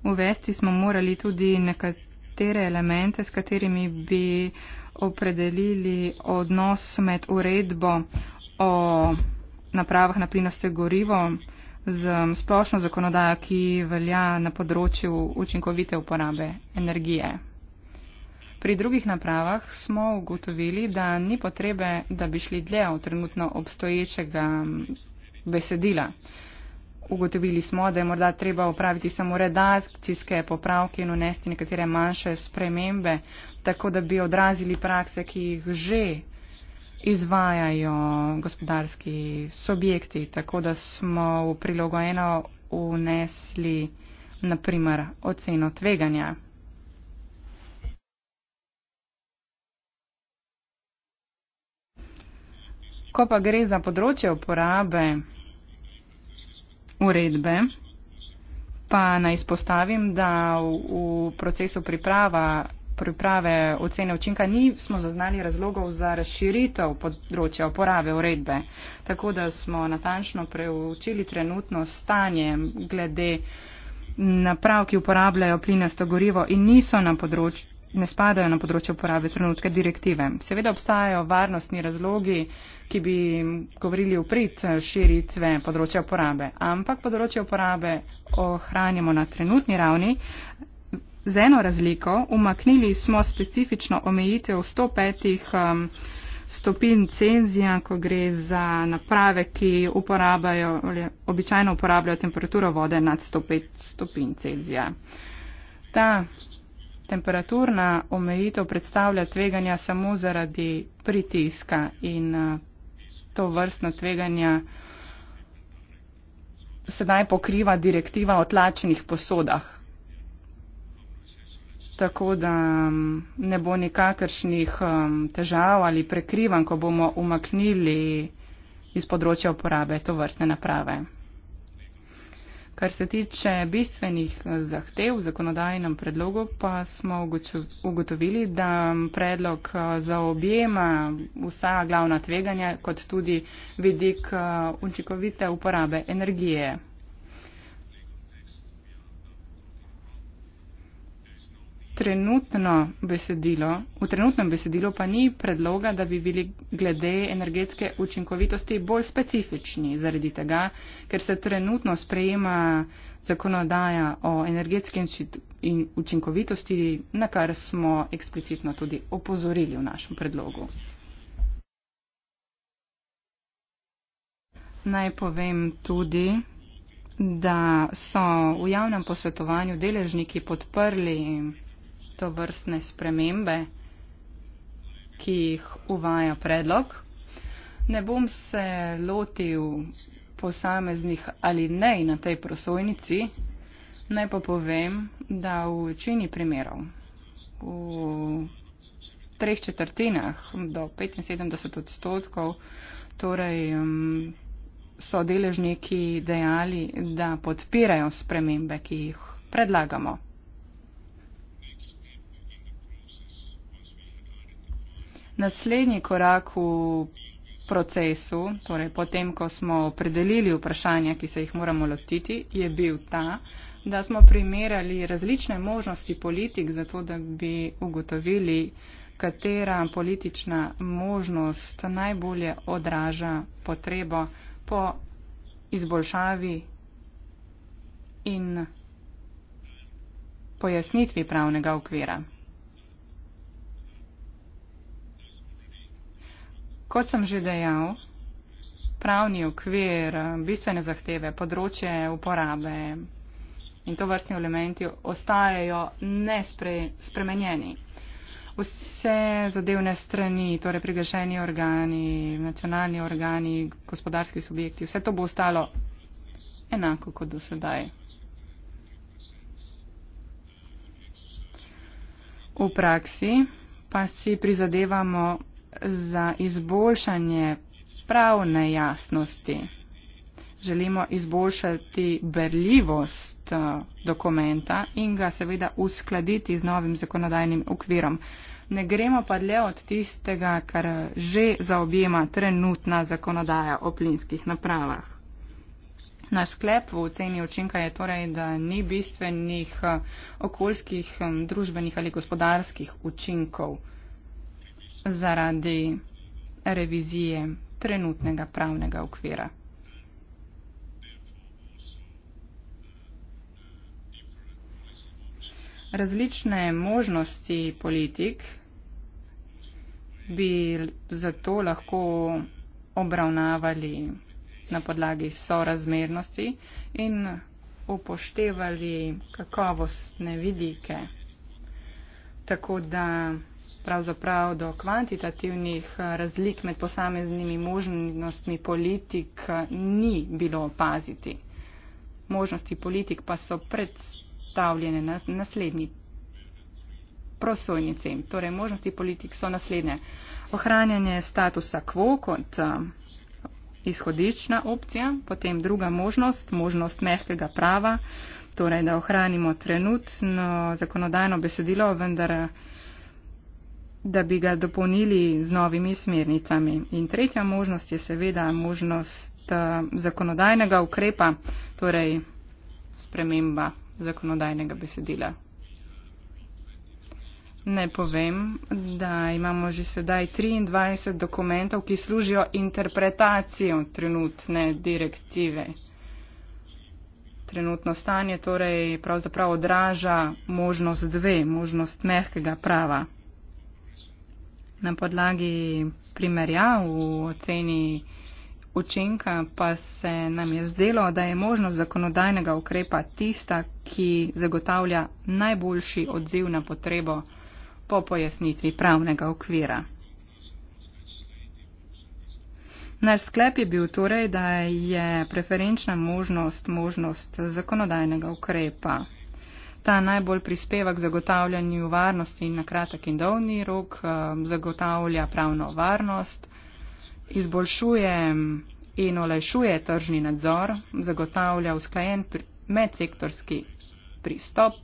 Uvesti smo morali tudi nekatere nekatere elemente, s katerimi bi opredelili odnos med uredbo o napravah na plinoste gorivo z splošno zakonodajo, ki velja na področju učinkovite uporabe energije. Pri drugih napravah smo ugotovili, da ni potrebe, da bi šli dlje od trenutno obstoječega besedila ugotovili smo, da je morda treba upraviti samo redakcijske popravke in unesti nekatere manjše spremembe, tako da bi odrazili prakse, ki jih že izvajajo gospodarski subjekti. Tako da smo v prilogo eno unesli naprimer oceno tveganja. Ko pa gre za področje uporabe uredbe. Pa naj izpostavim, da v, v procesu priprava, priprave ocene učinka nismo zaznali razlogov za razširitev področja uporabe uredbe. Tako da smo natančno preučili trenutno stanje glede naprav, ki uporabljajo plinasto gorivo in niso na področju ne spadajo na področje uporabe trenutke direktive. Seveda obstajajo varnostni razlogi, ki bi govorili v prid eh, širitve področja uporabe. Ampak področje uporabe ohranjamo na trenutni ravni. Z eno razliko umaknili smo specifično omejitev 105 stopinj cenzija, ko gre za naprave, ki uporabljajo, običajno uporabljajo temperaturo vode nad 105 stopinj cenzija. Ta temperaturna omejitev predstavlja tveganja samo zaradi pritiska in eh, to vrstna tveganja sedaj pokriva direktiva o tlačenih posodah. Tako da mm, ne bo nikakršnih um, težav ali prekrivan, ko bomo umaknili iz področja uporabe to vrstne naprave. Kar se tiče bistvenih eh, zahtev v zakonodajnem predlogu, pa smo ugotovili, da predlog eh, zaobjema vsa glavna tveganja, kot tudi vidik eh, učinkovite uporabe energije. trenutno besedilo, v trenutnem besedilu pa ni predloga, da bi bili glede energetske učinkovitosti bolj specifični zaradi tega, ker se trenutno sprejema zakonodaja o energetski in učinkovitosti, na kar smo eksplicitno tudi opozorili v našem predlogu. Naj povem tudi da so v javnem posvetovanju deležniki podprli to vrstne spremembe, ki jih uvaja predlog. Ne bom se lotil posameznih ali ne na tej prosojnici, naj pa povem, da v večini primerov, v treh četrtinah do 75 odstotkov, torej um, so deležniki dejali, da podpirajo spremembe, ki jih predlagamo. Naslednji korak v procesu, torej potem, ko smo opredelili vprašanja, ki se jih moramo lotiti, je bil ta, da smo primerjali različne možnosti politik za to, da bi ugotovili, katera politična možnost najbolje odraža potrebo po izboljšavi in pojasnitvi pravnega okvira. Kot sem že dejal, pravni okvir, bistvene zahteve, področje uporabe in to vrstni elementi ostajajo nespremenjeni. Vse zadevne strani, torej priglašeni organi, nacionalni organi, gospodarski subjekti, vse to bo ostalo enako kot do sedaj. V praksi pa si prizadevamo za izboljšanje pravne jasnosti. Želimo izboljšati berljivost uh, dokumenta in ga seveda uskladiti z novim zakonodajnim okvirom. Ne gremo pa dlje od tistega, kar že zaobjema trenutna zakonodaja o plinskih napravah. Na sklep v oceni učinka je torej, da ni bistvenih uh, okoljskih, um, družbenih ali gospodarskih učinkov zaradi revizije trenutnega pravnega okvira. Različne možnosti politik bi zato lahko obravnavali na podlagi sorazmernosti in upoštevali kakovostne vidike, tako da pravzaprav do kvantitativnih eh, razlik med posameznimi možnostmi politik eh, ni bilo opaziti. Možnosti politik pa so predstavljene na naslednji prosojnici. Torej, možnosti politik so naslednje. Ohranjanje statusa quo kot eh, izhodiščna opcija, potem druga možnost, možnost mehkega prava, torej da ohranimo trenutno zakonodajno besedilo, vendar da bi ga dopolnili z novimi smernicami. In tretja možnost je seveda možnost eh, zakonodajnega ukrepa, torej sprememba zakonodajnega besedila. Ne povem, da imamo že sedaj 23 dokumentov, ki služijo interpretacijo trenutne direktive. Trenutno stanje torej pravzaprav odraža možnost dve, možnost mehkega prava na podlagi primerjav v oceni učinka pa se nam je zdelo, da je možnost zakonodajnega ukrepa tista, ki zagotavlja najboljši odziv na potrebo po pojasnitvi pravnega okvira. Naš sklep je bil torej, da je preferenčna možnost možnost zakonodajnega ukrepa. Ta najbolj prispeva k zagotavljanju varnosti in na kratek in dolni rok eh, zagotavlja pravno varnost, izboljšuje in olajšuje tržni nadzor, zagotavlja usklajen medsektorski pristop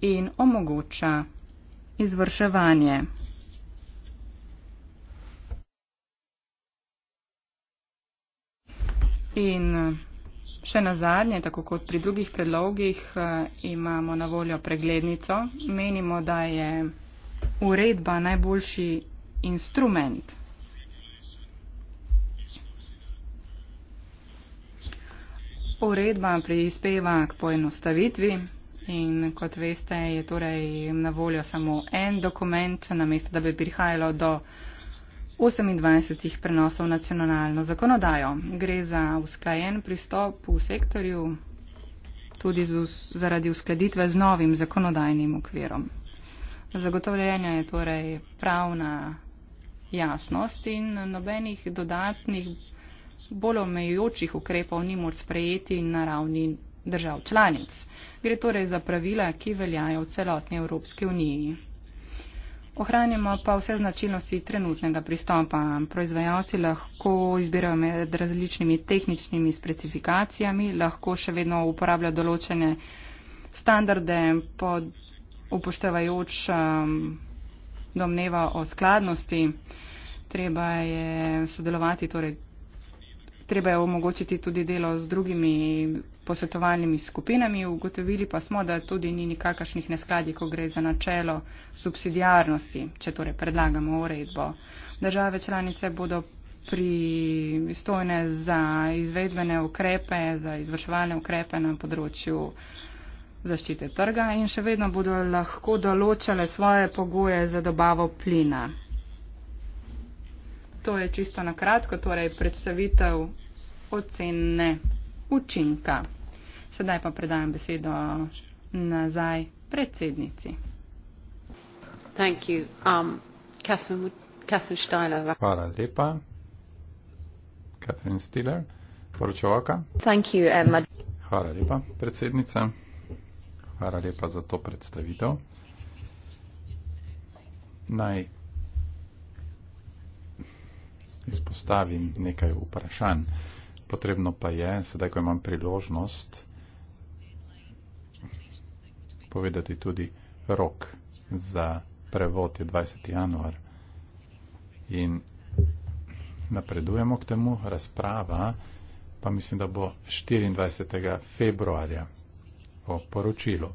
in omogoča izvrševanje. In Še na zadnje, tako kot pri drugih predlogih, eh, imamo na voljo preglednico. Menimo, da je uredba najboljši instrument. Uredba prispeva k poenostavitvi in kot veste, je torej na voljo samo en dokument, namesto da bi prihajalo do 28 prenosov nacionalno zakonodajo. Gre za usklajen pristop v sektorju, tudi z, zaradi uskladitve z novim zakonodajnim okvirom. Zagotovljenja je torej pravna jasnost in nobenih dodatnih bolj omejujočih ukrepov ni moč sprejeti na ravni držav članic. Gre torej za pravila, ki veljajo v celotni Evropski uniji. Ohranjamo pa vse značilnosti trenutnega pristopa. Proizvajalci lahko izbirajo med različnimi tehničnimi specifikacijami, lahko še vedno uporabljajo določene standarde pod upoštevajoč um, domneva o skladnosti. Treba je sodelovati, torej treba je omogočiti tudi delo z drugimi posvetovalnimi skupinami, ugotovili pa smo, da tudi ni nikakršnih neskladij, ko gre za načelo subsidijarnosti, če torej predlagamo uredbo. Države članice bodo pristojne za izvedbene ukrepe, za izvrševalne ukrepe na področju zaščite trga in še vedno bodo lahko določale svoje pogoje za dobavo plina. To je čisto na kratko, torej predstavitev ocene učinka. Sedaj pa predajam besedo nazaj predsednici. Um, Catherine, Catherine Hvala lepa. Katrin Stiller, poročevalka. Hvala lepa, predsednica. Hvala lepa za to predstavitev. Naj izpostavim nekaj vprašanj. Potrebno pa je, sedaj ko imam priložnost, povedati tudi rok za prevod je 20. januar. In napredujemo k temu razprava, pa mislim, da bo 24. februarja o poročilu.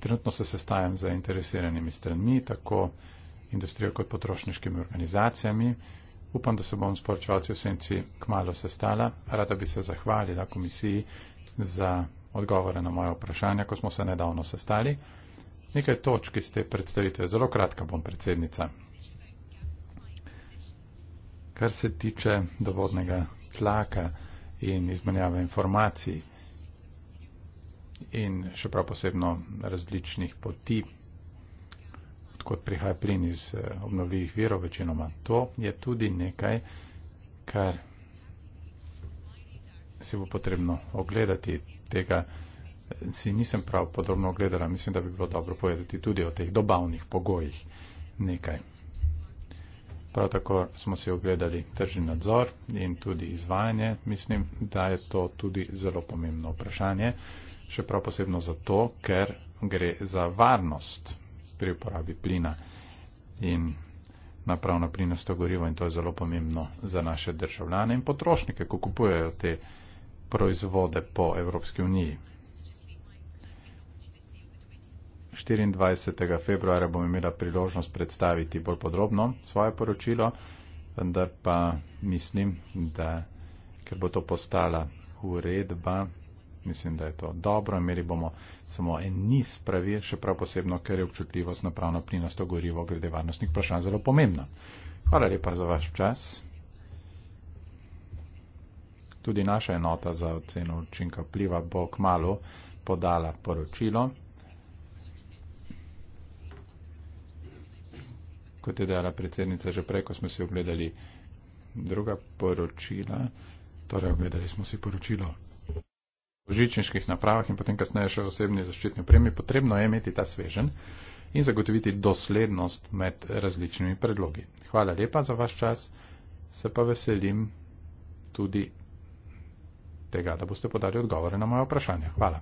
Trenutno se sestajam z zainteresiranimi stranmi, tako industrijo kot potrošniškimi organizacijami. Upam, da se bom s poročevalci v Senci kmalo sestala. Rada bi se zahvalila komisiji za odgovore na moje vprašanja, ko smo se nedavno sestali. Nekaj točk iz te predstavitve. Zelo kratka bom predsednica. Kar se tiče dovodnega tlaka in izmenjave informacij in še prav posebno različnih poti, odkot prihaja plin iz eh, obnovljivih virov večinoma, to je tudi nekaj, kar se bo potrebno ogledati tega si nisem prav podrobno ogledala. Mislim, da bi bilo dobro povedati tudi o teh dobavnih pogojih nekaj. Prav tako smo si ogledali tržni nadzor in tudi izvajanje. Mislim, da je to tudi zelo pomembno vprašanje, še prav posebno zato, ker gre za varnost pri uporabi plina in naprav na plinasto gorivo in to je zelo pomembno za naše državljane in potrošnike, ko kupujejo te proizvode po Evropski uniji. 24. februarja bom imela priložnost predstaviti bolj podrobno svoje poročilo, vendar pa mislim, da ker bo to postala uredba, mislim, da je to dobro, imeli bomo samo en niz pravil, še prav posebno, ker je občutljivost napravno plinasto gorivo glede varnostnih vprašanj zelo pomembna. Hvala lepa za vaš čas. Tudi naša enota za oceno učinka pliva bo k malu podala poročilo. Kot je dejala predsednica že prej, ko smo si ogledali druga poročila, torej ogledali smo si poročilo o žičniških napravah in potem kasneje še osebni zaščitni opremi, potrebno je imeti ta svežen in zagotoviti doslednost med različnimi predlogi. Hvala lepa za vaš čas, se pa veselim tudi tega, da boste podali odgovore na moje vprašanje. Hvala.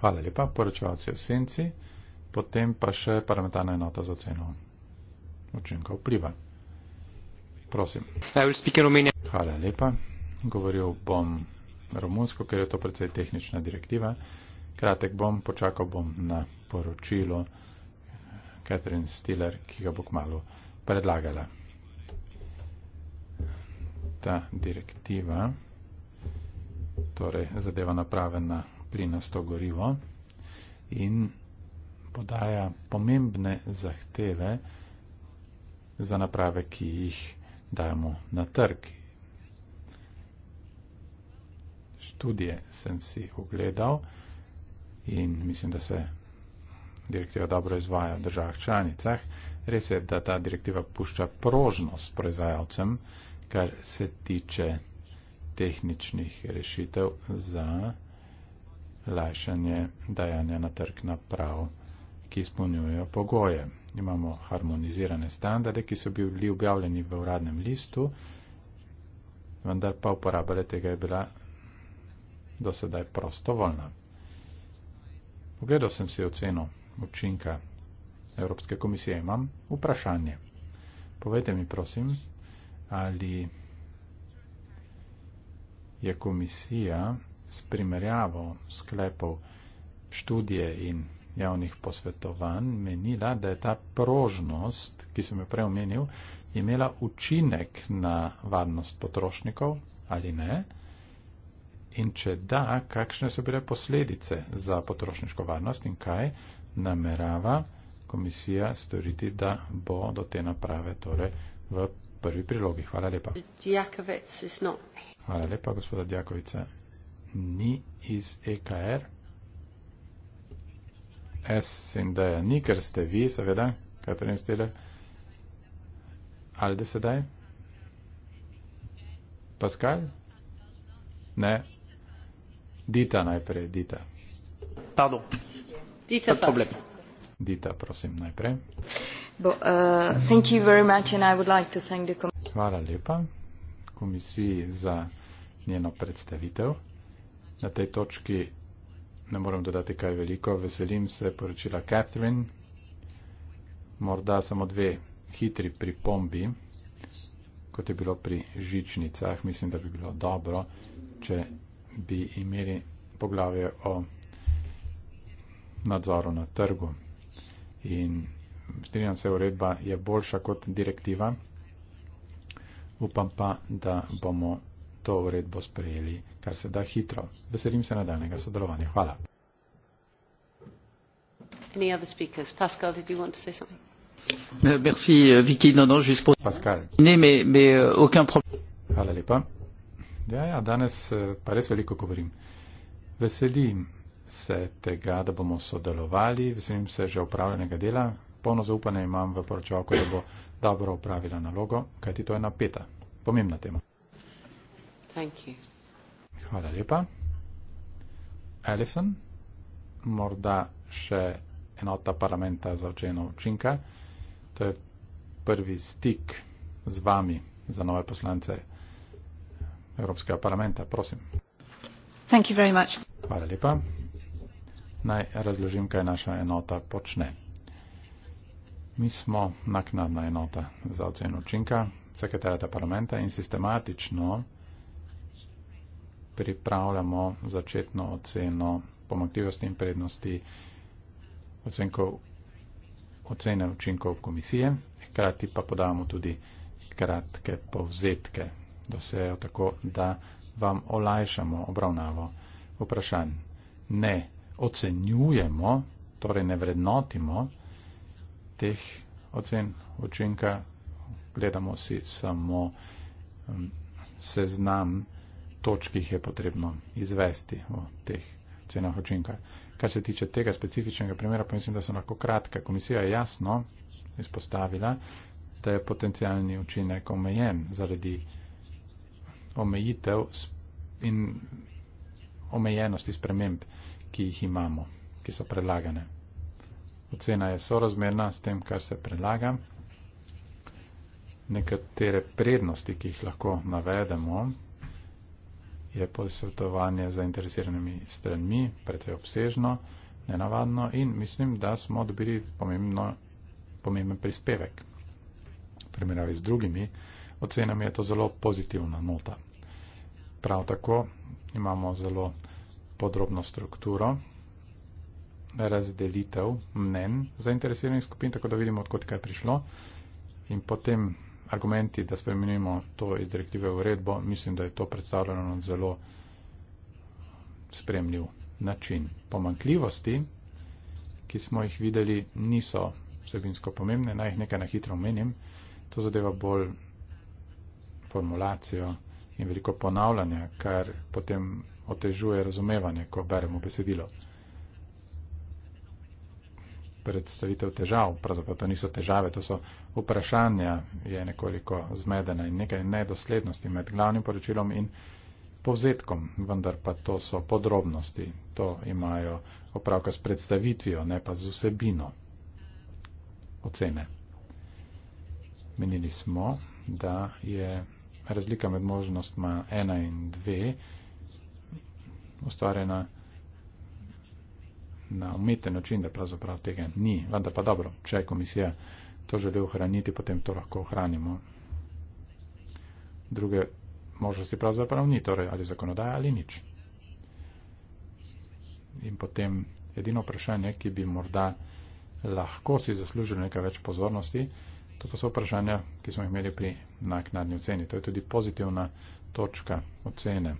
Hvala lepa, poročevalci v senci, potem pa še parlamentarna enota za ceno učinka vpliva. Prosim. Hvala lepa. Govoril bom romunsko, ker je to predvsej tehnična direktiva. Kratek bom, počakal bom na poročilo Catherine Stiller, ki ga bo kmalo predlagala ta direktiva, torej zadeva napravena pri nas to gorivo in podaja pomembne zahteve za naprave, ki jih dajemo na trg. Študije sem si ogledal in mislim, da se direktiva dobro izvaja v državah članicah. Res je, da ta direktiva pušča prožnost proizvajalcem, kar se tiče tehničnih rešitev za lajšanje dajanja na trg naprav, ki izpolnjujejo pogoje. Imamo harmonizirane standarde, ki so bili objavljeni v uradnem listu, vendar pa uporaba tega je bila do sedaj prostovoljna. Pogledal sem si oceno učinka Evropske komisije. Imam vprašanje. Povejte mi, prosim, ali je komisija s primerjavo sklepov študije in javnih posvetovanj menila, da je ta prožnost, ki sem jo prej omenil, imela učinek na varnost potrošnikov ali ne. In če da, kakšne so bile posledice za potrošniško varnost in kaj namerava komisija storiti, da bo do te naprave torej v prvi prilogi. Hvala lepa. Hvala lepa, gospoda Djakovica. Ni iz EKR. Sem da je ni, ker ste vi, seveda, Katrin Stiller. Alde sedaj? Pascal? Ne. Dita najprej, Dita. Pardon. Dita, Dita prosim, najprej. Uh, Hvala lepa komisiji za njeno predstavitev. Na tej točki ne moram dodati kaj veliko. Veselim se poročila Catherine. Morda samo dve hitri pripombi, kot je bilo pri žičnicah. Mislim, da bi bilo dobro, če bi imeli poglavje o nadzoru na trgu in strinjam se, uredba je boljša kot direktiva. Upam pa, da bomo to uredbo sprejeli, kar se da hitro. Veselim se nadaljnega sodelovanja. Hvala. Hvala lepa. Ja, ja, danes euh, pa res veliko govorim. Veselim se tega, da bomo sodelovali, veselim se že upravljenega dela, polno zaupanje imam v poročevalko, da bo dobro upravila nalogo, kajti to je napeta, pomembna tema. Hvala lepa. Alison, morda še enota parlamenta za očeno učinka. To je prvi stik z vami za nove poslance Evropskega parlamenta. Prosim. Hvala lepa. Naj razložim, kaj naša enota počne. Mi smo naknadna enota za oceno učinka sekretarjata parlamenta in sistematično pripravljamo začetno oceno pomagljivosti in prednosti ocenkov, ocene učinkov komisije, hkrati pa podamo tudi kratke povzetke, da se jo tako, da vam olajšamo obravnavo vprašanj. Ne ocenjujemo, torej ne vrednotimo, teh ocen učinka gledamo si samo um, seznam točk, ki jih je potrebno izvesti v teh ocenah učinka. Kar se tiče tega specifičnega primera, pa mislim, da sem lahko kratka. Komisija je jasno izpostavila, da je potencijalni učinek omejen zaradi omejitev in omejenosti sprememb, ki jih imamo, ki so predlagane. Ocena je sorazmerna s tem, kar se predlaga. Nekatere prednosti, ki jih lahko navedemo, je posvetovanje z zainteresiranimi stranmi, precej obsežno, nenavadno in mislim, da smo dobili pomembno, pomemben prispevek. V primerjavi z drugimi ocenami je to zelo pozitivna nota. Prav tako imamo zelo podrobno strukturo razdelitev mnen zainteresiranih skupin, tako da vidimo, odkot kaj prišlo. In potem argumenti, da spremenimo to iz direktive v uredbo, mislim, da je to predstavljeno na zelo spremljiv način. Pomankljivosti, ki smo jih videli, niso vsebinsko pomembne, naj jih nekaj na hitro omenim. To zadeva bolj formulacijo in veliko ponavljanja, kar potem otežuje razumevanje, ko beremo besedilo predstavitev težav, pravzaprav to niso težave, to so vprašanja, je nekoliko zmedena in nekaj nedoslednosti med glavnim poročilom in povzetkom, vendar pa to so podrobnosti, to imajo opravka s predstavitvijo, ne pa z vsebino ocene. Menili smo, da je razlika med možnostma ena in dve ustvarjena na umeten način, da pravzaprav tega ni. Vendar pa dobro, če je komisija to želi ohraniti, potem to lahko ohranimo. Druge možnosti pravzaprav ni, torej ali zakonodaja ali nič. In potem edino vprašanje, ki bi morda lahko si zaslužili nekaj več pozornosti, to pa so vprašanja, ki smo jih imeli pri naknadni oceni. To je tudi pozitivna točka ocene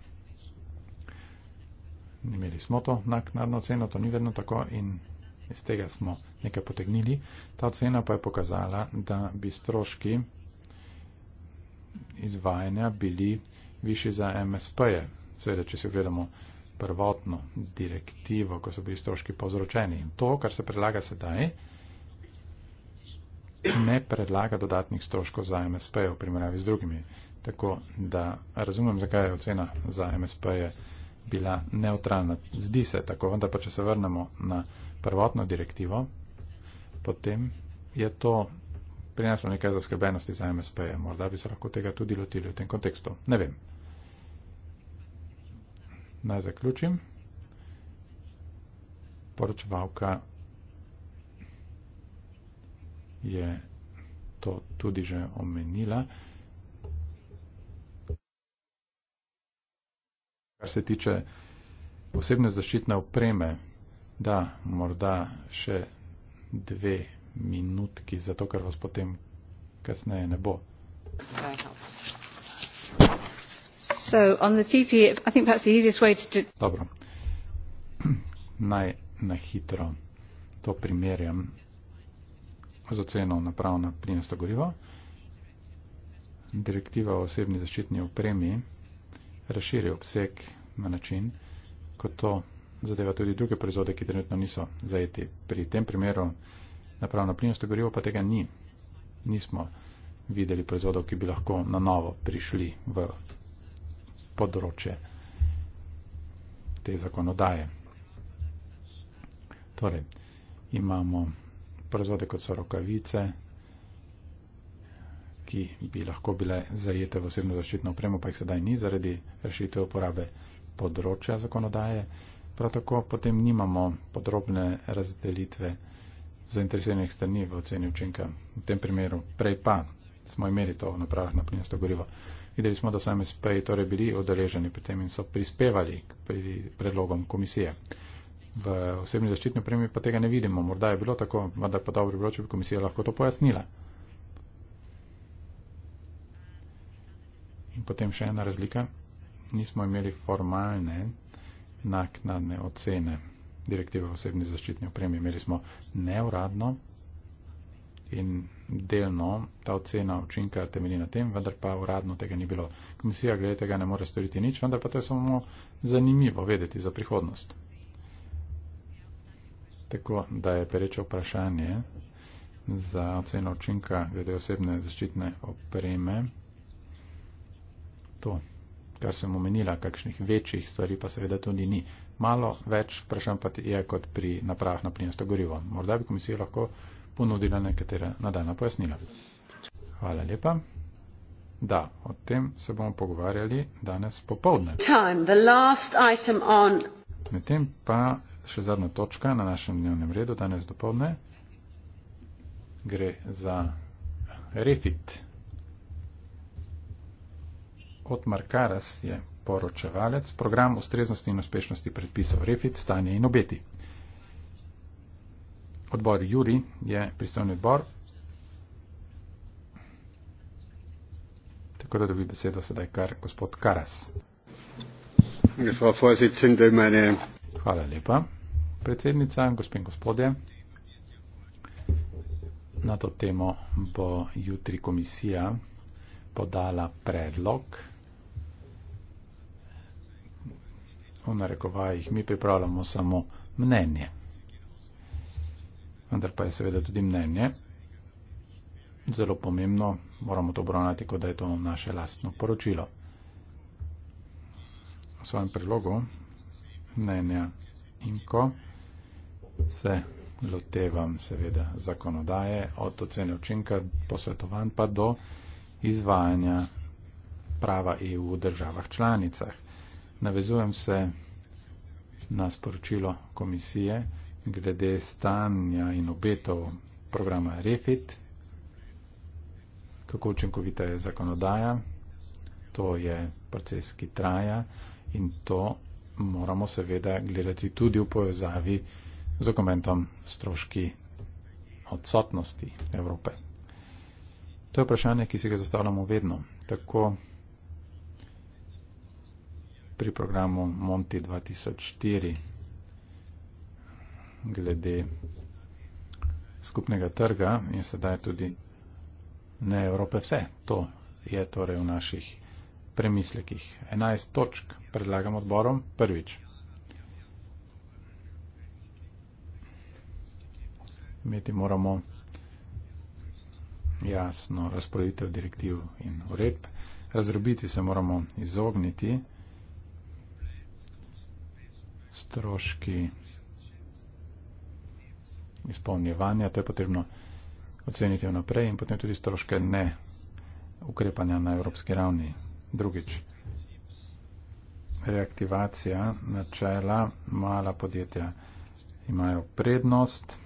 imeli smo to naknadno ceno, to ni vedno tako in iz tega smo nekaj potegnili. Ta cena pa je pokazala, da bi stroški izvajanja bili višji za MSP-je. Seveda, če si gledamo prvotno direktivo, ko so bili stroški povzročeni. In to, kar se predlaga sedaj, ne predlaga dodatnih stroškov za MSP-je v primerjavi z drugimi. Tako da razumem, zakaj je ocena za MSP-je bila neutralna. Zdi se tako, vendar pa če se vrnemo na prvotno direktivo, potem je to prineslo nekaj zaskrbenosti za MSP. -je. Morda bi se lahko tega tudi lotili v tem kontekstu. Ne vem. Naj zaključim. Poročevalka je to tudi že omenila. kar se tiče posebne zaščitne opreme, da morda še dve minutki, zato ker vas potem kasneje ne bo. So on the PP, I think perhaps the easiest way to... Dobro. Naj na hitro to primerjam z oceno napravo na plinasto gorivo. Direktiva o osebni zaščitni opremi razširi obseg na način, kot to zadeva tudi druge proizvode, ki trenutno niso zajeti. Pri tem primeru napravno plinjosto gorivo pa tega ni. Nismo videli proizvodov, ki bi lahko na novo prišli v področje te zakonodaje. Torej, imamo proizvode kot so rokavice, ki bi lahko bile zajete v osebno zaščitno opremo, pa jih sedaj ni zaradi rešitev uporabe področja zakonodaje. Prav tako potem nimamo podrobne razdelitve zainteresiranih strani v oceni učinka. V tem primeru prej pa smo imeli to v napravah na plinasto gorivo. Videli smo, da so MSP torej bili odeleženi pri tem in so prispevali k pri predlogom komisije. V osebni zaščitni opremi pa tega ne vidimo. Morda je bilo tako, morda pa dobro bi bilo, če bi komisija lahko to pojasnila. In potem še ena razlika. Nismo imeli formalne naknadne ocene direktive osebni zaščitni opremi. Imeli smo neuradno in delno ta ocena učinka temelji na tem, vendar pa uradno tega ni bilo. Komisija glede tega ne more storiti nič, vendar pa to je samo zanimivo vedeti za prihodnost. Tako da je pereče vprašanje za oceno učinka glede osebne zaščitne opreme to, kar sem omenila, kakšnih večjih stvari pa seveda tudi ni. Malo več vprašanj pa je kot pri napravah na plinasto gorivo. Morda bi komisija lahko ponudila nekatera nadaljna pojasnila. Hvala lepa. Da, o tem se bomo pogovarjali danes popovdne. Medtem pa še zadnja točka na našem dnevnem redu danes dopovdne gre za refit. Otmar Karas je poročevalec, program ustreznosti in uspešnosti predpisov REFIT, stanje in obeti. Odbor Juri je pristojni odbor, tako da dobi besedo sedaj kar gospod Karas. Hvala lepa, predsednica, gospod in gospodje. Na to temo bo jutri komisija podala predlog v narekovajih, mi pripravljamo samo mnenje. Vendar pa je seveda tudi mnenje zelo pomembno, moramo to obravnati, kot da je to naše lastno poročilo. V svojem prilogu mnenja in ko se lotevam seveda zakonodaje od ocene učinka posvetovanj pa do izvajanja prava EU v državah članicah. Navezujem se na sporočilo komisije glede stanja in obetov programa REFIT, kako učinkovita je zakonodaja. To je proces, ki traja in to moramo seveda gledati tudi v povezavi z dokumentom stroški odsotnosti Evrope. To je vprašanje, ki se ga zastavljamo vedno. Tako pri programu Monti 2004 glede skupnega trga in sedaj tudi ne Evrope vse. To je torej v naših premislekih. 11 točk predlagam odborom prvič. Imeti moramo jasno razporeditev direktiv in uredb. Razrobiti se moramo izogniti stroški izpolnjevanja. To je potrebno oceniti vnaprej in potem tudi stroške ne ukrepanja na evropski ravni. Drugič, reaktivacija načela mala podjetja imajo prednost,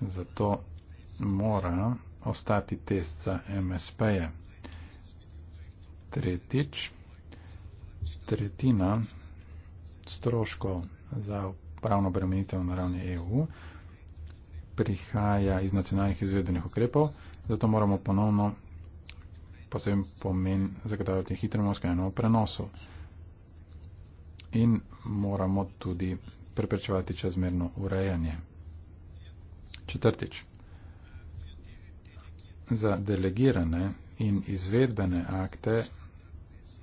zato mora ostati test za MSP-je. Tretjič, tretjina stroškov za pravno obremenitev na ravni EU prihaja iz nacionalnih izvedenih ukrepov, zato moramo ponovno poseben pomen zagotavljati hitremu skrajnemu prenosu in moramo tudi preprečevati čezmerno urejanje. Četrtič. Za delegirane in izvedbene akte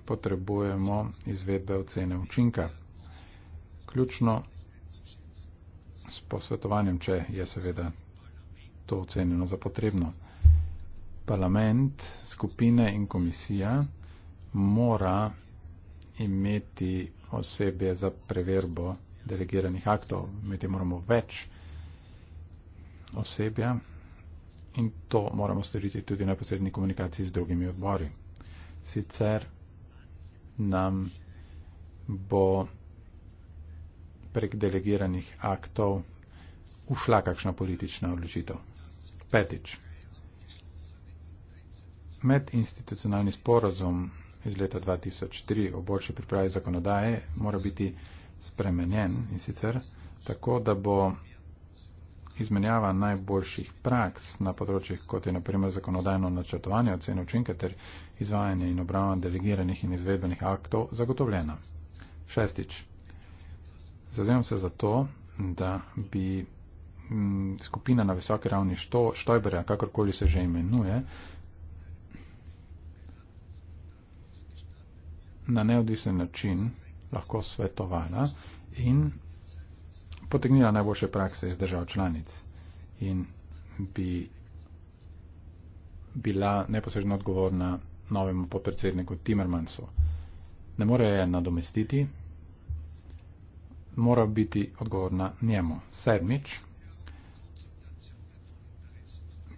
potrebujemo izvedbe ocene učinka. Ključno s posvetovanjem, če je seveda to ocenjeno za potrebno. Parlament, skupine in komisija mora imeti osebje za preverbo delegiranih aktov. Imeti moramo več osebja in to moramo storiti tudi na posrednji komunikaciji z drugimi odbori. Sicer nam bo prek delegiranih aktov ušla kakšna politična odločitev. Petič. Medinstitucionalni sporozum iz leta 2003 o boljši pripravi zakonodaje mora biti spremenjen in sicer tako, da bo izmenjava najboljših praks na področjih, kot je naprimer zakonodajno načrtovanje ocene učinke ter izvajanje in obravnavanje delegiranih in izvedbenih aktov zagotovljena. Šestič. Zazemam se za to, da bi m, mm, skupina na visoki ravni što, Štojberja, kakorkoli se že imenuje, na neodvisen način lahko svetovala in potegnila najboljše prakse iz držav članic in bi bila neposredno odgovorna novemu podpredsedniku Timmermansu. Ne more je nadomestiti, mora biti odgovorna njemu. Sedmič,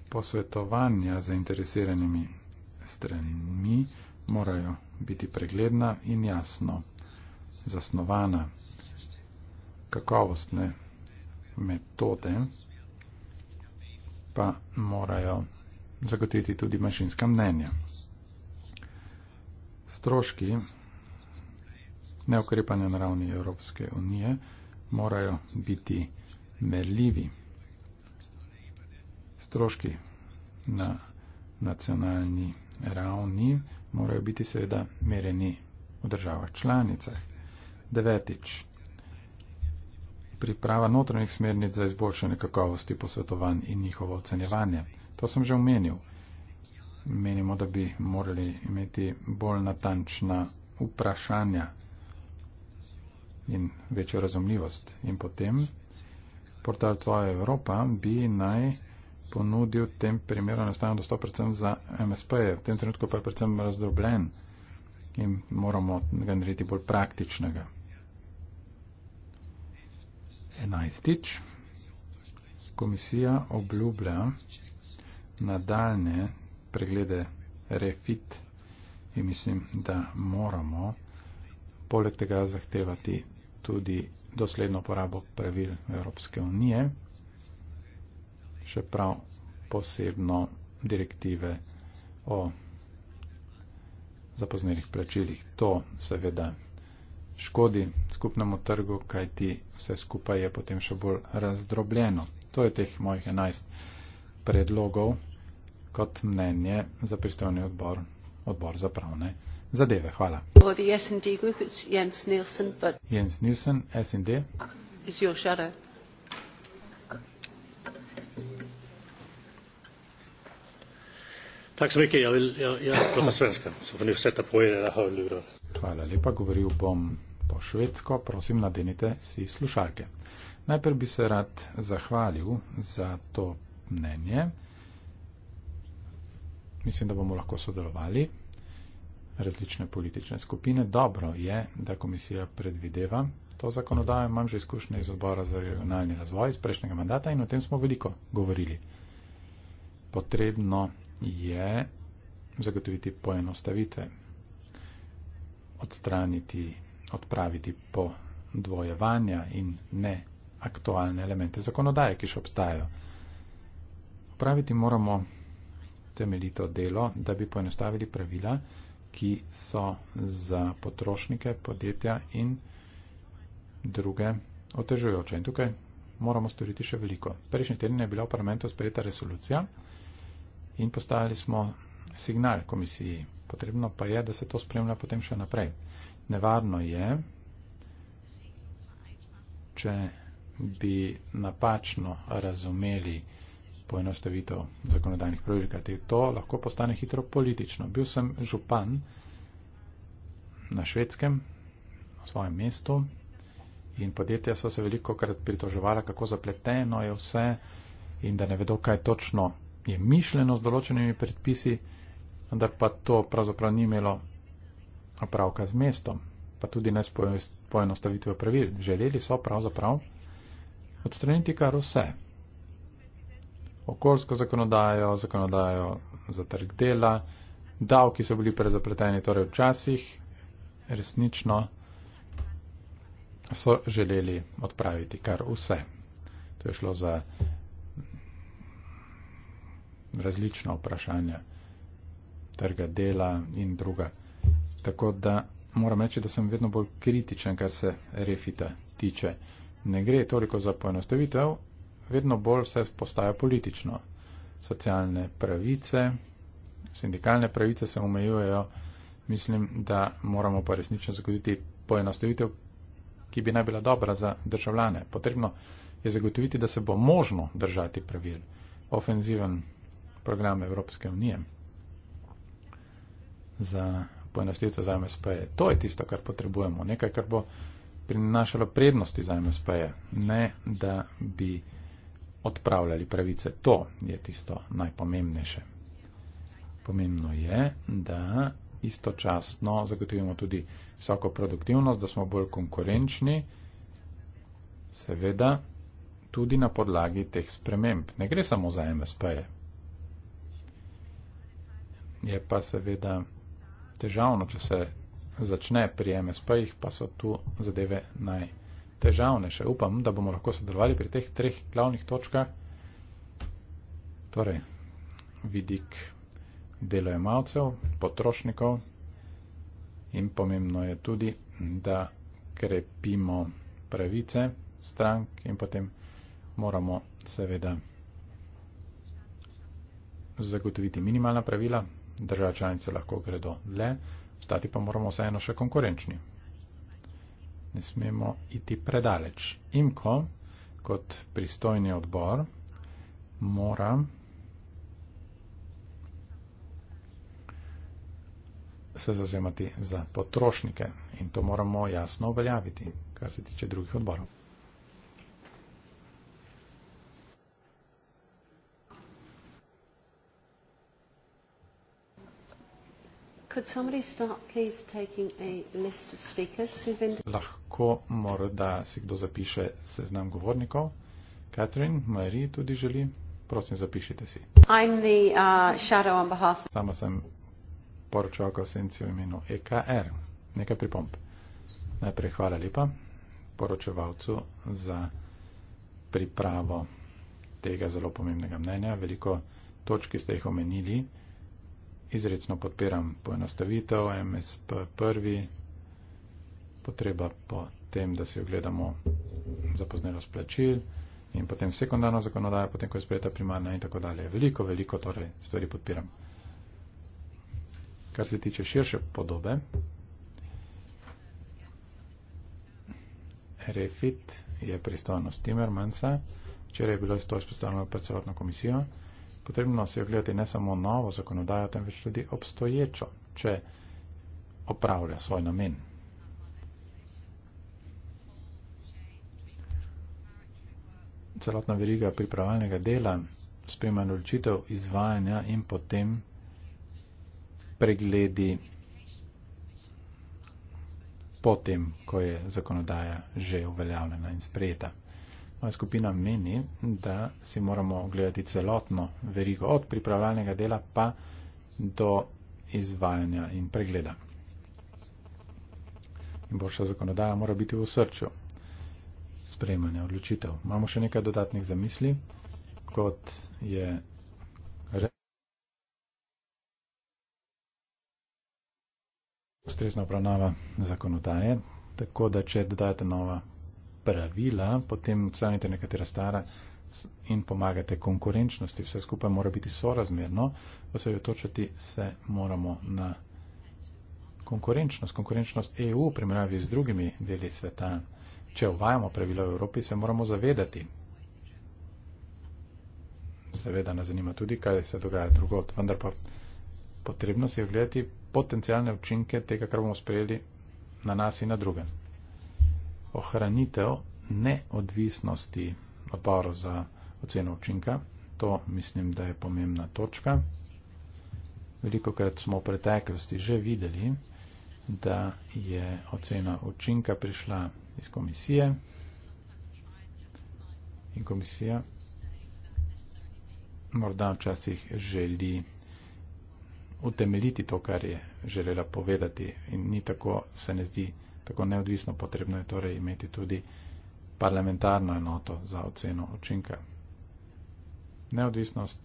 posvetovanja z zainteresiranimi stranmi morajo biti pregledna in jasno zasnovana kakovostne metode, pa morajo zagotoviti tudi mašinska mnenja. Stroški neukrepanja na ravni Evropske unije morajo biti merljivi. Stroški na nacionalni ravni morajo biti seveda mereni v državah članicah. Devetič, priprava notranjih smernic za izboljšanje kakovosti posvetovanj in njihovo ocenjevanje. To sem že omenil. Menimo, da bi morali imeti bolj natančna vprašanja in večjo razumljivost. In potem portal Tvoja Evropa bi naj ponudil tem primeru enostavno dostop predvsem za MSP. -je. V tem trenutku pa je predvsem razdrobljen in moramo ga narediti bolj praktičnega. 11. Komisija obljublja nadaljne preglede refit in mislim, da moramo poleg tega zahtevati tudi dosledno porabo pravil Evropske unije, še prav posebno direktive o zapoznelih plačilih. To seveda škodi skupnemu trgu, kajti vse skupaj je potem še bolj razdrobljeno. To je teh mojih 11 predlogov kot mnenje za pristojni odbor, odbor za pravne zadeve. Hvala. Group, Jens Nielsen, but... Jens Nielsen, SND. Tak så mycket, jag vill, jag, jag pratar svenska, så får ni sätta på er era hörlurar. Hvala lepa, govoril bom po švedsko, prosim, nadenite si slušalke. Najprej bi se rad zahvalil za to mnenje. Mislim, da bomo lahko sodelovali različne politične skupine. Dobro je, da komisija predvideva to zakonodajo. Imam že izkušnje iz odbora za regionalni razvoj iz prejšnjega mandata in o tem smo veliko govorili. Potrebno je zagotoviti poenostavitve, odstraniti odpraviti po dvojevanja in ne aktualne elemente zakonodaje, ki še obstajajo. Upraviti moramo temeljito delo, da bi poenostavili pravila, ki so za potrošnike, podjetja in druge otežujoče. In tukaj moramo storiti še veliko. Prejšnji teden je bila v parlamentu sprejeta resolucija in postavili smo signal komisiji. Potrebno pa je, da se to spremlja potem še naprej. Nevarno je, če bi napačno razumeli poenostavitev zakonodajnih pravil, kajti to lahko postane hitro politično. Bil sem župan na švedskem, v svojem mestu in podjetja so se veliko krat pritoževala, kako zapleteno je vse in da ne vedo, kaj točno je mišljeno z določenimi predpisi, vendar pa to pravzaprav ni imelo opravka z mestom, pa tudi ne s poenostavitvijo pravil. Želeli so pravzaprav odstraniti kar vse. Okoljsko zakonodajo, zakonodajo za trg dela, davki so bili prezapleteni, torej včasih resnično so želeli odpraviti kar vse. To je šlo za različna vprašanja trga dela in druga. Tako da moram reči, da sem vedno bolj kritičen, kar se refita tiče. Ne gre toliko za poenostavitev, vedno bolj vse postaja politično. Socialne pravice, sindikalne pravice se omejujejo. Mislim, da moramo pa resnično zagotoviti poenostavitev, ki bi naj bila dobra za državljane. Potrebno je zagotoviti, da se bo možno držati pravil. Ofenziven program Evropske unije za poenostavitev za MSP-je. To je tisto, kar potrebujemo. Nekaj, kar bo prinašalo prednosti za MSP-je, ne da bi odpravljali pravice. To je tisto najpomembnejše. Pomembno je, da istočasno zagotovimo tudi visoko produktivnost, da smo bolj konkurenčni, seveda tudi na podlagi teh sprememb. Ne gre samo za MSP-je. Je pa seveda težavno, če se začne pri MSP-jih, pa so tu zadeve najtežavnejše. Upam, da bomo lahko sodelovali pri teh treh glavnih točkah. Torej, vidik delojemalcev, potrošnikov in pomembno je tudi, da krepimo pravice strank in potem moramo seveda zagotoviti minimalna pravila, države članice lahko gredo dlje, ostati pa moramo vseeno še konkurenčni. Ne smemo iti predaleč. IMKO kot pristojni odbor mora se zazemati za potrošnike in to moramo jasno obeljaviti, kar se tiče drugih odborov. Lahko morda si kdo zapiše seznam govornikov. Katrin, Mari tudi želi. Prosim, zapišite si. The, uh, Sama sem poročevalka v senci v imenu EKR. Nekaj pripomp. Najprej hvala lepa poročevalcu za pripravo tega zelo pomembnega mnenja. Veliko točk ste jih omenili izredno podpiram poenostavitev MSP prvi, potreba po tem, da si ogledamo zapoznelo splačil in potem sekundarno zakonodajo, potem ko je sprejeta primarna in tako dalje. Veliko, veliko torej stvari podpiram. Kar se tiče širše podobe, REFIT je pristojnost Timmermansa. Včeraj je bilo to izpostavljeno pred celotno komisijo potrebno si ogledati ne samo novo zakonodajo, temveč tudi obstoječo, če opravlja svoj namen. Celotna veriga pripravljalnega dela, sprejma določitev izvajanja in potem pregledi potem, ko je zakonodaja že uveljavljena in sprejeta. Moja skupina meni, da si moramo gledati celotno verigo od pripravljalnega dela pa do izvajanja in pregleda. In boljša zakonodaja mora biti v srču sprejmanja odločitev. Imamo še nekaj dodatnih zamisli, kot je. Ustrezna obravnava zakonodaje, tako da če dodajate nova pravila, potem odstranite nekatera stara in pomagate konkurenčnosti. Vse skupaj mora biti sorazmerno. Osredotočiti se moramo na konkurenčnost. Konkurenčnost EU v primerjavi z drugimi deli sveta. Če uvajamo pravila v Evropi, se moramo zavedati. Seveda nas zanima tudi, kaj se dogaja drugot, vendar pa potrebno si ogledati potencijalne učinke tega, kar bomo sprejeli na nas in na druge ohranitev neodvisnosti oporov za oceno učinka. To mislim, da je pomembna točka. Veliko krat smo v preteklosti že videli, da je ocena učinka prišla iz komisije in komisija morda včasih želi utemeljiti to, kar je želela povedati in ni tako, se ne zdi, tako neodvisno, potrebno je torej imeti tudi parlamentarno enoto za oceno učinka. Neodvisnost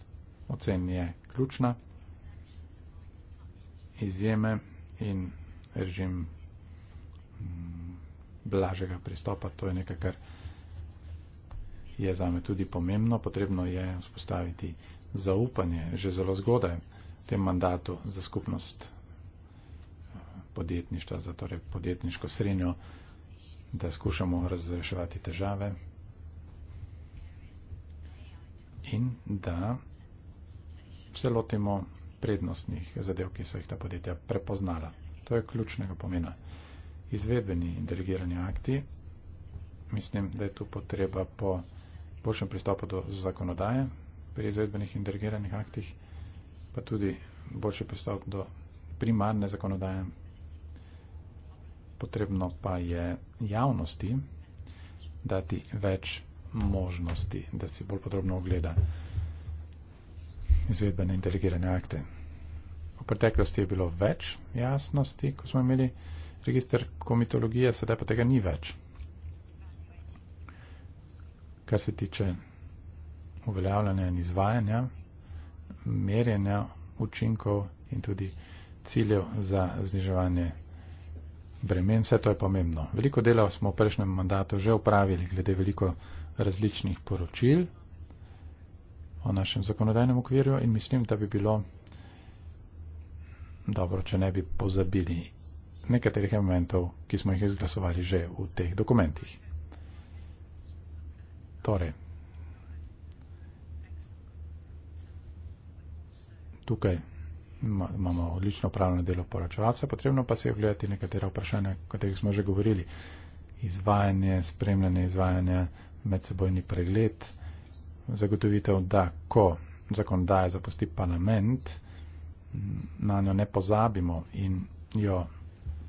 ocen je ključna, izjeme in režim mm, blažega pristopa, to je nekaj, kar je za me tudi pomembno. Potrebno je vzpostaviti zaupanje že zelo zgodaj v tem mandatu za skupnost podjetništva, za torej podjetniško srenjo, da skušamo razreševati težave in da se lotimo prednostnih zadev, ki so jih ta podjetja prepoznala. To je ključnega pomena. Izvedbeni in delegirani akti, mislim, da je tu potreba po boljšem pristopu do zakonodaje pri izvedbenih in delegiranih aktih, pa tudi boljši pristop do primarne zakonodaje potrebno pa je javnosti dati več možnosti, da si bolj podrobno ogleda izvedbene inteligirane akte. V preteklosti je bilo več jasnosti, ko smo imeli registr komitologije, sedaj pa tega ni več. Kar se tiče uveljavljanja in izvajanja, merjenja učinkov in tudi ciljev za zniževanje bremen, vse to je pomembno. Veliko dela smo v prejšnjem mandatu že upravili glede veliko različnih poročil o našem zakonodajnem okvirju in mislim, da bi bilo dobro, če ne bi pozabili nekaterih elementov, ki smo jih izglasovali že v teh dokumentih. Torej, tukaj imamo odlično pravno delo poračevalca, potrebno pa se je gledati nekatera vprašanja, katerih smo že govorili. Izvajanje, spremljanje, izvajanje, medsebojni pregled, zagotovitev, da ko zakonodaje zapusti parlament, na njo ne pozabimo in jo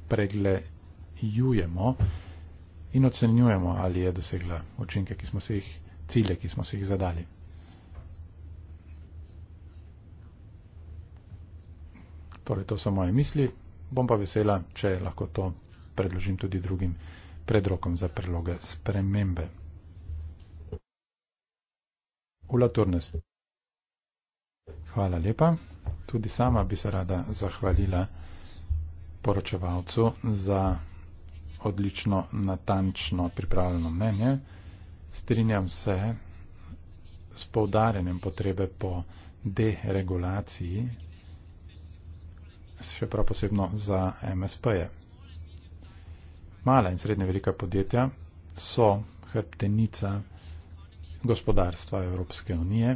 preglejujemo in ocenjujemo, ali je dosegla učinke, ki smo se jih, cilje, ki smo se jih zadali. Torej, to so moje misli, bom pa vesela, če lahko to predložim tudi drugim predrokom za preloge spremembe. Ula Turnest. Hvala lepa. Tudi sama bi se rada zahvalila poročevalcu za odlično, natančno pripravljeno mnenje. Strinjam se s poudarjenjem potrebe po deregulaciji še prav posebno za MSP-je. Mala in srednje velika podjetja so hrbtenica gospodarstva Evropske unije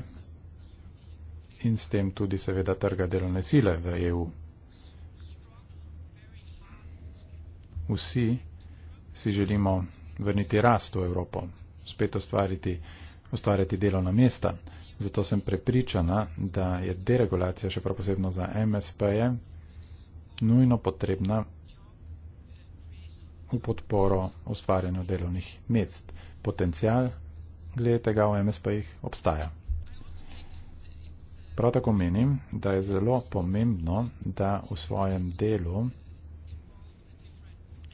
in s tem tudi seveda trga delovne sile v EU. Vsi si želimo vrniti rast v Evropo, spet ustvariti, ustvarjati delovna mesta. Zato sem prepričana, da je deregulacija še prav posebno za MSP-je nujno potrebna v podporo ustvarjanju delovnih mest. Potencijal glede tega v MS pa jih obstaja. Prav tako menim, da je zelo pomembno, da v svojem delu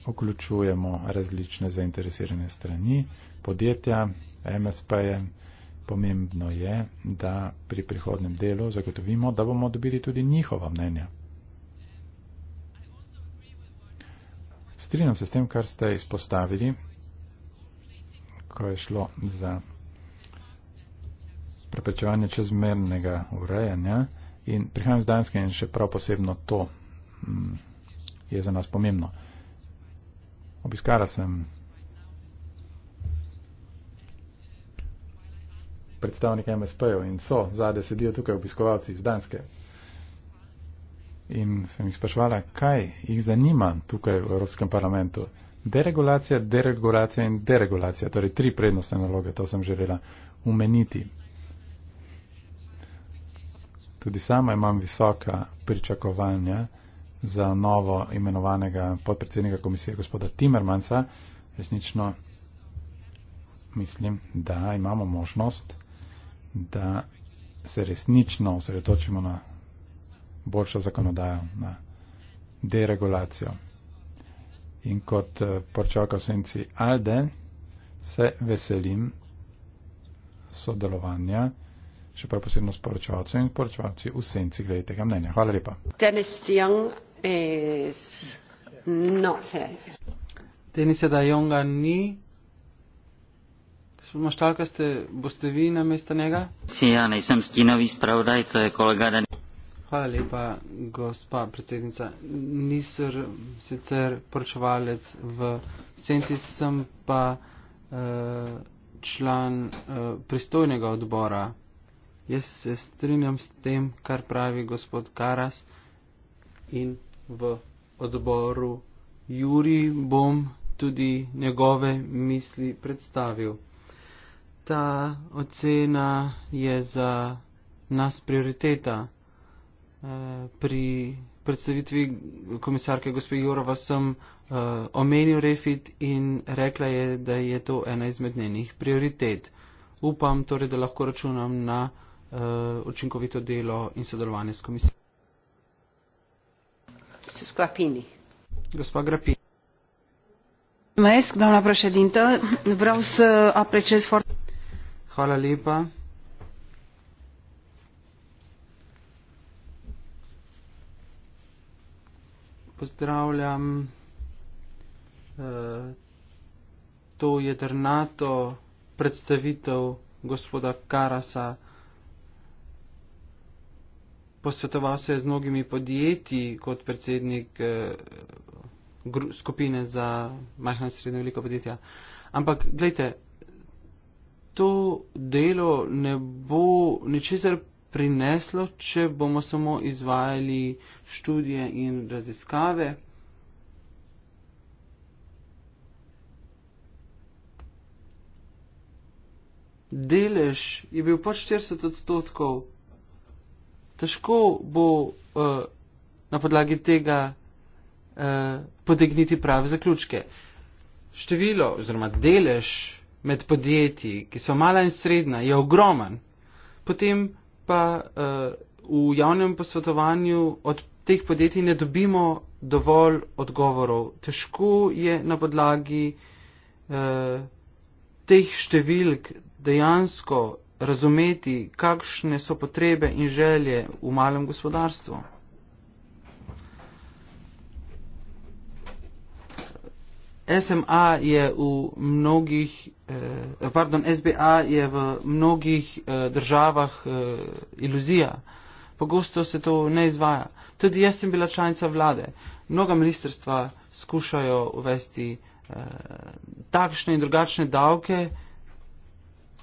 vključujemo različne zainteresirane strani, podjetja, MSP-je. Pomembno je, da pri prihodnem delu zagotovimo, da bomo dobili tudi njihova mnenja. Strinjam se s tem, kar ste izpostavili, ko je šlo za preprečevanje čezmernega urejanja. In prihajam z Danske in še prav posebno to mm, je za nas pomembno. Obiskala sem predstavnike MSP-jev in so, zade sedijo tukaj obiskovalci iz Danske in sem jih sprašvala, kaj jih zanima tukaj v Evropskem parlamentu. Deregulacija, deregulacija in deregulacija, torej tri prednostne naloge, to sem želela umeniti. Tudi sama imam visoka pričakovanja za novo imenovanega podpredsednika komisije gospoda Timmermansa. Resnično mislim, da imamo možnost, da se resnično osredotočimo na boljšo zakonodajo, na deregulacijo. In kot eh, porčaka v senci Alde se veselim sodelovanja, še prav posebno s poročevalcem in poročevalci v senci glede tega mnenja. Hvala lepa. Denis Young is not here. Denis da Younga ni. Gospod Maštalka, ste, boste vi na mesto njega? Si, ja, nisem stinovi spravodaj, to je kolega Denis. Hvala lepa, gospa predsednica. Nisem sicer poročevalec v senci, sem pa eh, član eh, pristojnega odbora. Jaz se strinjam s tem, kar pravi gospod Karas in v odboru Juri bom tudi njegove misli predstavil. Ta ocena je za nas prioriteta. Eh, pri predstavitvi komisarke gospe Jurova sem eh, omenil refit in rekla je, da je to ena izmed njenih prioritet. Upam torej, da lahko računam na eh, učinkovito delo in sodelovanje s komisijo. Gospa Grapi. Hvala lepa. pozdravljam eh, to jedrnato predstavitev gospoda Karasa. Posvetoval se je z mnogimi podjetji kot predsednik eh, skupine za majhna in srednja velika podjetja. Ampak, gledajte, to delo ne bo ničesar prineslo, če bomo samo izvajali študije in raziskave. Delež je bil pač 40 odstotkov. Težko bo uh, na podlagi tega uh, potegniti prave zaključke. Število oziroma delež med podjetji, ki so mala in srednja, je ogromen. Potem pa uh, v javnem posvetovanju od teh podjetij ne dobimo dovolj odgovorov. Težko je na podlagi uh, teh številk dejansko razumeti, kakšne so potrebe in želje v malem gospodarstvu. SMA je v mnogih, eh, pardon, SBA je v mnogih eh, državah eh, iluzija. Pogosto se to ne izvaja. Tudi jaz sem bila članica vlade. Mnoga ministrstva skušajo uvesti eh, takšne in drugačne davke,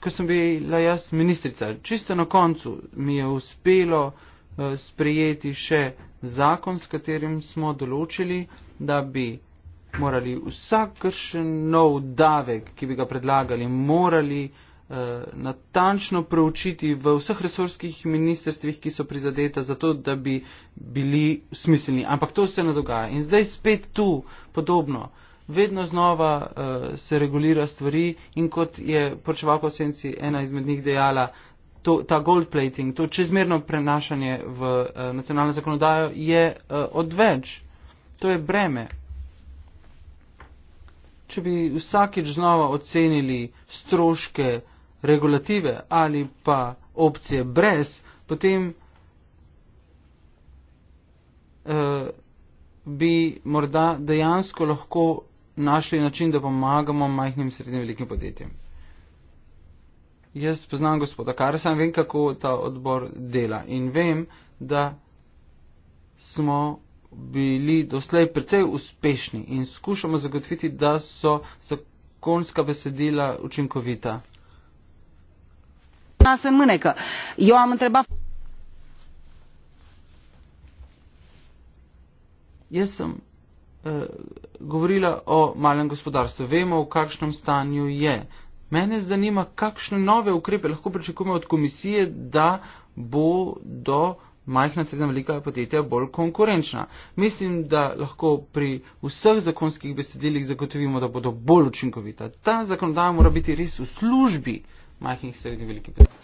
ko sem bila jaz ministrica. Čisto na koncu mi je uspelo eh, sprejeti še zakon, s katerim smo določili, da bi morali vsakršen nov davek, ki bi ga predlagali, morali eh, natančno preučiti v vseh resorskih ministrstvih, ki so prizadeta za to, da bi bili smiselni. Ampak to se ne dogaja. In zdaj spet tu podobno. Vedno znova eh, se regulira stvari in kot je počevalko senci ena izmed njih dejala, To, ta gold plating, to čezmerno prenašanje v uh, nacionalno zakonodajo je uh, odveč. To je breme če bi vsakeč znova ocenili stroške regulative ali pa opcije brez, potem eh, bi morda dejansko lahko našli način, da pomagamo majhnim in srednjim velikim podjetjem. Jaz poznam gospoda Karsa in vem, kako ta odbor dela. In vem, da smo bili doslej precej uspešni in skušamo zagotoviti, da so zakonska besedila učinkovita. Jaz sem eh, govorila o malem gospodarstvu. Vemo, v kakšnem stanju je. Mene zanima, kakšne nove ukrepe lahko pričakujemo od komisije, da bodo majhna, srednja, velika podjetja bolj konkurenčna. Mislim, da lahko pri vseh zakonskih besedilih zagotovimo, da bodo bolj učinkovita. Ta zakonodaja mora biti res v službi majhnih, srednjih, velikih podjetij.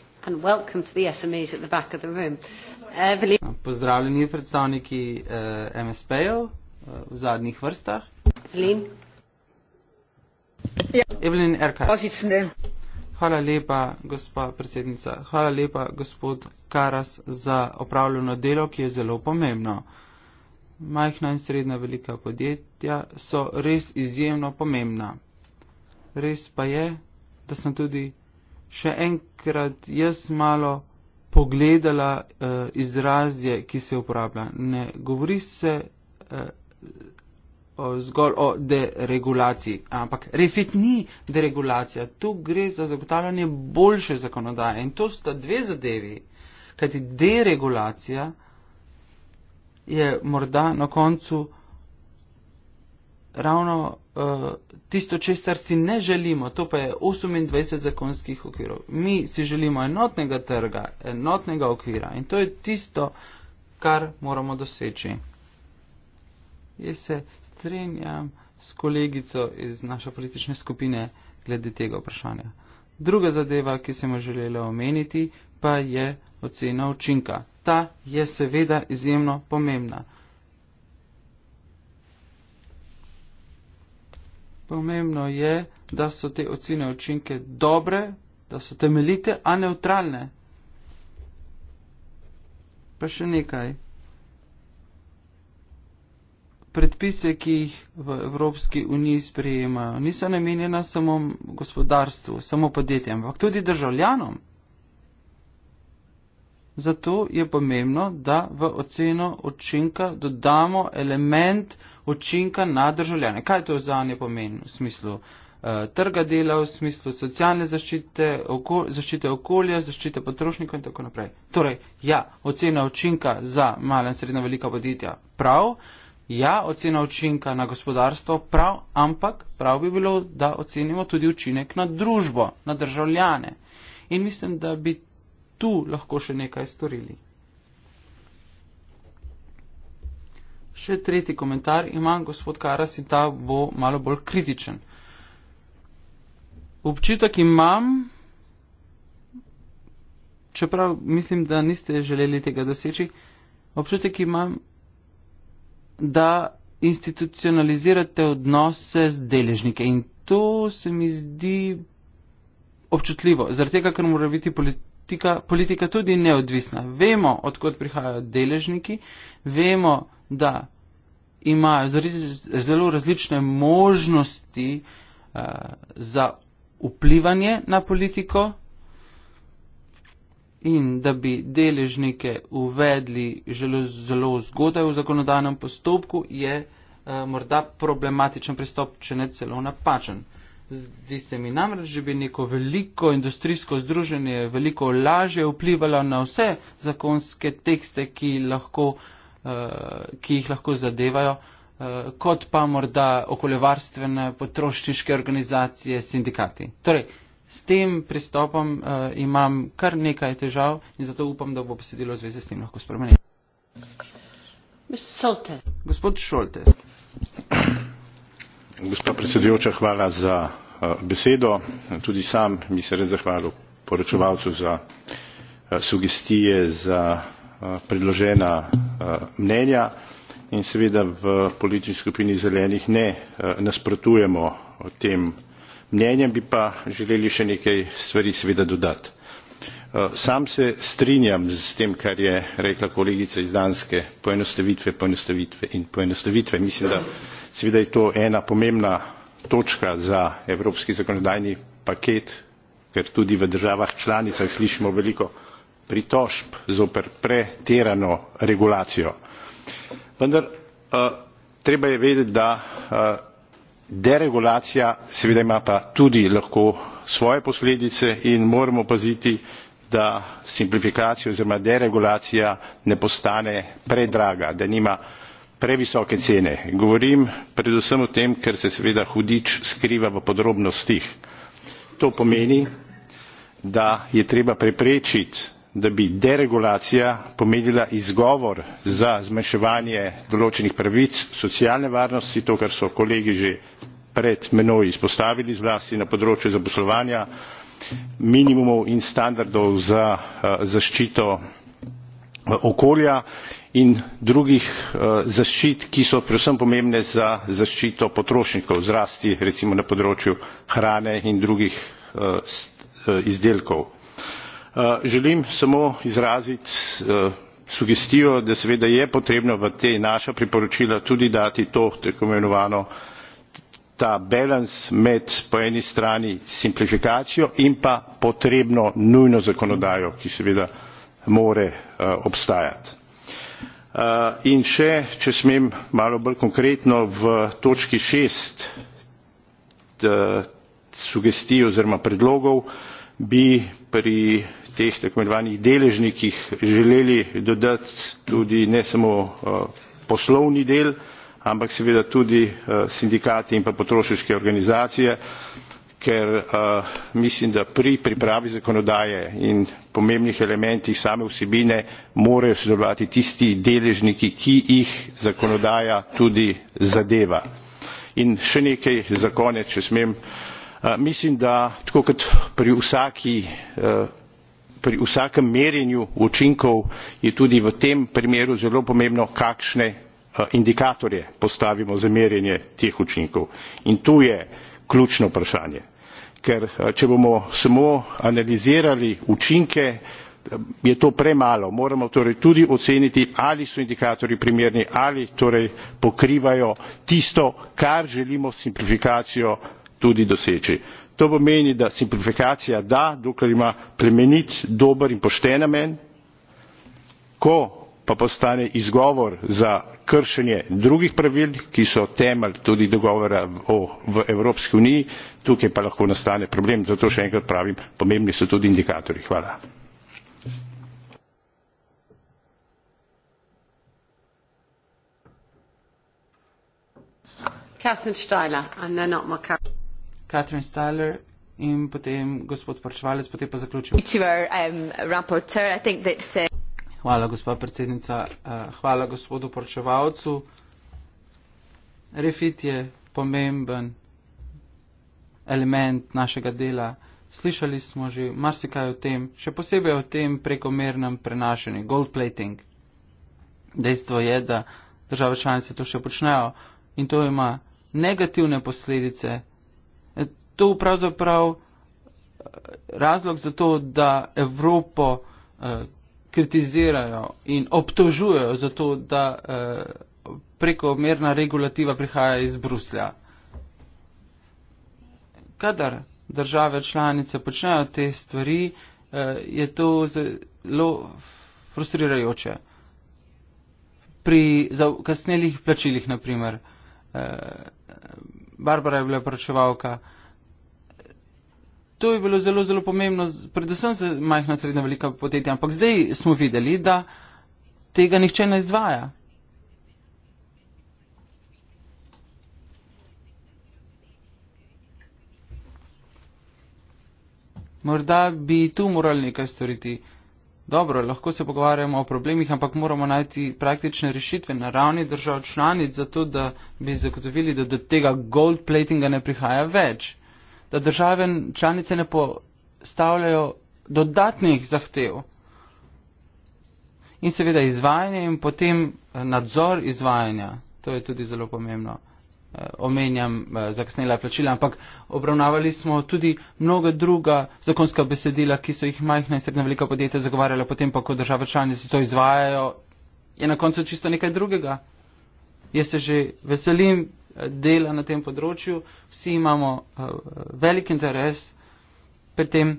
Uh, Pozdravljeni predstavniki eh, uh, MSP-jev eh, uh, v zadnjih vrstah. Evelyn. Ja. Evelyn Erkar. Pozicne. Hvala lepa, gospa predsednica. Hvala lepa, gospod Karas, za opravljeno delo, ki je zelo pomembno. Majhna in srednja velika podjetja so res izjemno pomembna. Res pa je, da sem tudi še enkrat jaz malo pogledala eh, izrazje, ki se uporablja. Ne govori se. Eh, zgolj o deregulaciji. Ampak refit ni deregulacija, tu gre za zagotavljanje boljše zakonodaje in to sta dve zadevi. Kajti deregulacija je morda na koncu ravno uh, tisto, česar si ne želimo, to pa je 28 zakonskih okvirov. Mi si želimo enotnega trga, enotnega okvira in to je tisto, kar moramo doseči. Jaz se strenjam s kolegico iz naše politične skupine glede tega vprašanja. Druga zadeva, ki sem jo želela omeniti, pa je ocena učinka. Ta je seveda izjemno pomembna. Pomembno je, da so te ocene učinke dobre, da so temeljite, a neutralne. Pa še nekaj predpise, ki jih v Evropski uniji sprejemajo, niso namenjena samo gospodarstvu, samo podjetjem, ampak tudi državljanom. Zato je pomembno, da v oceno učinka dodamo element učinka na državljane. Kaj to za nje pomeni v smislu eh, trga dela, v smislu socialne zaščite, okol zaščite okolja, zaščite potrošnikov in tako naprej. Torej, ja, ocena učinka za mala in srednja velika podjetja prav, Ja, ocena učinka na gospodarstvo prav, ampak prav bi bilo, da ocenimo tudi učinek na družbo, na državljane. In mislim, da bi tu lahko še nekaj storili. Še tretji komentar ima gospod Karas in ta bo malo bolj kritičen. Občutek imam, čeprav mislim, da niste želeli tega doseči, občutek imam, da institucionalizirate odnose z deležnike. In to se mi zdi občutljivo, zaradi tega, ker mora biti politika, politika tudi neodvisna. Vemo, odkot prihajajo deležniki, vemo, da imajo zelo različne možnosti uh, za. Vplivanje na politiko, in da bi deležnike uvedli zelo, zelo zgodaj v zakonodajnem postopku, je eh, morda problematičen pristop, če ne celo napačen. Zdi se mi namreč, da bi neko veliko industrijsko združenje veliko lažje vplivalo na vse zakonske tekste, ki, lahko, eh, ki jih lahko zadevajo, eh, kot pa morda okoljevarstvene potrošniške organizacije, sindikati. Torej, S tem pristopom uh, imam kar nekaj težav in zato upam, da bo besedilo v zvezi s tem lahko spremenjeno. Gospod Šoltes. Gospa predsedujoča, hvala za uh, besedo. Tudi sam bi se res zahvalil poročevalcu za uh, sugestije, za uh, predložena uh, mnenja in seveda v politični skupini zelenih ne uh, nasprotujemo o tem, mnenjem bi pa želeli še nekaj stvari seveda dodati. Eh, sam se strinjam s tem kar je rekla kolegica iz danske poenostavitve poenostavitve in poenostavitve mislim da seveda je to ena pomembna točka za evropski zakonodajni paket ker tudi v državah članicah slišimo veliko pritožb zoper pretirano regulacijo. vendar eh, treba je vedeti da eh, deregulacija seveda ima pa tudi lahko svoje posledice in moramo paziti da simplifikacija oziroma deregulacija ne postane predraga da nima previsoke cene. govorim predvsem o tem ker se seveda hudič skriva v podrobnostih. to pomeni da je treba preprečiti da bi deregulacija pomenila izgovor za zmanjševanje določenih pravic socialne varnosti to kar so kolegi že pred menoj izpostavili zlasti na področju zaposlovanja minimumov in standardov za eh, zaščito eh, okolja in drugih eh, zaščit ki so predvsem pomembne za zaščito potrošnikov zlasti recimo na področju hrane in drugih izdelkov. Eh, želim samo izraziti eh, sugestijo da seveda je potrebno v ta naša priporočila tudi dati to tako imenovano ta balance med po eni strani simplifikacijo in pa potrebno nujno zakonodajo ki seveda mora eh, obstajati. in še če smem malo bolj konkretno v točki šest sugestij oziroma predlogov bi pri teh tako imenovanih deležnikih želeli dodati tudi ne samo eh, poslovni del ampak seveda tudi eh, sindikate in pa potrošniške organizacije ker eh, mislim da pri pripravi zakonodaje in pomembnih elementih same vsebine morajo sodelovati tisti deležniki ki jih zakonodaja tudi zadeva in še nekaj za konec če smem mislim da tako kot pri vsaki pri vsakem merjenju učinkov je tudi v tem primeru zelo pomembno kakšne eh, indikatorje postavimo za merjenje teh učinkov in tu je ključno vprašanje ker eh, če bomo samo analizirali učinke eh, je to premalo moramo torej tudi oceniti ali so indikatorji primerni ali torej pokrivajo tisto kar želimo s simplifikacijo tudi doseči to pomeni da simplifikacija da dokler ima plemenit dober in pošten namen ko pa postane izgovor za kršenje drugih pravil ki so temelj tudi dogovora o v evropski uniji tukaj pa lahko nastane problem zato še enkrat pravim pomembni so tudi indikatorji hvala Katrin Staller in potem gospod Porčvalec, potem pa zaključil. Um, uh, hvala, gospa predsednica. Uh, hvala gospodu Porčevalcu. Refit je pomemben element našega dela. Slišali smo že marsikaj o tem, še posebej o tem prekomernem prenašanju, gold plating. Dejstvo je, da države članice to še počnejo in to ima negativne posledice to pravzaprav eh, razlog za to, da Evropo eh, kritizirajo in obtožujejo za to, da eh, prekomerna regulativa prihaja iz Bruslja. Kadar države članice počnejo te stvari, eh, je to zelo frustrirajoče. Pri kasnelih plačilih, naprimer. Eh, Barbara je bila pračevalka to je bilo zelo, zelo pomembno, predvsem za majhna srednja velika podjetja. Ampak zdaj smo videli, da tega nihče ne izvaja. Morda bi tu morali nekaj storiti. Dobro, lahko se pogovarjamo o problemih, ampak moramo najti praktične rešitve na ravni držav članic, zato da bi zagotovili, da do tega gold platinga ne prihaja več da države članice ne postavljajo dodatnih zahtev. In seveda izvajanje in potem eh, nadzor izvajanja, to je tudi zelo pomembno. Eh, omenjam eh, zakasnela plačila, ampak obravnavali smo tudi mnoga druga zakonska besedila, ki so jih majhna in srednja velika podjetja zagovarjala, potem pa, ko države članice to izvajajo, je na koncu čisto nekaj drugega. Jaz se že veselim dela na tem področju, vsi imamo eh, velik interes pri tem.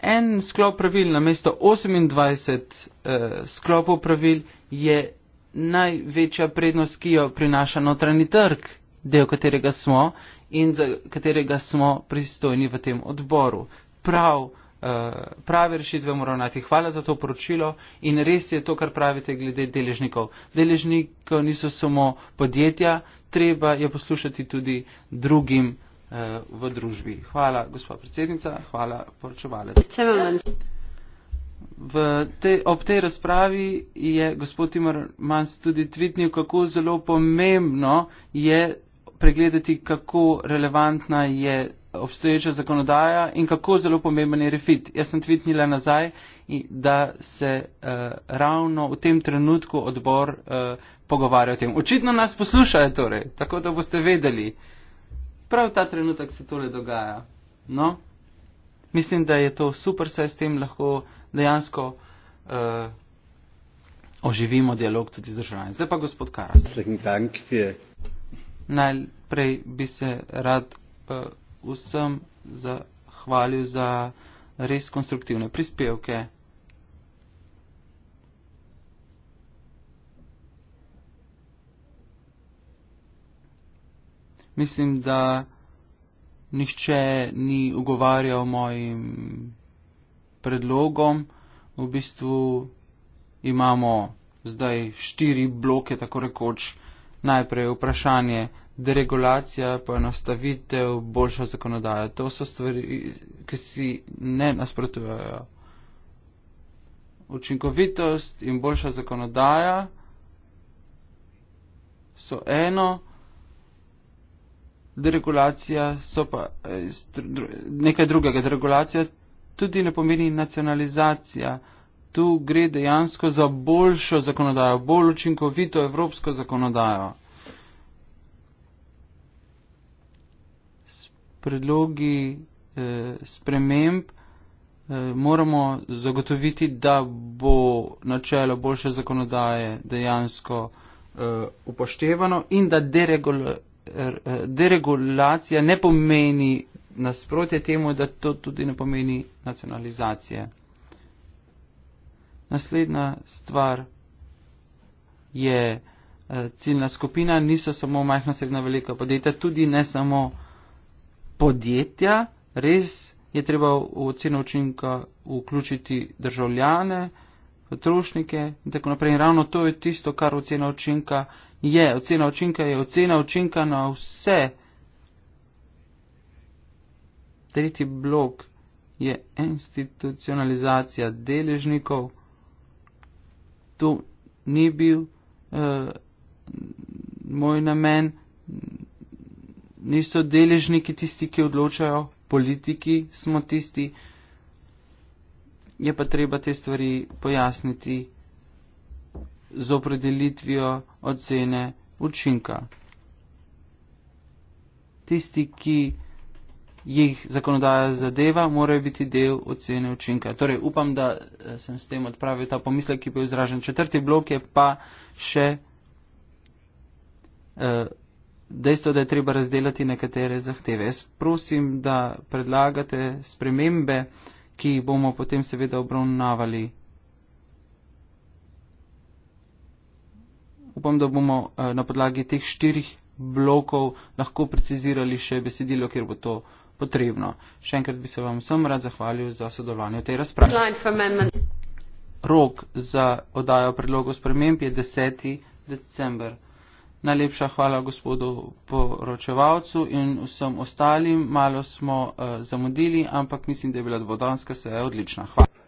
En sklop pravil na mesto 28 sklopov pravil je največja prednost, ki jo prinaša notranji trg, del katerega smo in za katerega smo pristojni v tem odboru. Prav. Eh, prave rešitve moramo najti. Hvala za to poročilo in res je to, kar pravite glede deležnikov. Deležnikov niso samo podjetja, treba je poslušati tudi drugim eh, v družbi. Hvala, gospod predsednica, hvala, poročevalec. V te, ob tej razpravi je gospod Timmermans tudi tvitnil, kako zelo pomembno je pregledati, kako relevantna je obstoječa zakonodaja in kako zelo pomemben je refit. Jaz sem tvitnila nazaj, da se uh, ravno v tem trenutku odbor uh, pogovarja o tem. Očitno nas poslušajo torej, tako da boste vedeli. Prav ta trenutek se tole dogaja. No, mislim, da je to super, saj s tem lahko dejansko uh, oživimo dialog tudi z državljani. Zdaj pa gospod Karas. Najprej bi se rad. Uh, vsem zahvalil za res konstruktivne prispevke. Mislim, da nihče ni ugovarjal mojim predlogom. V bistvu imamo zdaj štiri bloke, tako rekoč. Najprej vprašanje deregulacija, poenostavitev, boljša zakonodaja. To so stvari, ki si ne nasprotujejo. Učinkovitost in boljša zakonodaja so eno, deregulacija so pa eh, nekaj drugega. Deregulacija tudi ne pomeni nacionalizacija. Tu gre dejansko za boljšo zakonodajo, bolj učinkovito evropsko zakonodajo. predlogi eh, sprememb, eh, moramo zagotoviti, da bo načelo boljše zakonodaje dejansko eh, upoštevano in da deregula, eh, deregulacija ne pomeni nasprotje temu, da to tudi ne pomeni nacionalizacije. Naslednja stvar je eh, ciljna skupina, niso samo majhna, srednja, velika podjetja, tudi ne samo podjetja, res je treba v oceno učinka vključiti državljane, potrošnike in tako naprej. In ravno to je tisto, kar ocena učinka je. Ocena učinka je ocena učinka na vse. Tretji blok je institucionalizacija deležnikov. To ni bil uh, moj namen, niso deležniki tisti, ki odločajo, politiki smo tisti, je pa treba te stvari pojasniti z opredelitvijo ocene učinka. Tisti, ki jih zakonodaja zadeva, morajo biti del ocene učinka. Torej, upam, da eh, sem s tem odpravil ta pomislek, ki bi izražen. Četrti blok je pa še. Uh, dejstvo, da je treba razdelati nekatere zahteve. Jaz prosim, da predlagate spremembe, ki jih bomo potem seveda obravnavali. Upam, da bomo eh, na podlagi teh štirih blokov lahko precizirali še besedilo, kjer bo to potrebno. Še enkrat bi se vam vsem rad zahvalil za sodelovanje v tej razpravi. Rok za odajo predlogov sprememb je 10. december. Najlepša hvala gospodu poročevalcu in vsem ostalim. Malo smo uh, zamudili, ampak mislim, da je bila dvodanska seja odlična. Hvala.